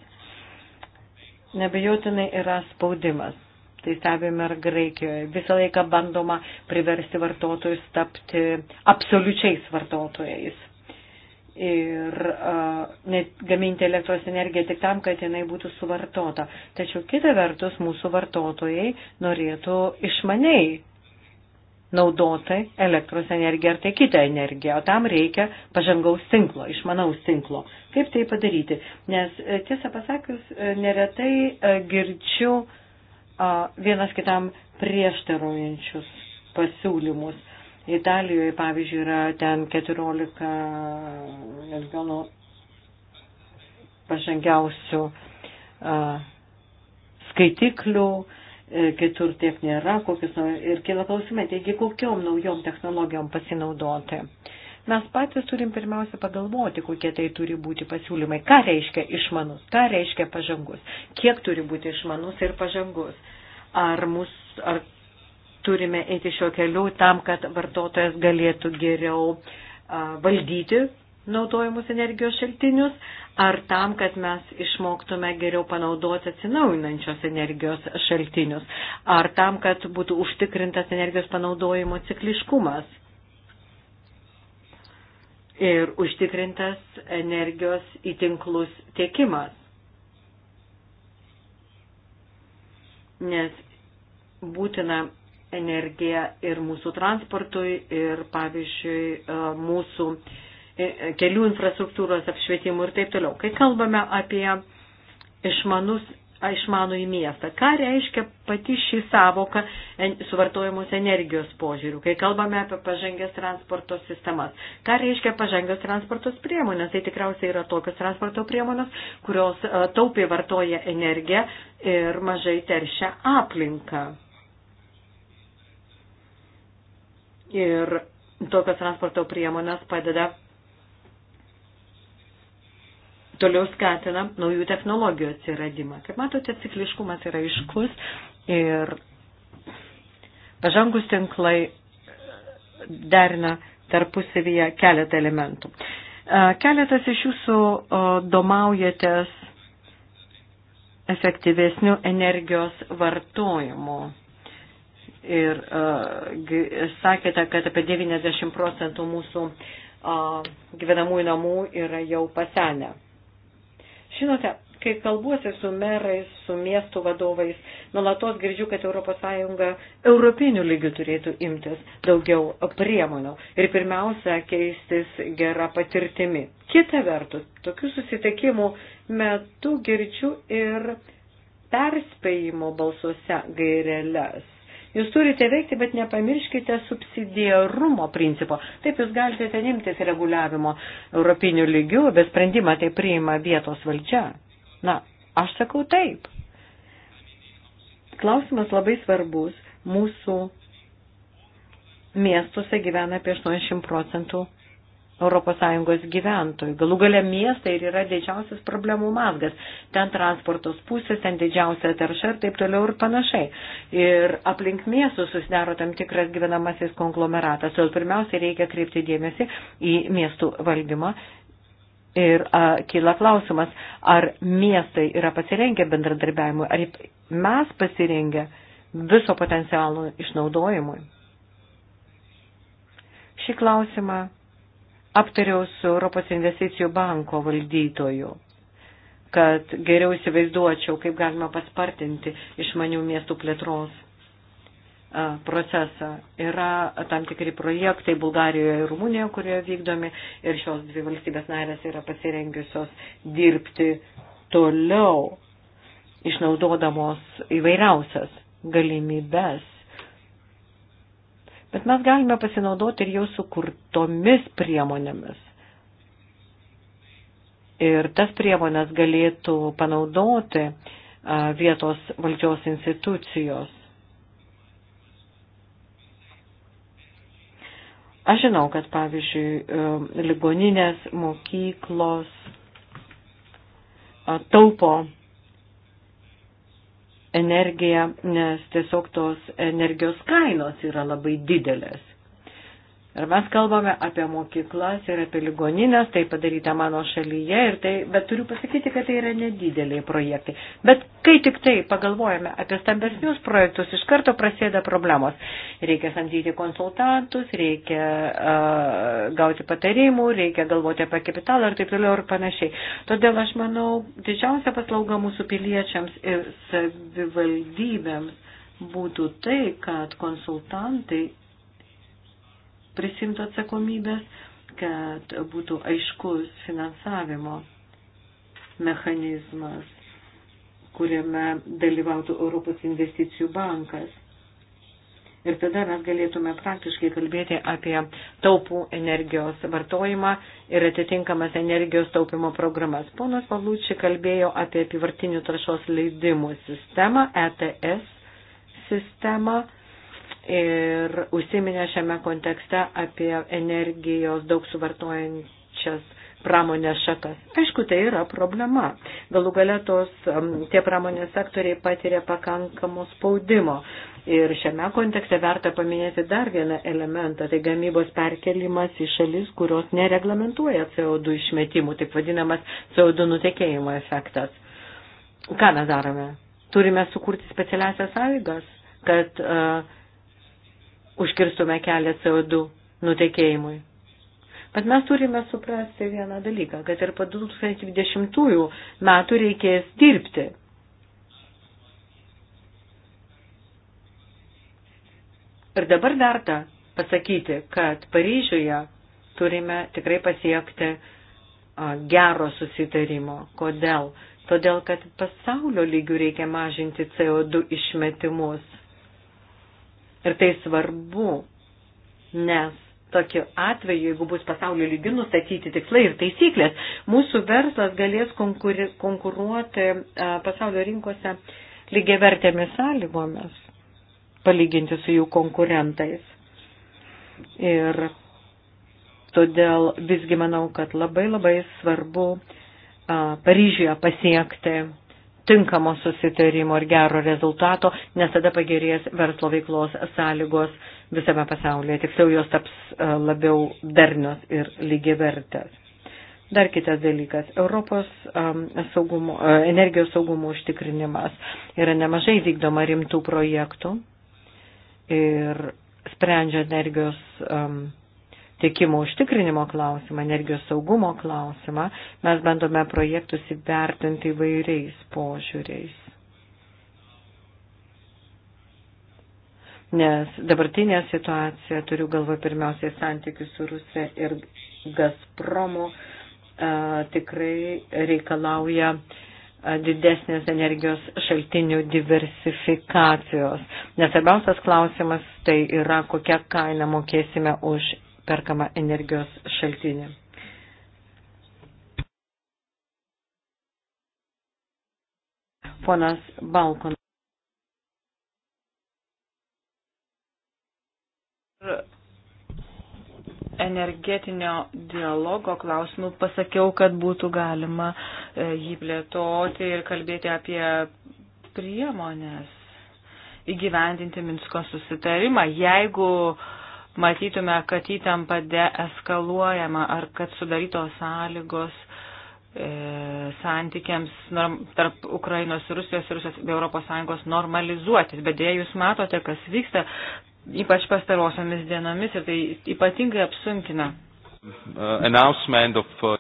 S2: Nebejotinai yra spaudimas tai stebime ir Graikijoje. Visą laiką bandoma priversti vartotojus tapti absoliučiais vartotojais. Ir uh, net gaminti elektros energiją tik tam, kad jinai būtų suvartota. Tačiau kita vertus, mūsų vartotojai norėtų išmaniai naudoti elektros energiją ar tai kitą energiją, o tam reikia pažangaus tinklo, išmanaus tinklo. Kaip tai padaryti? Nes e, tiesą pasakius, e, neretai e, girdžiu uh, vienas kitam prieštarojančius pasiūlymus. Italijoje, pavyzdžiui, yra ten 14 regionų pažangiausių skaitiklių, e, kitur tiek nėra, kokius, ir kila klausimai, taigi kokiom naujom technologijom pasinaudoti. Uh, mes patys turim pirmiausia pagalvoti, kokie tai turi būti pasiūlymai. Ką reiškia išmanus, ką reiškia pažangus, kiek turi būti išmanus ir pažangus. Ar, mus, ar turime eiti šio keliu tam, kad vartotojas galėtų geriau a, valdyti naudojimus energijos šaltinius, ar tam, kad mes išmoktume geriau panaudoti atsinaujinančios energijos šaltinius, ar tam, kad būtų užtikrintas energijos panaudojimo cikliškumas ir užtikrintas energijos įtinklus tiekimas. Nes būtina energija ir mūsų transportui, ir pavyzdžiui e, mūsų e, kelių infrastruktūros apšvietimui ir taip toliau. Kai kalbame apie išmanus aišmanų į miestą. Ką reiškia pati ši savoka suvartojamos energijos požiūrių, kai kalbame apie pažangės transporto sistemas? Ką reiškia pažangės transportos priemonės? Tai tikriausiai yra tokios transporto priemonės, kurios e, taupiai vartoja energiją ir mažai teršia aplinką. Ir tokios transporto priemonės padeda toliau skatina naujų technologijų atsiradimą. Kaip matote, cikliškumas yra iškus ir pažangus tinklai derina tarpusavyje keletą elementų. Keletas iš jūsų domaujatės efektyvesnių energijos vartojimų. Ir uh, sakėte, kad apie 90 procentų mūsų uh, gyvenamųjų namų yra jau pasenę. Uh, Žinote, kai kalbuosi su merais, su miestų vadovais, nuolatos girdžiu, kad ES europinių lygių turėtų imtis daugiau priemonių ir pirmiausia keistis gerą patirtimi. Kita vertus, tokių susitikimų metu girdžiu ir perspėjimo balsuose gairelės Jūs turite veikti, bet nepamirškite subsidiarumo principo. Taip, jūs galite ten imtis reguliavimo europinių lygių, bet sprendimą tai priima vietos valdžia. Na, aš sakau taip. Klausimas labai svarbus. Mūsų miestuose gyvena apie 80 procentų ES gyventojų. Galų galia miestai ir yra didžiausias problemų mazgas. Ten transportos pusės, ten didžiausia tarša ir taip toliau ir panašiai. Ir aplink miestų susidaro tam tikras gyvenamasis konglomeratas. Todėl pirmiausia reikia kreipti dėmesį į miestų valdymą. Ir a, kyla klausimas, ar miestai yra pasirengę bendradarbiavimui, ar mes pasirengę viso potencialo išnaudojimui. Šį klausimą aptariau su Europos investicijų banko valdytoju kad geriau įsivaizduočiau, kaip galima paspartinti išmanių miestų plėtros procesą. Yra tam tikri projektai Bulgarijoje ir Rumunijoje, kurie vykdomi ir šios dvi valstybės narės yra pasirengiusios dirbti toliau, išnaudodamos įvairiausias galimybes Bet mes galime pasinaudoti ir jau sukurtomis priemonėmis. Ir tas priemonės galėtų panaudoti vietos valdžios institucijos. Aš žinau, kad pavyzdžiui, ligoninės, mokyklos taupo energiją, nes tiesiog tos energijos kainos yra labai didelės. Ir mes kalbame apie mokyklas ir apie ligoninės, tai padaryta mano šalyje, tai, bet turiu pasakyti, kad tai yra nedideliai projektai. Bet kai tik tai pagalvojame apie stambesnius projektus, iš karto prasideda problemos. Reikia samdyti konsultantus, reikia uh, gauti patarimų, reikia galvoti apie kapitalą ir taip toliau ir panašiai. Todėl aš manau, didžiausia paslauga mūsų piliečiams ir savivaldybėms būtų tai, kad konsultantai prisimtų atsakomybės, kad būtų aiškus finansavimo mechanizmas, kuriame dalyvautų Europos investicijų bankas. Ir tada mes galėtume praktiškai kalbėti apie taupų energijos vartojimą ir atitinkamas energijos taupimo programas. Ponas Pavlūčiai kalbėjo apie apivartinių trašos leidimų sistemą, ETS sistemą ir užsiminė šiame kontekste apie energijos daug suvartojančias pramonės šakas. Aišku, tai yra problema. Galų galėtos um, tie pramonės sektoriai patiria pakankamo spaudimo. Ir šiame kontekste verta paminėti dar vieną elementą, tai gamybos perkelimas į šalis, kurios nereglamentuoja CO2 išmetimų, taip vadinamas CO2 nutekėjimo efektas. Ką mes darome? Turime sukurti specialiasias sąlygas, kad uh, užkirstume kelią CO2 nutekėjimui. Bet mes turime suprasti vieną dalyką, kad ir po 2020 metų reikės dirbti. Ir dabar verta pasakyti, kad Paryžiuje turime tikrai pasiekti gero susitarimo. Kodėl? Todėl, kad pasaulio lygių reikia mažinti CO2 išmetimus. Ir tai svarbu, nes tokiu atveju, jeigu bus pasaulio lygių nustatyti tikslai ir taisyklės, mūsų verslas galės konkuri, konkuruoti pasaulio rinkose lygiavertėmis sąlygomis, palyginti su jų konkurentais. Ir todėl visgi manau, kad labai labai svarbu Paryžiuje pasiekti tinkamo susitarimo ir gero rezultato, nes tada pagerės verslo veiklos sąlygos visame pasaulyje. Tiksliau jos taps e, labiau darnios ir lygiavertės. Dar kitas dalykas - Europos um, saugumo, e, energijos saugumo užtikrinimas. Yra nemažai vykdoma rimtų projektų ir sprendžia energijos um, tiekimo užtikrinimo klausimą, energijos saugumo klausimą, mes bandome projektus įvertinti įvairiais požiūriais. Nes dabartinė situacija, turiu galvo pirmiausiai santykius su Rusija ir Gazpromu, tikrai reikalauja didesnės energijos šaltinių diversifikacijos. Nes svarbiausias klausimas tai yra, kokią kainą mokėsime už perkamą energijos šaltinį. Ponas Balkon. energetinio dialogo klausimų pasakiau, kad būtų galima e, jį plėtoti ir kalbėti apie priemonės įgyvendinti Minsko susitarimą. Jeigu uh, matytume, kad įtampa deeskaluojama ar kad sudarytos sąlygos e, santykiams norm, tarp Ukrainos ir Rusijos ir Rusijos bei Europos Sąjungos normalizuotis. Bet dėja jūs matote, kas vyksta, ypač pastarosiomis dienomis ir tai ypatingai apsunkina.
S1: Uh, of, uh...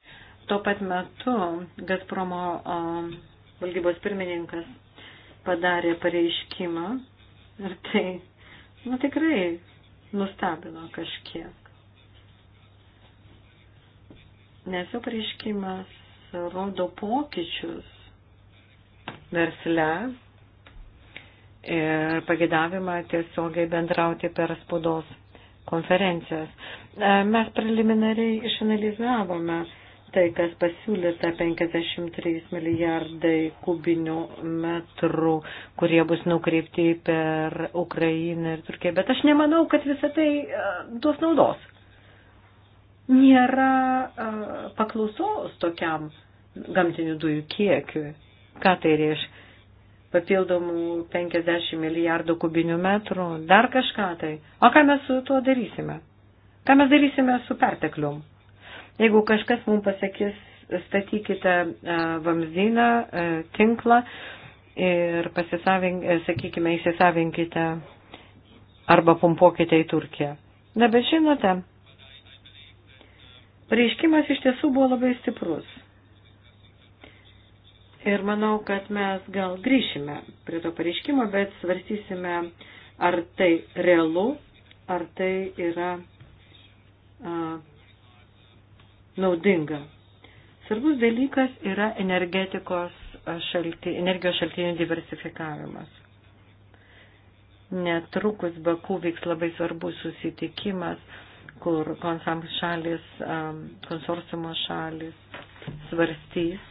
S2: Tuo pat metu Gazpromo um, valdybos pirmininkas padarė pareiškimą ir tai, nu tikrai, nustebino kažkiek. Nes jo pareiškimas rodo pokyčius versle ir pagėdavimą tiesiogiai bendrauti per spaudos konferencijas. Mes preliminariai išanalizavome tai, kas pasiūlyta 53 milijardai kubinių metrų, kurie bus nukreipti per Ukrainą ir Turkiją. Bet aš nemanau, kad visą tai duos naudos. Nėra paklausos tokiam gamtinių dujų kiekiui. Ką tai reiškia? Papildomų 50 milijardų kubinių metrų, dar kažką tai. O ką mes su tuo darysime? Ką mes darysime su perteklium? Jeigu kažkas mums pasakys, statykite e, vamzdyną, e, tinklą ir, e, sakykime, įsisavinkite arba pumpuokite į Turkiją. Na, bet žinote, pareiškimas iš tiesų buvo labai stiprus. Ir manau, kad mes gal grįšime prie to pareiškimo, bet svarstysime, ar tai realu, ar tai yra a, naudinga. Svarbus dalykas yra energetikos šalti, energijos šaltinių diversifikavimas. Netrukus Baku vyks labai svarbus susitikimas, kur šalis, konsorsumo šalis svarstys,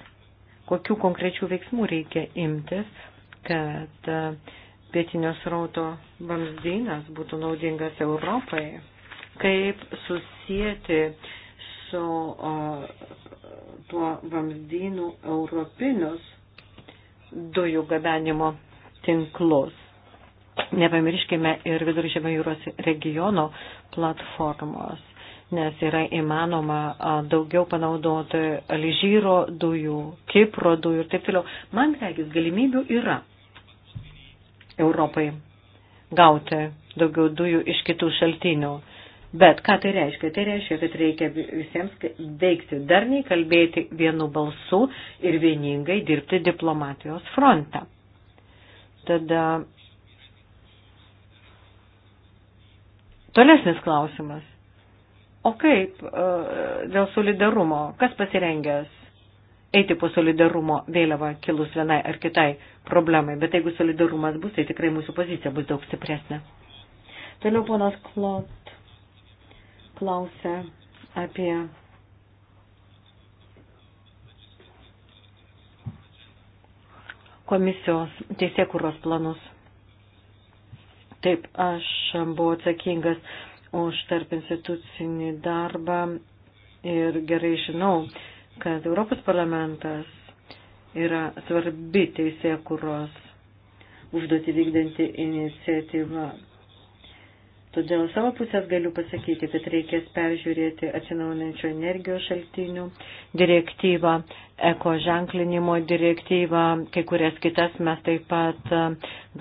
S2: kokių konkrečių veiksmų reikia imtis, kad pietinio srauto vamzdynas būtų naudingas Europai, kaip susijęti su o, tuo vamzdynų europinius dujų gabenimo tinklus. Nepamirškime ir viduržėmio jūros regiono platformos, nes yra įmanoma daugiau panaudoti Alžyro dujų, Kipro dujų ir taip toliau. Man reikės galimybių yra Europai gauti daugiau dujų iš kitų šaltinių. Bet ką tai reiškia? Tai reiškia, kad reikia visiems veikti darniai, kalbėti vienu balsu ir vieningai dirbti diplomatijos frontą. Tada tolesnis klausimas. O kaip e, dėl solidarumo? Kas pasirengęs eiti po solidarumo vėliavą kilus vienai ar kitai problemai? Bet jeigu solidarumas bus, tai tikrai mūsų pozicija bus daug stipresnė. Toliau ponas Klot klausė apie komisijos teisėkuros planus. Taip, aš buvau atsakingas už tarp institucinį darbą ir gerai žinau, kad Europos parlamentas yra svarbi teisėkuros užduoti vykdanti iniciatyva. Todėl savo pusės galiu pasakyti, kad reikės peržiūrėti atsinaujinančio energijos šaltinių direktyvą, eko ženklinimo direktyvą, kai kurias kitas mes taip pat e,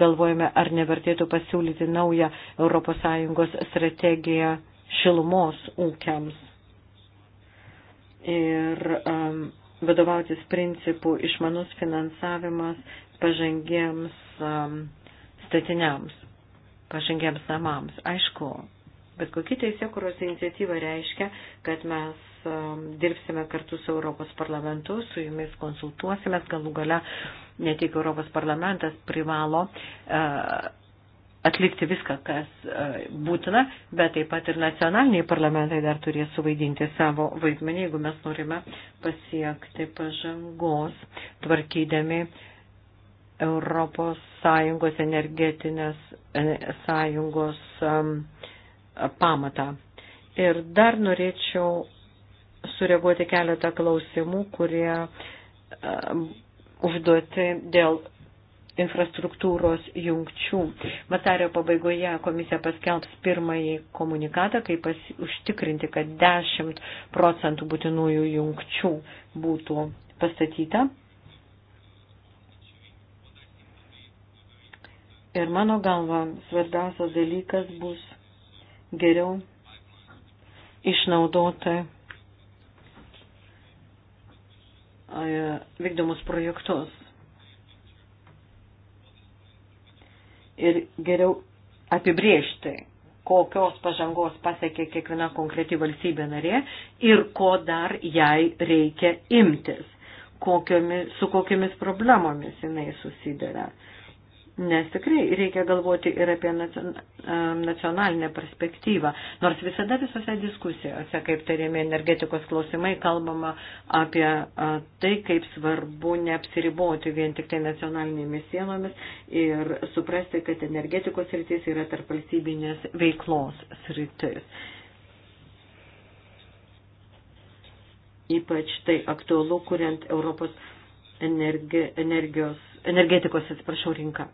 S2: galvojame, ar nevertėtų pasiūlyti naują ES strategiją šilumos ūkiams. Ir um, vadovautis principų išmanus finansavimas pažangiems um, statiniams pažangiams namams. Aišku, bet kokia teisėkuros iniciatyva reiškia, kad mes um, dirbsime kartu su Europos parlamentu, su jumis konsultuosime, galų gale ne tik Europos parlamentas privalo uh, atlikti viską, kas uh, būtina, bet taip pat ir nacionaliniai parlamentai dar turės suvaidinti savo vaidmenį, jeigu mes norime pasiekti pažangos, tvarkydami Europos Sąjungos energetinės sąjungos pamatą. Ir dar norėčiau sureaguoti keletą klausimų, kurie užduoti dėl infrastruktūros jungčių. Vasario pabaigoje komisija paskelbs pirmąjį komunikatą, kaip pas, užtikrinti, kad 10 procentų būtinųjų jungčių būtų pastatyta Ir mano galva svarbiausias dalykas bus geriau išnaudoti vykdomus projektus. Ir geriau apibriežti, kokios pažangos pasiekė kiekviena konkreti valstybė narė ir ko dar jai reikia imtis, kokiomis, su kokiamis problemomis jinai susiduria. Nes tikrai reikia galvoti ir apie nacionalinę perspektyvą. Nors visada visose diskusijose, kaip tarėme energetikos klausimai, kalbama apie tai, kaip svarbu neapsiriboti vien tik tai nacionalinėmis sienomis ir suprasti, kad energetikos sritis yra tarp valstybinės veiklos sritis. Ypač tai aktualu, kuriant Europos energi, energijos, energetikos atsiprašau rinką.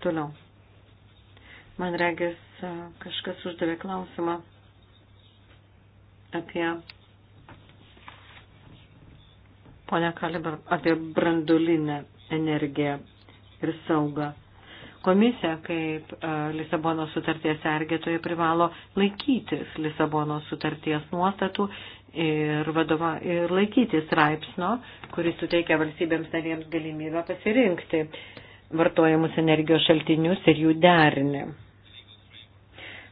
S2: Toliau. Man regis, kažkas uždavė klausimą apie ponia Kalibar, apie brandulinę energiją ir saugą. Komisija, kaip Lisabono sutarties sergėtoje, privalo laikytis Lisabono sutarties nuostatų ir, vadova, ir laikytis raipsno, kuris suteikia valstybėms narėms galimybę pasirinkti vartojamus energijos šaltinius ir jų derinį.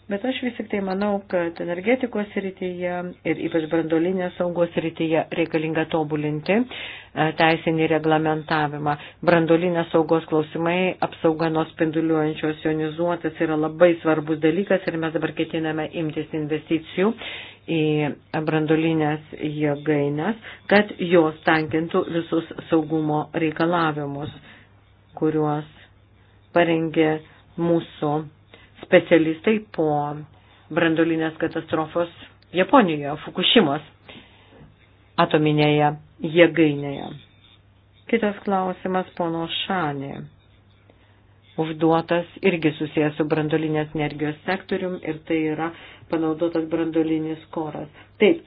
S2: Bet aš vis tik tai manau, kad energetikos rytyje ir ypač brandolinės saugos rytyje reikalinga tobulinti e, teisinį reglamentavimą. Brandolinės saugos klausimai, apsauga nuo spinduliuojančios jonizuotas yra labai svarbus dalykas ir mes dabar ketiname imtis investicijų į brandolinės jėgainės, kad jos tenkintų visus saugumo reikalavimus kuriuos parengė mūsų specialistai po brandolinės katastrofos Japonijoje, Fukushimos atominėje jėgainėje. Kitas klausimas pono Šanė. Užduotas irgi susijęs su brandolinės energijos sektorium ir tai yra panaudotas brandolinis koras. Taip,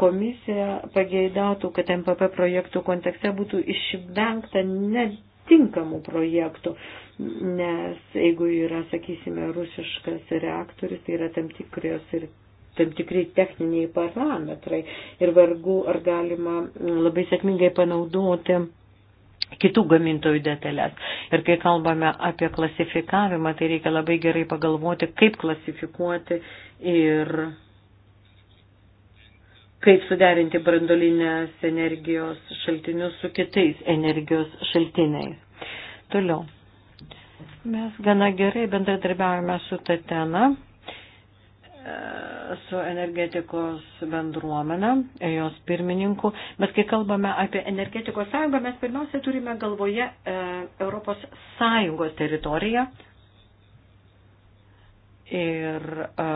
S2: komisija pageidautų, kad MPP projektų kontekste būtų išvengta net tinkamų projektų, nes jeigu yra, sakysime, rusiškas reaktorius, tai yra tam tikrios ir tam tikri techniniai parametrai ir vargu ar galima labai sėkmingai panaudoti kitų gamintojų detalės. Ir kai kalbame apie klasifikavimą, tai reikia labai gerai pagalvoti, kaip klasifikuoti ir kaip suderinti brandolinės energijos šaltinius su kitais energijos šaltiniais. Toliau. Mes gana gerai bendradarbiavame su Tatena, e, su energetikos bendruomenė, jos pirmininku, bet kai kalbame apie energetikos sąjungą, mes pirmiausia turime galvoje e, Europos Sąjungos teritoriją ir e,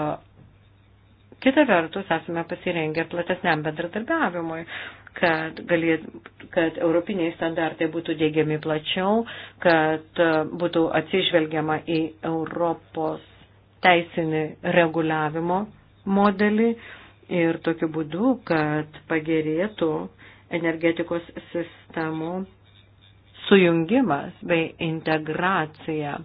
S2: Kita vertus, esame pasirengę platesniam bendradarbiavimui, kad, galėt, kad europiniai standartai būtų dėgiami plačiau, kad e, būtų atsižvelgiama į Europos teisinį reguliavimo modelį ir tokiu būdu, kad pagerėtų energetikos sistemų sujungimas bei integracija.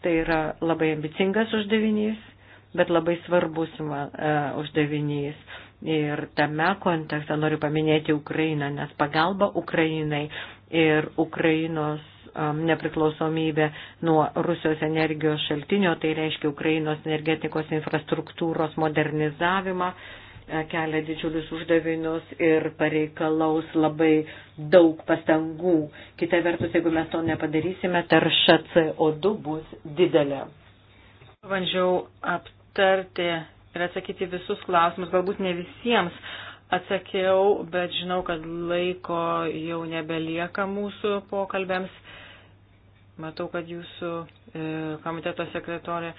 S2: Tai yra labai ambicingas uždavinys bet labai svarbus man, e, uždavinys. Ir tame kontekste noriu paminėti Ukrainą, nes pagalba Ukrainai ir Ukrainos nepriklausomybė nuo Rusijos energijos šaltinio, tai reiškia Ukrainos energetikos infrastruktūros modernizavimą, e, kelia didžiulius uždavinius ir pareikalaus labai daug pastangų. Kita vertus, jeigu mes to nepadarysime, tarša CO2 bus didelė. Bandžiau aptarti aptarti ir atsakyti visus klausimus, galbūt ne visiems atsakiau, bet žinau, kad laiko jau nebelieka mūsų pokalbėms. Matau, kad jūsų e, komiteto sekretorė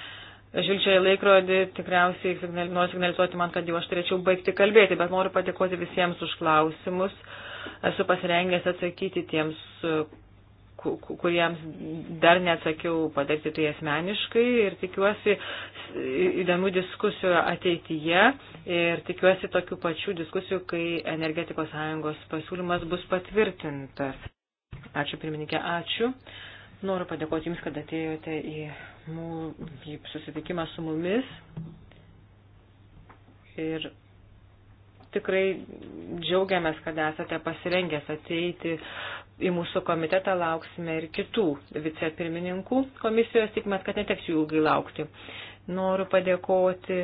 S2: žvilgčioje laikrodį, tikriausiai signal, noriu signalizuoti man, kad jau aš turėčiau baigti kalbėti, bet noriu padėkoti visiems už klausimus. Esu pasirengęs atsakyti tiems, kuriems dar neatsakiau patekti tai asmeniškai ir tikiuosi įdomių diskusijų ateityje ir tikiuosi tokių pačių diskusijų, kai energetikos sąjungos pasiūlymas bus patvirtintas. Ačiū pirmininkė, ačiū. Noriu padėkoti Jums, kad atėjote į, mū, į susitikimą su mumis. Ir tikrai džiaugiamės, kad esate pasirengęs ateiti į mūsų komitetą lauksime ir kitų vicepirmininkų komisijos, tikimės, kad neteks jų ilgai laukti. Noriu padėkoti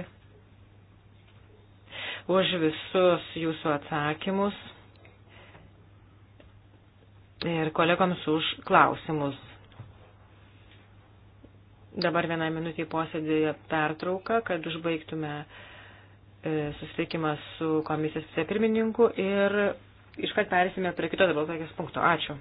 S2: už visus jūsų atsakymus ir kolegoms už klausimus. Dabar vieną minutį posėdėje pertrauką, kad užbaigtume e, susitikimą su komisijos vicepirmininku ir iškart persime prie kito dabar tokios punkto. Ačiū.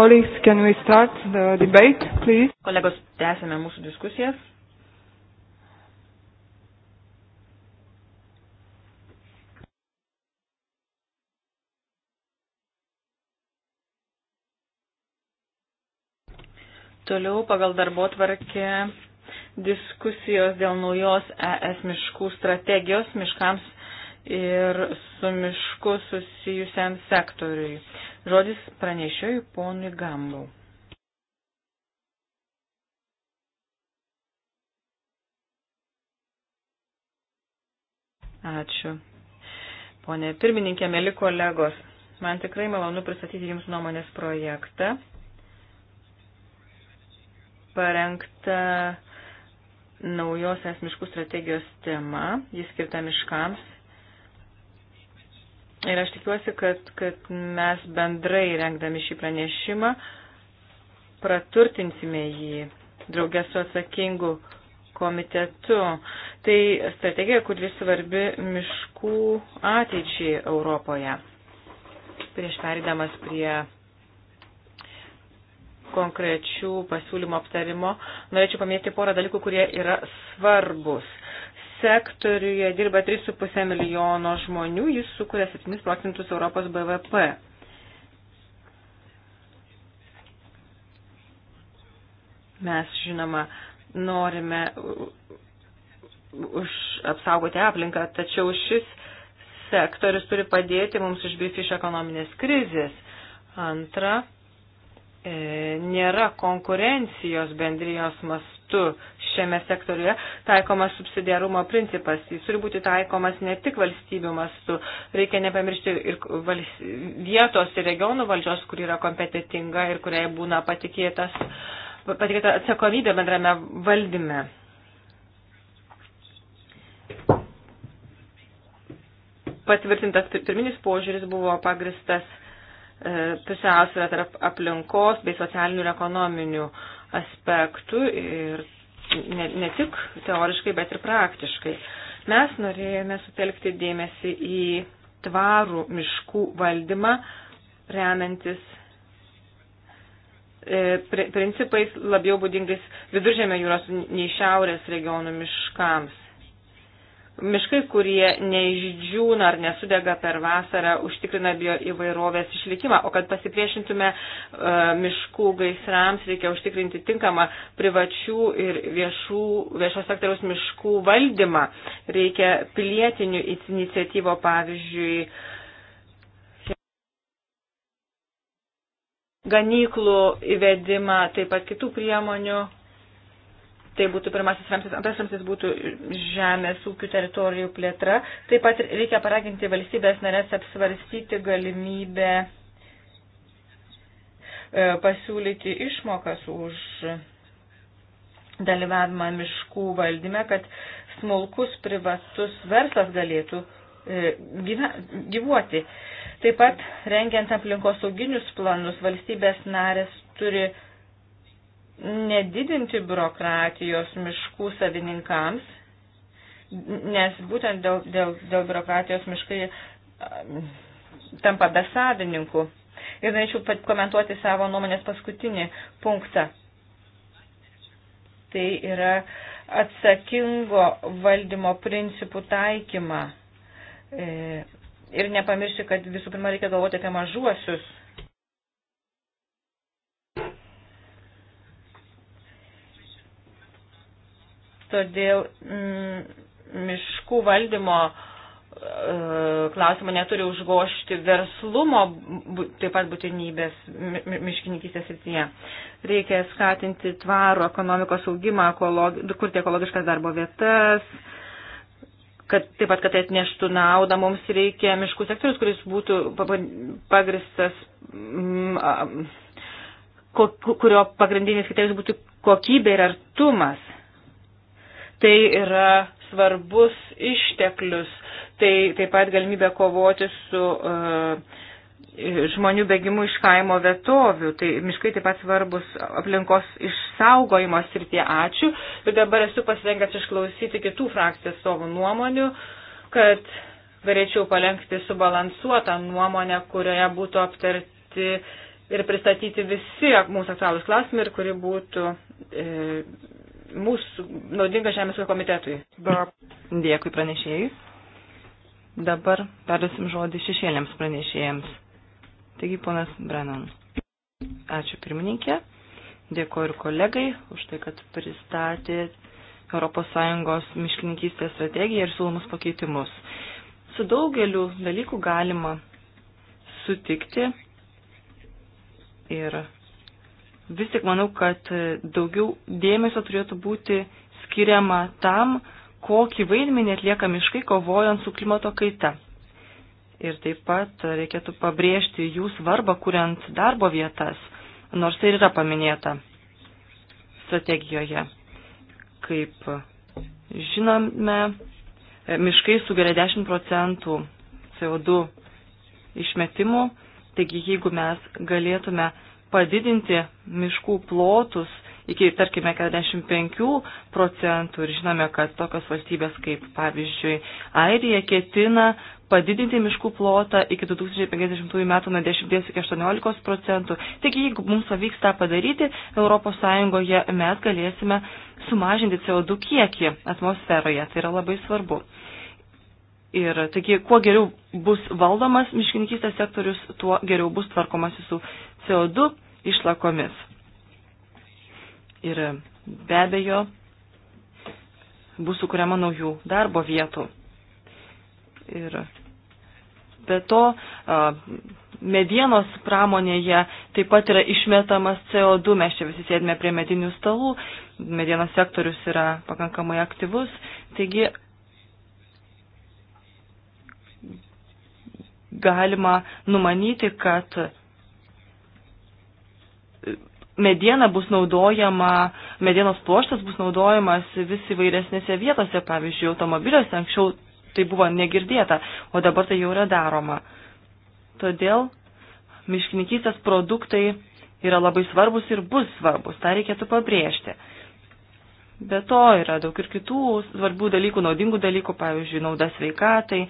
S2: Colleagues, can we start the debate, please? Kolegos, tęsime mūsų diskusijas. Toliau pagal darbo tvarkę diskusijos dėl naujos ES miškų strategijos miškams ir su mišku susijusiam sektoriui. Žodis pranešiojui ponui Gambau. Ačiū. Pone pirmininkė, mėly kolegos, man tikrai malonu pristatyti Jums nuomonės projektą, parengtą naujos esmiškų strategijos tema, jis skirta miškams Ir aš tikiuosi, kad, kad mes bendrai rengdami šį pranešimą praturtinsime jį draugės su atsakingu komitetu. Tai strategija, kuri svarbi miškų ateičiai Europoje. Prieš perėdamas prie konkrečių pasiūlymų aptarimo, norėčiau paminėti porą dalykų, kurie yra svarbus sektoriuje dirba 3,5 milijono žmonių, jis sukuria 7 procentus Europos BVP. Mes, žinoma, norime už apsaugoti aplinką, tačiau šis sektorius turi padėti mums išbristi iš ekonominės krizės. Antra, e, nėra konkurencijos bendrijos mastu šiame sektoriuje taikomas subsidiarumo principas. Jis turi būti taikomas ne tik valstybių mastu, reikia nepamiršti ir vietos ir regionų valdžios, kur yra kompetitinga ir kuriai būna patikėtas, patikėta atsakomybė bendrame valdyme. Patvirtintas pirminis požiūris buvo pagristas e, pusiausvyrą tarp aplinkos bei socialinių ir ekonominių aspektų ir ne, ne tik teoriškai, bet ir praktiškai. Mes norėjome sutelkti dėmesį į tvarų miškų valdymą, renantis e, principais labiau būdingais viduržėmio jūros nei šiaurės regionų miškams. Miškai, kurie neišdžiūna ar nesudega per vasarą, užtikrina bio įvairovės išlikimą, o kad pasipriešintume e, miškų gaisrams, reikia užtikrinti tinkamą privačių ir viešų, viešo sektoriaus miškų valdymą. Reikia pilietinių iniciatyvo, pavyzdžiui, ganyklų įvedimą, taip pat kitų priemonių Tai būtų pirmasis ramsis, antras ramsis būtų žemės ūkių teritorijų plėtra. Taip pat reikia paraginti valstybės narės apsvarstyti galimybę e, pasiūlyti išmokas už dalyvavimą miškų valdyme, kad smulkus privatus verslas galėtų e, gyvuoti. Taip pat rengiant aplinkosauginius planus valstybės narės turi nedidinti biurokratijos miškų savininkams, nes būtent dėl, dėl, dėl biurokratijos miškai tampa be savininkų. Ir norėčiau komentuoti savo nuomonės paskutinį punktą. Tai yra atsakingo valdymo principų taikymą. E, ir nepamiršti, kad visų pirma reikia galvoti apie mažuosius Todėl m, mm, miškų valdymo e, klausimą neturi užgošti verslumo, bu, taip pat būtinybės mi, miškininkystės srityje. Reikia skatinti tvarų ekonomikos augimą, ekologi, kurti ekologiškas darbo vietas, kad taip pat, kad tai atneštų naudą, mums reikia miškų sektorius, kuris būtų pagristas, mm, kurio pagrindinis kriterijus būtų kokybė ir artumas. Tai yra svarbus išteklius, tai taip pat galimybė kovoti su uh, žmonių bėgimu iš kaimo vietovių. Tai miškai taip pat svarbus aplinkos išsaugojimo srityje. Ačiū. Ir dabar esu pasirengęs išklausyti kitų frakcijų savo nuomonių, kad galėčiau palengti subalansuotą nuomonę, kurioje būtų aptarti ir pristatyti visi mūsų aktualūs klausimai ir kuri būtų e, mūsų naudinga Žemės ūkio komitetui. Dėkui pranešėjai. Dabar perduosim žodį šešėliams pranešėjams. Taigi, ponas Brennan. Ačiū pirmininkė. Dėkoju ir kolegai už tai, kad pristatė ES miškininkystės strategiją ir siūlomus pakeitimus. Su daugeliu dalykų galima sutikti ir vis tik manau, kad daugiau dėmesio turėtų būti skiriama tam, kokį vaidmenį atlieka miškai kovojant su klimato kaita. Ir taip pat reikėtų pabrėžti jų svarbą, kuriant darbo vietas, nors tai yra paminėta strategijoje. Kaip žinome, miškai sugeria 10 procentų CO2 išmetimų, taigi jeigu mes galėtume padidinti miškų plotus iki, tarkime, 45 procentų ir žinome, kad tokios valstybės kaip, pavyzdžiui, Airija ketina padidinti miškų plotą iki 2050 metų nuo 10 iki 18 procentų. Taigi, jeigu mums pavyks tą padaryti, ES mes galėsime sumažinti CO2 kiekį atmosferoje. Tai yra labai svarbu. Ir taigi, kuo geriau bus valdomas miškininkystės sektorius, tuo geriau bus tvarkomasi su CO2 išlakomis. Ir be abejo, bus sukuriama naujų darbo vietų. Ir be to, medienos pramonėje taip pat yra išmetamas CO2, mes čia visi sėdime prie medinių stalų, medienos sektorius yra pakankamai aktyvus, taigi galima numanyti, kad mediena bus naudojama, medienos pluoštas bus naudojamas vis įvairesnėse vietose, pavyzdžiui, automobiliuose, anksčiau tai buvo negirdėta, o dabar tai jau yra daroma. Todėl miškininkystės produktai yra labai svarbus ir bus svarbus, tą reikėtų pabrėžti. Be to yra daug ir kitų svarbių dalykų, naudingų dalykų, pavyzdžiui, nauda sveikatai,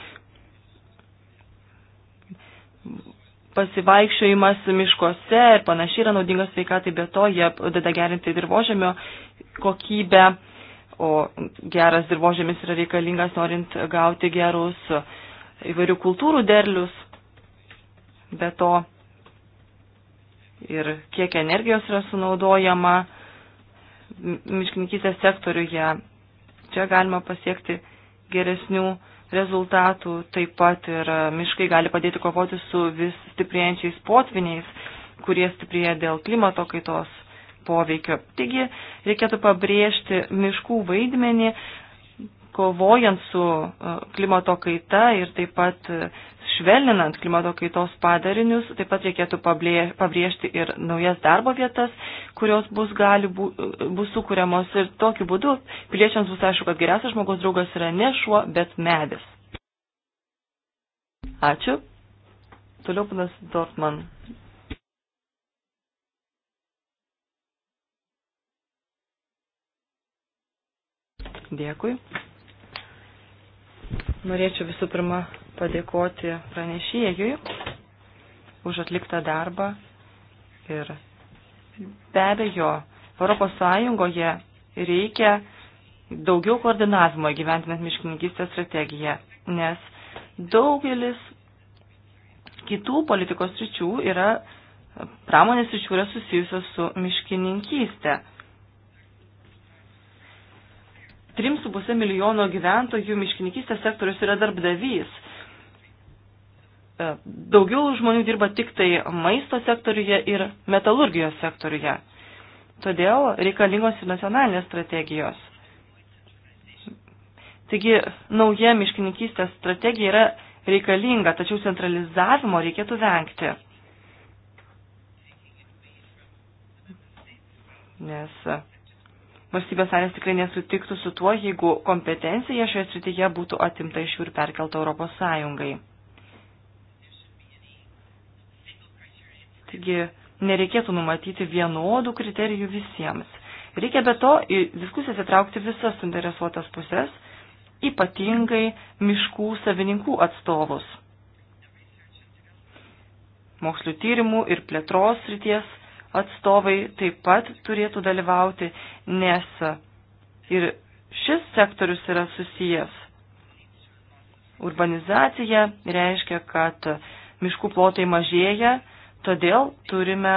S2: pasivaikščiojimas miškuose ir panašiai yra naudingas sveikatai, be to jie padeda gerinti dirbožėmio kokybę, o geras dirbožėmis yra reikalingas norint gauti gerus įvairių kultūrų derlius, be to ir kiek energijos yra sunaudojama miškininkystės sektoriuje. Čia galima pasiekti geresnių rezultatų, taip pat ir e, miškai gali padėti kovoti su vis stiprėjančiais potviniais, kurie stiprėja dėl klimato kaitos poveikio. Taigi reikėtų pabrėžti miškų vaidmenį, kovojant su e, klimato kaita ir taip pat e, švelninant klimato kaitos padarinius, taip pat reikėtų pabrėžti ir naujas darbo vietas, kurios bus, gali, bu, bus sukūriamos ir tokiu būdu piliečiams bus aišku, kad geriausias žmogaus draugas yra ne šuo, bet medis. Ačiū. Toliau panas Dortman. Dėkui. Norėčiau visų pirma padėkoti pranešėjui už atliktą darbą ir be abejo Europos Sąjungoje reikia daugiau koordinavimo gyventinant miškininkystės strategiją, nes daugelis kitų politikos ryčių yra, pramonės ryčių yra susijusios su miškininkystė. 3,5 milijono gyventojų miškininkystės sektorius yra darbdavys. E, daugiau žmonių dirba tik tai maisto sektoriuje ir metalurgijos sektoriuje. Todėl reikalingos ir nacionalinės strategijos. Taigi nauja miškininkystės strategija yra reikalinga, tačiau centralizavimo reikėtų vengti. Nes valstybės narės tikrai nesutiktų su tuo, jeigu kompetencija šioje srityje būtų atimta iš jų ir perkelta Europos Sąjungai. Taigi nereikėtų numatyti vienodų kriterijų visiems. Reikia be to į diskusijas įtraukti visas suinteresuotas pusės, ypatingai miškų savininkų atstovus. Mokslių tyrimų ir plėtros ryties atstovai taip pat turėtų dalyvauti, nes ir šis sektorius yra susijęs. Urbanizacija reiškia, kad miškų plotai mažėja, todėl turime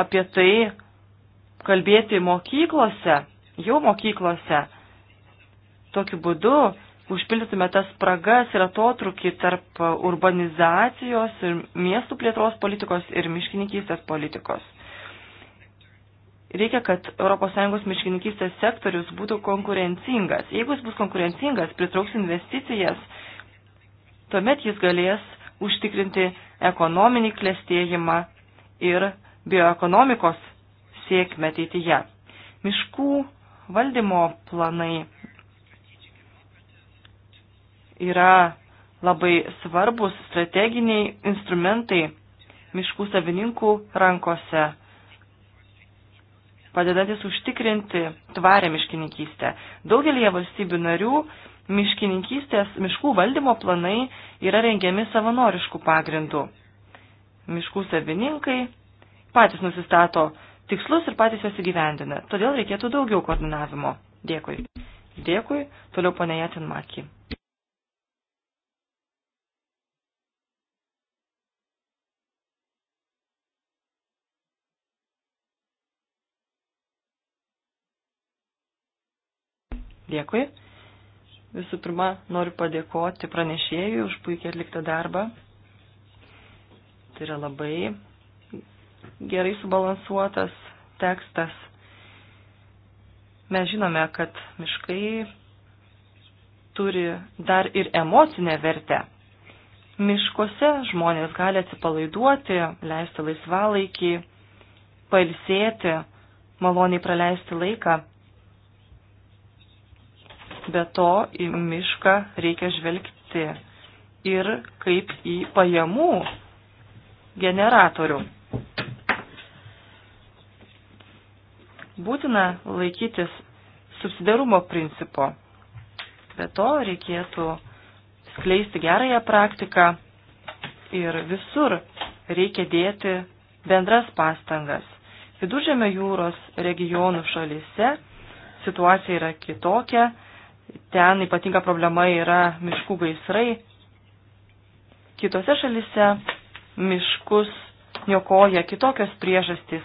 S2: apie tai kalbėti mokyklose, jau mokyklose. Tokiu būdu užpildytume tas spragas ir atotrukį tarp urbanizacijos ir miestų plėtros politikos ir miškininkystės politikos. Reikia, kad ES miškininkystės sektorius būtų konkurencingas. Jeigu jis bus konkurencingas, pritrauks investicijas, tuomet jis galės užtikrinti ekonominį klėstėjimą ir bioekonomikos sėkmę ateityje. Miškų valdymo planai yra labai svarbus strateginiai instrumentai miškų savininkų rankose, padedantis užtikrinti tvarę miškininkystę. Daugelėje valstybių narių miškininkystės miškų valdymo planai yra rengiami savanoriškų pagrindų. Miškų savininkai patys nusistato tikslus ir patys juos įgyvendina. Todėl reikėtų daugiau koordinavimo. Dėkui. Dėkui. Toliau ponė Jatinmaki. Dėkui. Visų pirma, noriu padėkoti pranešėjui už puikiai atliktą darbą. Tai yra labai gerai subalansuotas tekstas. Mes žinome, kad miškai turi dar ir emocinę vertę. Miškuose žmonės gali atsipalaiduoti, leisti laisvalaikį, pailsėti, maloniai praleisti laiką. Be to į mišką reikia žvelgti ir kaip į pajamų generatorių. Būtina laikytis subsidarumo principo. Be to reikėtų skleisti gerąją praktiką ir visur reikia dėti bendras pastangas. Viduržėmio jūros regionų šalyse situacija yra kitokia Ten ypatinga problema yra miškų gaisrai. Kitose šalise miškus niokoja kitokios priežastys.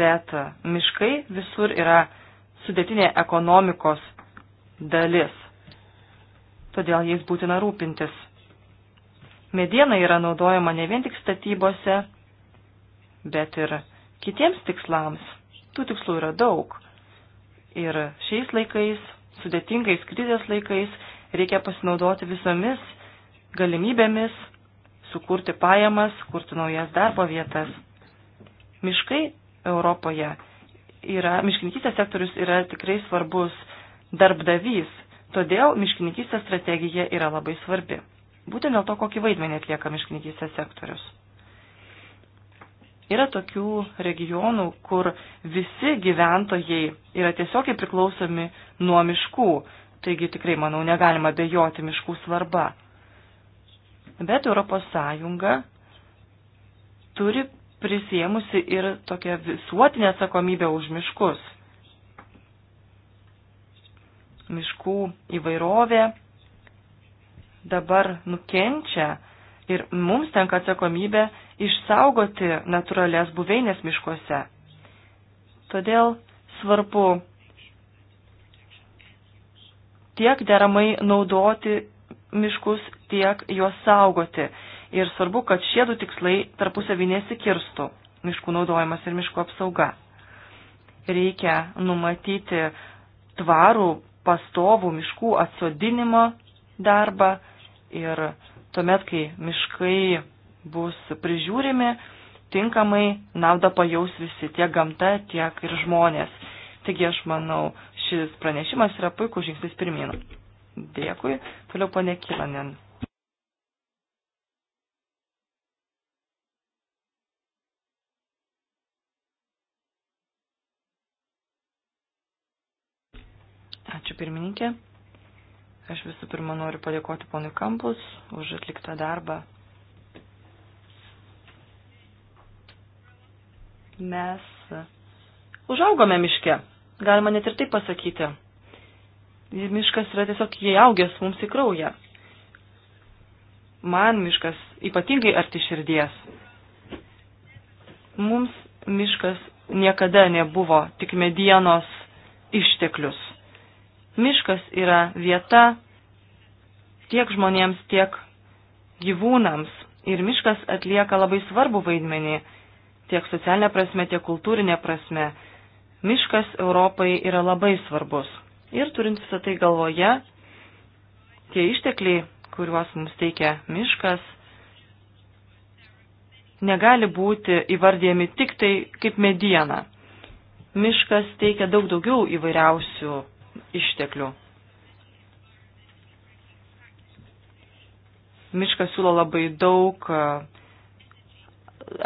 S2: Bet miškai visur yra sudėtinė ekonomikos dalis. Todėl jais būtina rūpintis. Mediena yra naudojama ne vien tik statybose, bet ir kitiems tikslams. Tų tikslų yra daug. Ir šiais laikais, sudėtingais krizės laikais, reikia pasinaudoti visomis galimybėmis, sukurti pajamas, kurti naujas darbo vietas. Miškai Europoje yra, miškininkystės sektorius yra tikrai svarbus darbdavys, todėl miškininkystės strategija yra labai svarbi. Būtent dėl to, kokį vaidmenį atlieka miškininkystės sektorius. Yra tokių regionų, kur visi gyventojai yra tiesiogiai priklausomi nuo miškų, taigi tikrai, manau, negalima bejoti miškų svarba. Bet ES turi prisėmusi ir tokią visuotinę atsakomybę už miškus. Miškų įvairovė dabar nukenčia ir mums tenka atsakomybė išsaugoti natūralias buveinės miškuose. Todėl svarbu tiek deramai naudoti miškus, tiek juos saugoti. Ir svarbu, kad šie du tikslai tarpusavį nesikirstų - miškų naudojimas ir miškų apsauga. Reikia numatyti tvarų pastovų miškų atsodinimo darbą ir tuomet, kai miškai bus prižiūrimi, tinkamai naudą pajaus visi, tiek gamta, tiek ir žmonės. Taigi aš manau, šis pranešimas yra puikus žingsnis pirmin. Dėkui, toliau ponė Kilanen. Ačiū pirmininkė. Aš visų pirma noriu padėkoti ponui Kampus už atliktą darbą mes užaugome miške. Galima net ir taip pasakyti. Miškas yra tiesiog įaugęs mums į kraują. Man miškas ypatingai arti širdies. Mums miškas niekada nebuvo tik medienos išteklius. Miškas yra vieta tiek žmonėms, tiek gyvūnams. Ir miškas atlieka labai svarbų vaidmenį tiek socialinė prasme, tiek kultūrinė prasme. Miškas Europai yra labai svarbus. Ir turint visą tai galvoje, tie ištekliai, kuriuos mums teikia miškas, negali būti įvardėjami tik tai kaip mediena. Miškas teikia daug daugiau įvairiausių išteklių. Miškas siūlo labai daug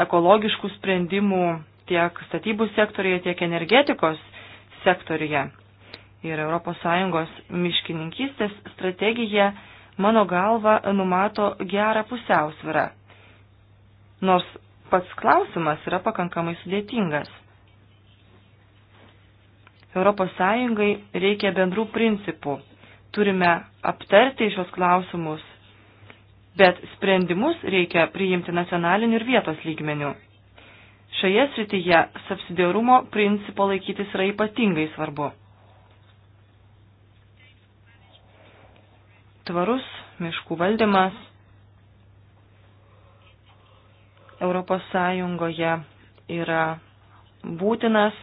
S2: ekologiškų sprendimų tiek statybų sektorėje, tiek energetikos sektorėje. Ir ES miškininkystės strategija, mano galva, numato gerą pusiausvyrą. Nors pats klausimas yra pakankamai sudėtingas. ES reikia bendrų principų. Turime aptarti šios klausimus bet sprendimus reikia priimti nacionaliniu ir vietos lygmeniu. Šioje srityje subsidiarumo principo laikytis yra ypatingai svarbu. Tvarus miškų valdymas Europos Sąjungoje yra būtinas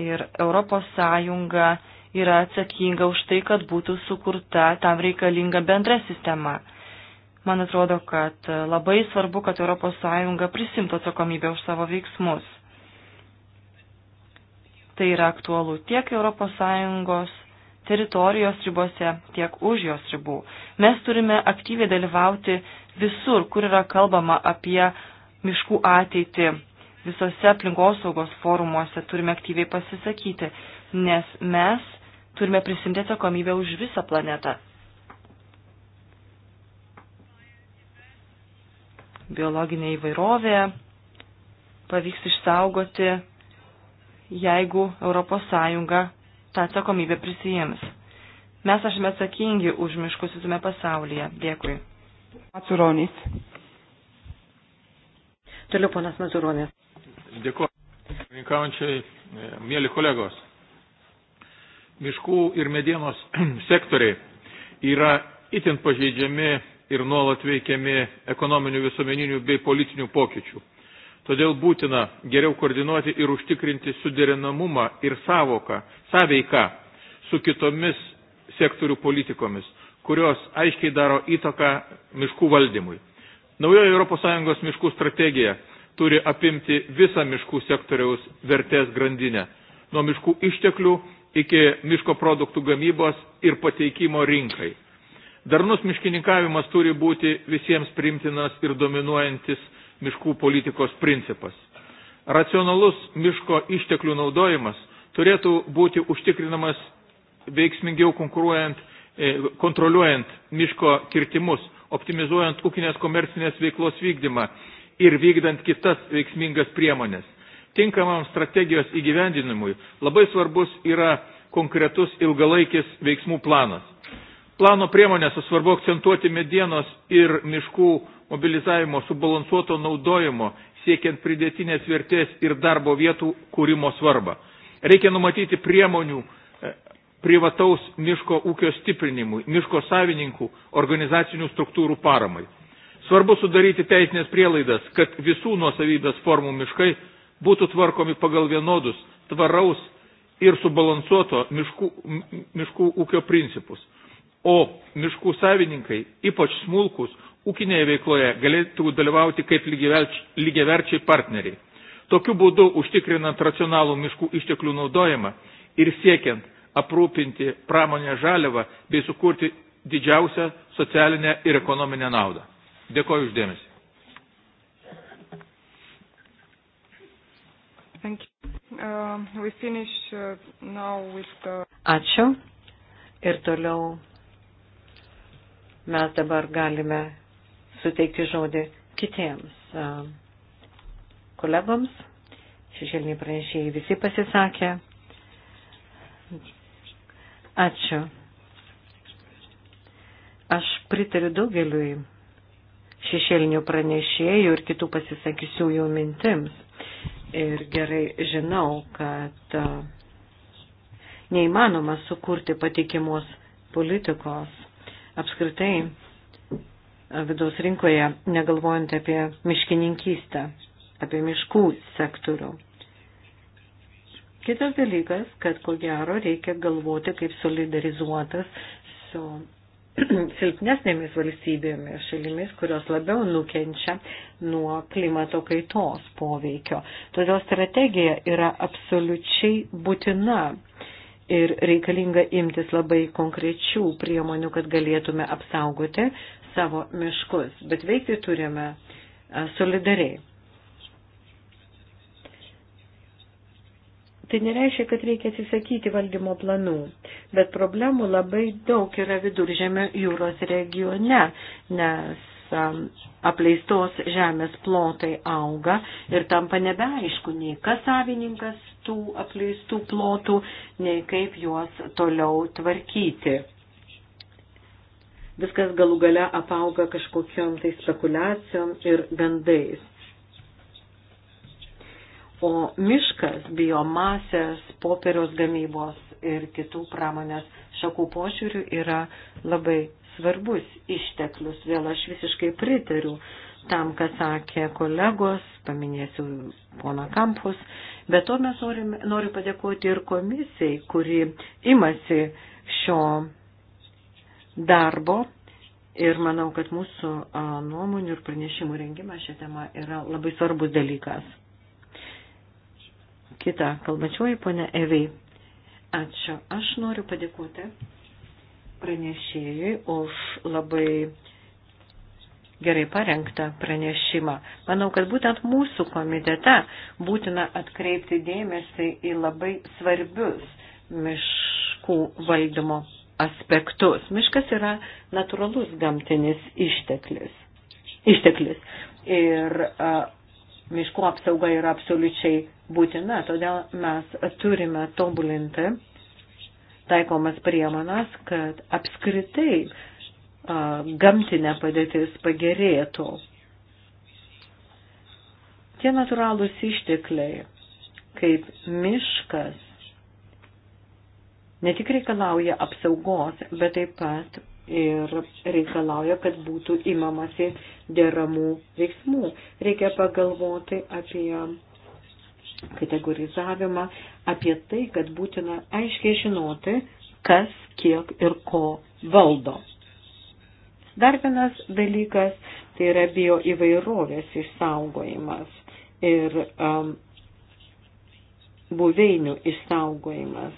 S2: ir Europos Sąjunga yra atsakinga už tai, kad būtų sukurta tam reikalinga bendra sistema. Man atrodo, kad e, labai svarbu, kad ES prisimtų atsakomybę už savo veiksmus. Tai yra aktualu tiek ES teritorijos ribose, tiek už jos ribų. Mes turime aktyviai dalyvauti visur, kur yra kalbama apie miškų ateitį. Visose aplinkosaugos forumuose turime aktyviai pasisakyti, nes mes turime prisimti atsakomybę už visą planetą. biologinė įvairovė pavyks išsaugoti, jeigu ES tą atsakomybę prisijims. Mes esame atsakingi už miškus visame pasaulyje. Dėkui. Matsuronis. Toliau ponas Matsuronis.
S1: Dėkuoju. Rinkaujančiai, e, mėly kolegos. Miškų ir medienos sektoriai yra itin pažeidžiami ir nuolat veikiami ekonominių, visuomeninių bei politinių pokyčių. Todėl būtina geriau koordinuoti ir užtikrinti suderinamumą ir savoką, sąveiką su kitomis sektorių politikomis, kurios aiškiai daro įtaką miškų valdymui. Naujoji ES miškų strategija turi apimti visą miškų sektoriaus vertės grandinę, nuo miškų išteklių iki miško produktų gamybos ir pateikimo rinkai. Darnus miškininkavimas turi būti visiems primtinas ir dominuojantis miškų politikos principas. Racionalus miško išteklių naudojimas turėtų būti užtikrinamas veiksmingiau konkuruojant, e, kontroliuojant miško kirtimus, optimizuojant ūkinės komercinės veiklos vykdymą ir vykdant kitas veiksmingas priemonės. Tinkamam strategijos įgyvendinimui labai svarbus yra konkretus ilgalaikis veiksmų planas Plano priemonėse svarbu akcentuoti medienos ir miškų mobilizavimo subalansuoto naudojimo, siekiant pridėtinės vertės ir darbo vietų kūrimo svarbą. Reikia numatyti priemonių e, privataus miško ūkio stiprinimui, miško savininkų organizacinių struktūrų paramai. Svarbu sudaryti teisinės prielaidas, kad visų nuosavybės formų miškai būtų tvarkomi pagal vienodus, tvaraus ir subalansuoto miškų, miškų ūkio principus o miškų savininkai, ypač smulkus, ūkinėje veikloje galėtų dalyvauti kaip lygiaverčiai partneriai. Tokiu būdu užtikrinant racionalų miškų išteklių naudojimą ir siekiant aprūpinti pramonę žaliavą bei sukurti didžiausią socialinę ir ekonominę naudą. Dėkoju uždėmesi.
S2: Thank you. Uh, we finish uh, now with the... Ačiū. Ir toliau mes dabar galime suteikti žodį kitiems kolegoms. Šešėliniai pranešėjai visi pasisakė. Ačiū. Aš pritariu daugeliui šešėlinių pranešėjų ir kitų pasisakysiųjų mintims. Ir gerai žinau, kad neįmanoma sukurti patikimos politikos apskritai vidaus rinkoje, negalvojant apie miškininkystę, apie miškų sektorių. Kitas dalykas, kad ko gero reikia galvoti, kaip solidarizuotas su silpnesnėmis valstybėmis, šalimis, kurios labiau nukenčia nuo klimato kaitos poveikio. Todėl strategija yra absoliučiai būtina ir reikalinga imtis labai konkrečių priemonių, kad galėtume apsaugoti savo miškus, bet veikti turime e, solidariai. Tai nereiškia, kad reikia atsisakyti valdymo planų, bet problemų labai daug yra viduržėmio jūros regione, nes Um, apleistos žemės plotai auga ir tampa nebeaišku nei kas savininkas tų apleistų plotų, nei kaip juos toliau tvarkyti. Viskas galų gale apauga kažkokiam tai spekulacijom ir gandais. O miškas, biomasės, popieriaus gamybos ir kitų pramonės šakų pošiūrių yra labai svarbus išteklius. Vėl aš visiškai pritariu tam, ką sakė kolegos, paminėsiu pona Kampus, bet to mes norime, noriu padėkoti ir komisijai, kuri imasi šio darbo ir manau, kad mūsų nuomonių ir pranešimų rengimas šią temą yra labai svarbus dalykas. Kita kalbačioji, ponia Evei. Ačiū. Aš noriu padėkoti pranešėjui už labai gerai parengtą pranešimą. Manau, kad būtent mūsų komitete būtina atkreipti dėmesį į labai svarbius miškų valdymo aspektus. Miškas yra natūralus gamtinis išteklis. išteklis. Ir a, miškų apsauga yra absoliučiai būtina, todėl mes turime tobulinti taikomas priemonas, kad apskritai a, gamtinė padėtis pagerėtų. Tie natūralūs ištekliai, kaip miškas, ne tik reikalauja apsaugos, bet taip pat ir reikalauja, kad būtų imamasi deramų veiksmų. Reikia pagalvoti apie kategorizavimą, apie tai, kad būtina aiškiai žinoti, kas, kiek ir ko valdo. Dar vienas dalykas tai yra bio įvairovės išsaugojimas ir um, buveinių išsaugojimas.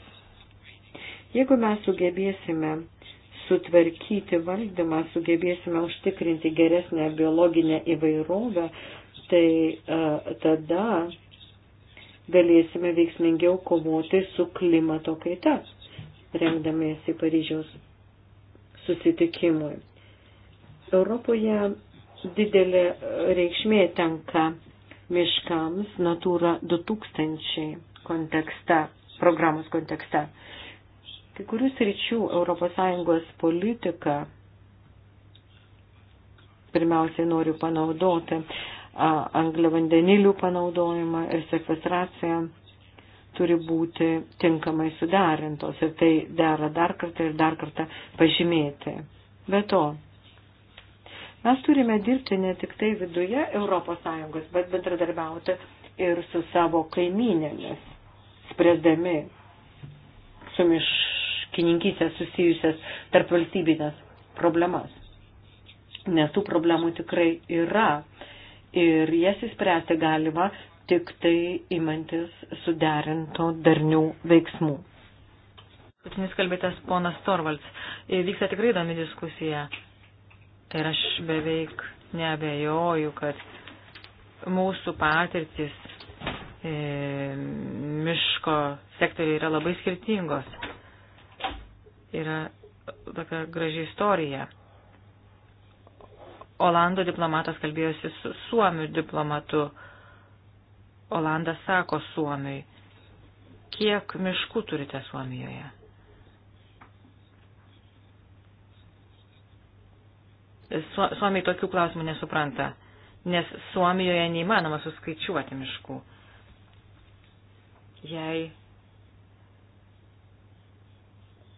S2: Jeigu mes sugebėsime sutvarkyti valdymą, sugebėsime užtikrinti geresnę biologinę įvairovę, tai uh, tada galėsime veiksmingiau kovoti su klimato kaita, rengdamiesi Paryžiaus susitikimui. Europoje didelė reikšmė tenka miškams Natūra 2000 kontekste, programos kontekste. Kai kurių sričių ES politika pirmiausiai noriu panaudoti angliavandenilių panaudojimą ir sekvestraciją turi būti tinkamai sudarintos ir tai dera dar kartą ir dar kartą pažymėti. Be to, mes turime dirbti ne tik tai viduje ES, bet bendradarbiauti ir su savo kaiminėmis, spręsdami su miškininkystė susijusias tarp valstybinės problemas. Nes tų problemų tikrai yra ir jas įspręsti galima tik tai imantis suderinto darnių veiksmų. Paskutinis kalbėtas ponas Torvalds. E, vyksta tikrai įdomi diskusija. Ir aš beveik nebejoju, kad mūsų patirtis e, miško sektoriai yra labai skirtingos. Yra tokia graži istorija Olando diplomatas kalbėjosi su Suomių diplomatu. Olandas sako Suomiui, kiek miškų turite Suomijoje? Su, Suomiai tokių klausimų nesupranta, nes Suomijoje neįmanoma suskaičiuoti miškų. Jei,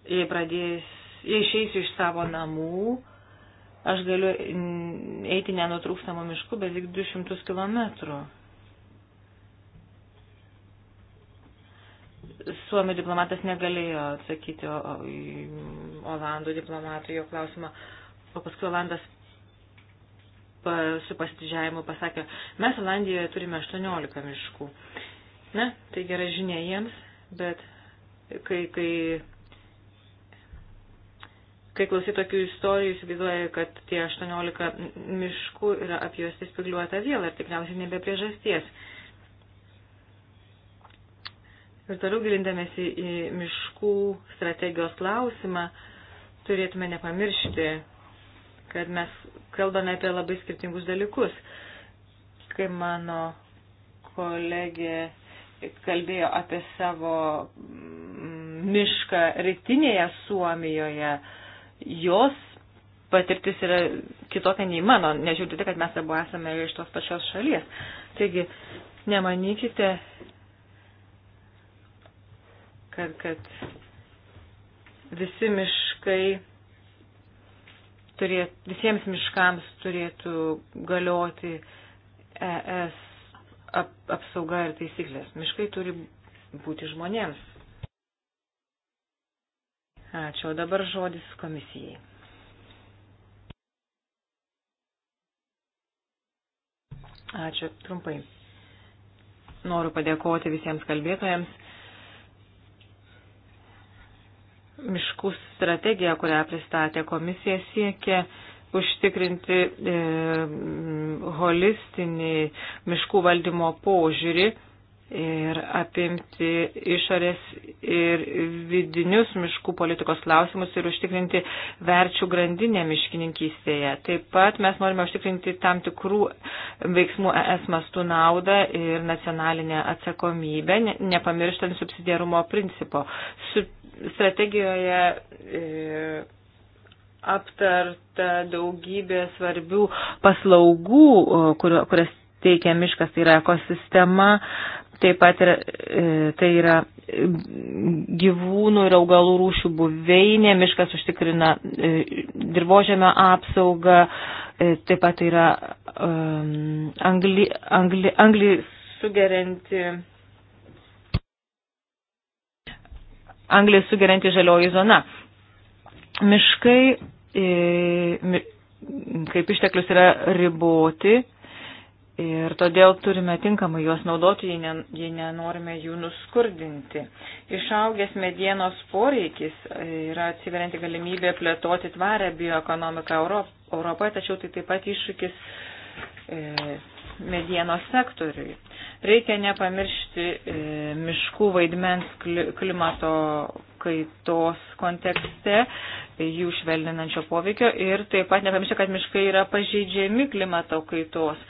S2: jei, pradės, jei išeisiu iš savo namų, Aš galiu eiti nenutrūkstamo mišku beveik 200 kilometrų. Suomių diplomatas negalėjo atsakyti o, o, Olandų diplomatui jo klausimą, o paskui Olandas pa, su pasidžiavimu pasakė, mes Olandijoje turime 18 miškų. Na, tai gera žinia jiems, bet kai, kai Kai klausai tokių istorijų, įsivaizduoja, kad tie 18 miškų yra apjuosti spigliuota viela ir tikriausiai nebe priežasties. Ir toliau gilindamėsi į miškų strategijos klausimą, turėtume nepamiršti, kad mes kalbame apie labai skirtingus dalykus. Kai mano kolegė kalbėjo apie savo mm, mišką rytinėje Suomijoje, jos patirtis yra kitokia nei mano, nežiūrint tai, kad mes abu esame iš tos pačios šalies. Taigi, nemanykite, kad, kad visi miškai turėt, visiems miškams turėtų galioti ES ap, apsauga ir taisyklės. Miškai turi būti žmonėms Ačiū. Dabar žodis komisijai. Ačiū. Trumpai. Noriu padėkoti visiems kalbėtojams. Miškų strategija, kurią pristatė komisija, siekia užtikrinti e, holistinį miškų valdymo požiūrį ir apimti išorės ir vidinius miškų politikos klausimus ir užtikrinti verčių grandinę miškininkystėje. Taip pat mes norime užtikrinti tam tikrų veiksmų ES mastų naudą ir nacionalinę atsakomybę, nepamirštant subsidiarumo principo. Su strategijoje e, aptarta daugybė svarbių paslaugų, e, kur, kurias teikia miškas, tai yra ekosistema, Taip pat ir, e, tai yra gyvūnų ir augalų rūšių buveinė, miškas užtikrina e, dirbožėmio apsaugą, e, taip pat yra um, angli, angli, angli sugerianti. Anglės sugerianti žalioji zona. Miškai, e, mi, kaip išteklius, yra riboti Ir todėl turime tinkamai juos naudoti, jei, ne, jei nenorime jų nuskurdinti. Išaugęs medienos poreikis e, yra atsiverinti galimybė plėtoti tvarę bioekonomiką Europoje, tačiau tai taip pat iššūkis e, medienos sektoriui. Reikia nepamiršti e, miškų vaidmens klimato kaitos kontekste, jų švelninančio poveikio ir taip pat nepamiršti, kad miškai yra pažeidžiami klimato kaitos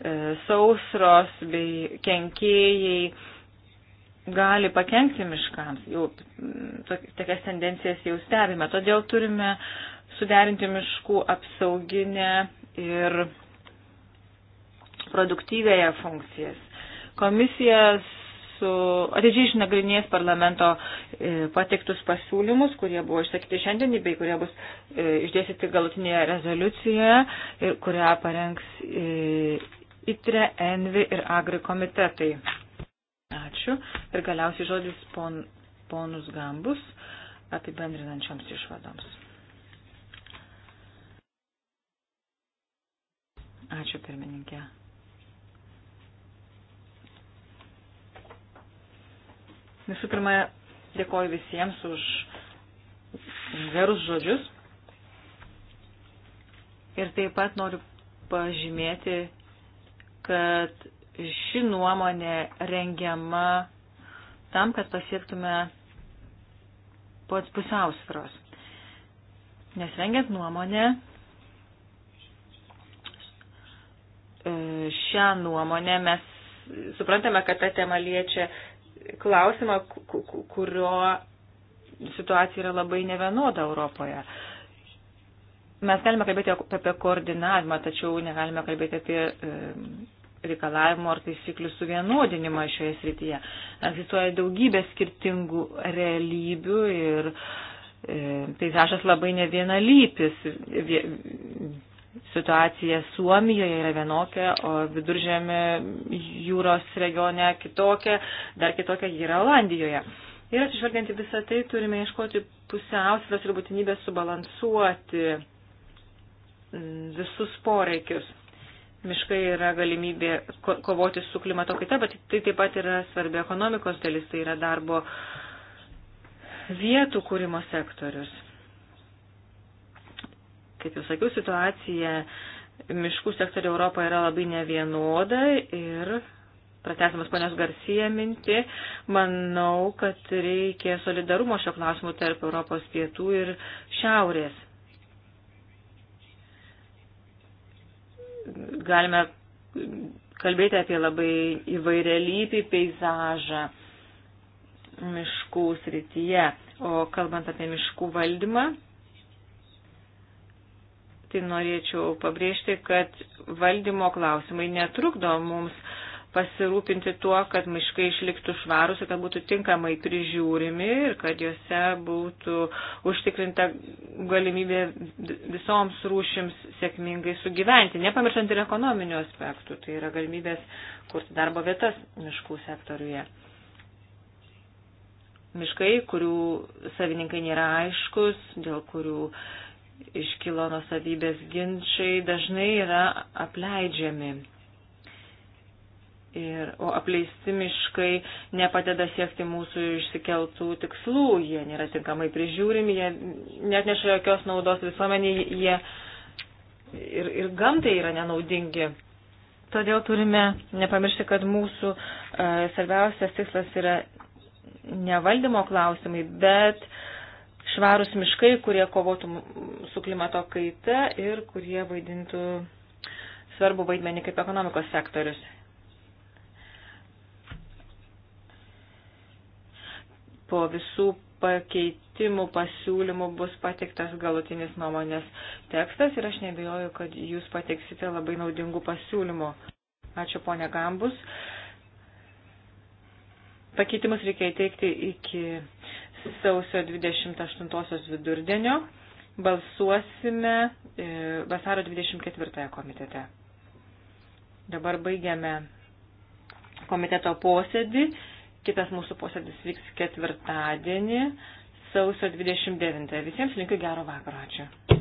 S2: E, sausros bei kenkėjai gali pakengti miškams. Jau tokias tendencijas jau stebime. Todėl turime suderinti miškų apsauginę ir produktyvėje funkcijas. Komisija su atidžiai išnagrinės parlamento e, pateiktus pasiūlymus, kurie buvo išsakyti šiandien, bei kurie bus e, išdėstyti galutinėje rezoliucijoje ir kurią parengs ITRE, ENVI ir AGRI komitetai. Ačiū. Ir galiausiai žodis pon, ponus gambus apibendrinančioms išvadoms. Ačiū pirmininkė. Visų pirma, dėkoju visiems už gerus žodžius. Ir taip pat noriu pažymėti kad ši nuomonė rengiama tam, kad pasiektume pats pusiausvros. Nes rengiant nuomonę, e, šią nuomonę mes suprantame, kad ta tema liečia klausimą, kurio situacija yra labai nevienoda Europoje. Mes galime kalbėti apie koordinavimą, tačiau negalime kalbėti apie reikalavimų ar taisyklių suvienodinimą šioje srityje. Egzistuoja daugybė skirtingų realybių ir e, peizažas tai labai nevienalypis. Situacija Suomijoje yra vienokia, o viduržėme jūros regione kitokia, dar kitokia yra Olandijoje. Ir atsižvelgiant į visą tai, turime ieškoti pusiausvės ir būtinybės subalansuoti visus poreikius miškai yra galimybė kovoti su klimato kaita, bet tai taip pat yra svarbi ekonomikos dalis, tai yra darbo vietų kūrimo sektorius. Kaip jau sakiau, situacija miškų sektorių Europoje yra labai nevienoda ir, pratesamas ponios Garcija minti, manau, kad reikia solidarumo šio klausimu tarp Europos pietų ir šiaurės galime kalbėti apie labai įvairialypį peizažą miškų srityje. O kalbant apie miškų valdymą, tai norėčiau pabrėžti, kad valdymo klausimai netrukdo mums pasirūpinti tuo, kad miškai išliktų švarus ir kad būtų tinkamai prižiūrimi ir kad juose būtų užtikrinta galimybė visoms rūšims sėkmingai sugyventi, nepamirštant ir ekonominių aspektų, tai yra galimybės kurti darbo vietas miškų sektoriuje. Miškai, kurių savininkai nėra aiškus, dėl kurių iškilo nusavybės ginčiai, dažnai yra apleidžiami Ir, o apleisti miškai nepadeda siekti mūsų išsikeltų tikslų, jie nėra tinkamai prižiūrimi, jie net neša jokios naudos visuomeniai, jie ir, ir gamtai yra nenaudingi. Todėl turime nepamiršti, kad mūsų e, svarbiausias tikslas yra ne valdymo klausimai, bet švarūs miškai, kurie kovotų su klimato kaita ir kurie vaidintų svarbu vaidmenį kaip ekonomikos sektorius. po visų pakeitimų pasiūlymų bus pateiktas galutinis nuomonės tekstas ir aš nebejoju, kad jūs pateiksite labai naudingų pasiūlymų. Ačiū ponia Gambus. Pakeitimus reikia įteikti iki sausio 28 vidurdienio. Balsuosime e, vasaro 24 komitete. Dabar baigiame komiteto posėdį. Kitas mūsų posėdis vyks ketvirtadienį, sausio 29. Visiems linkiu gero vakaro. Ačiū.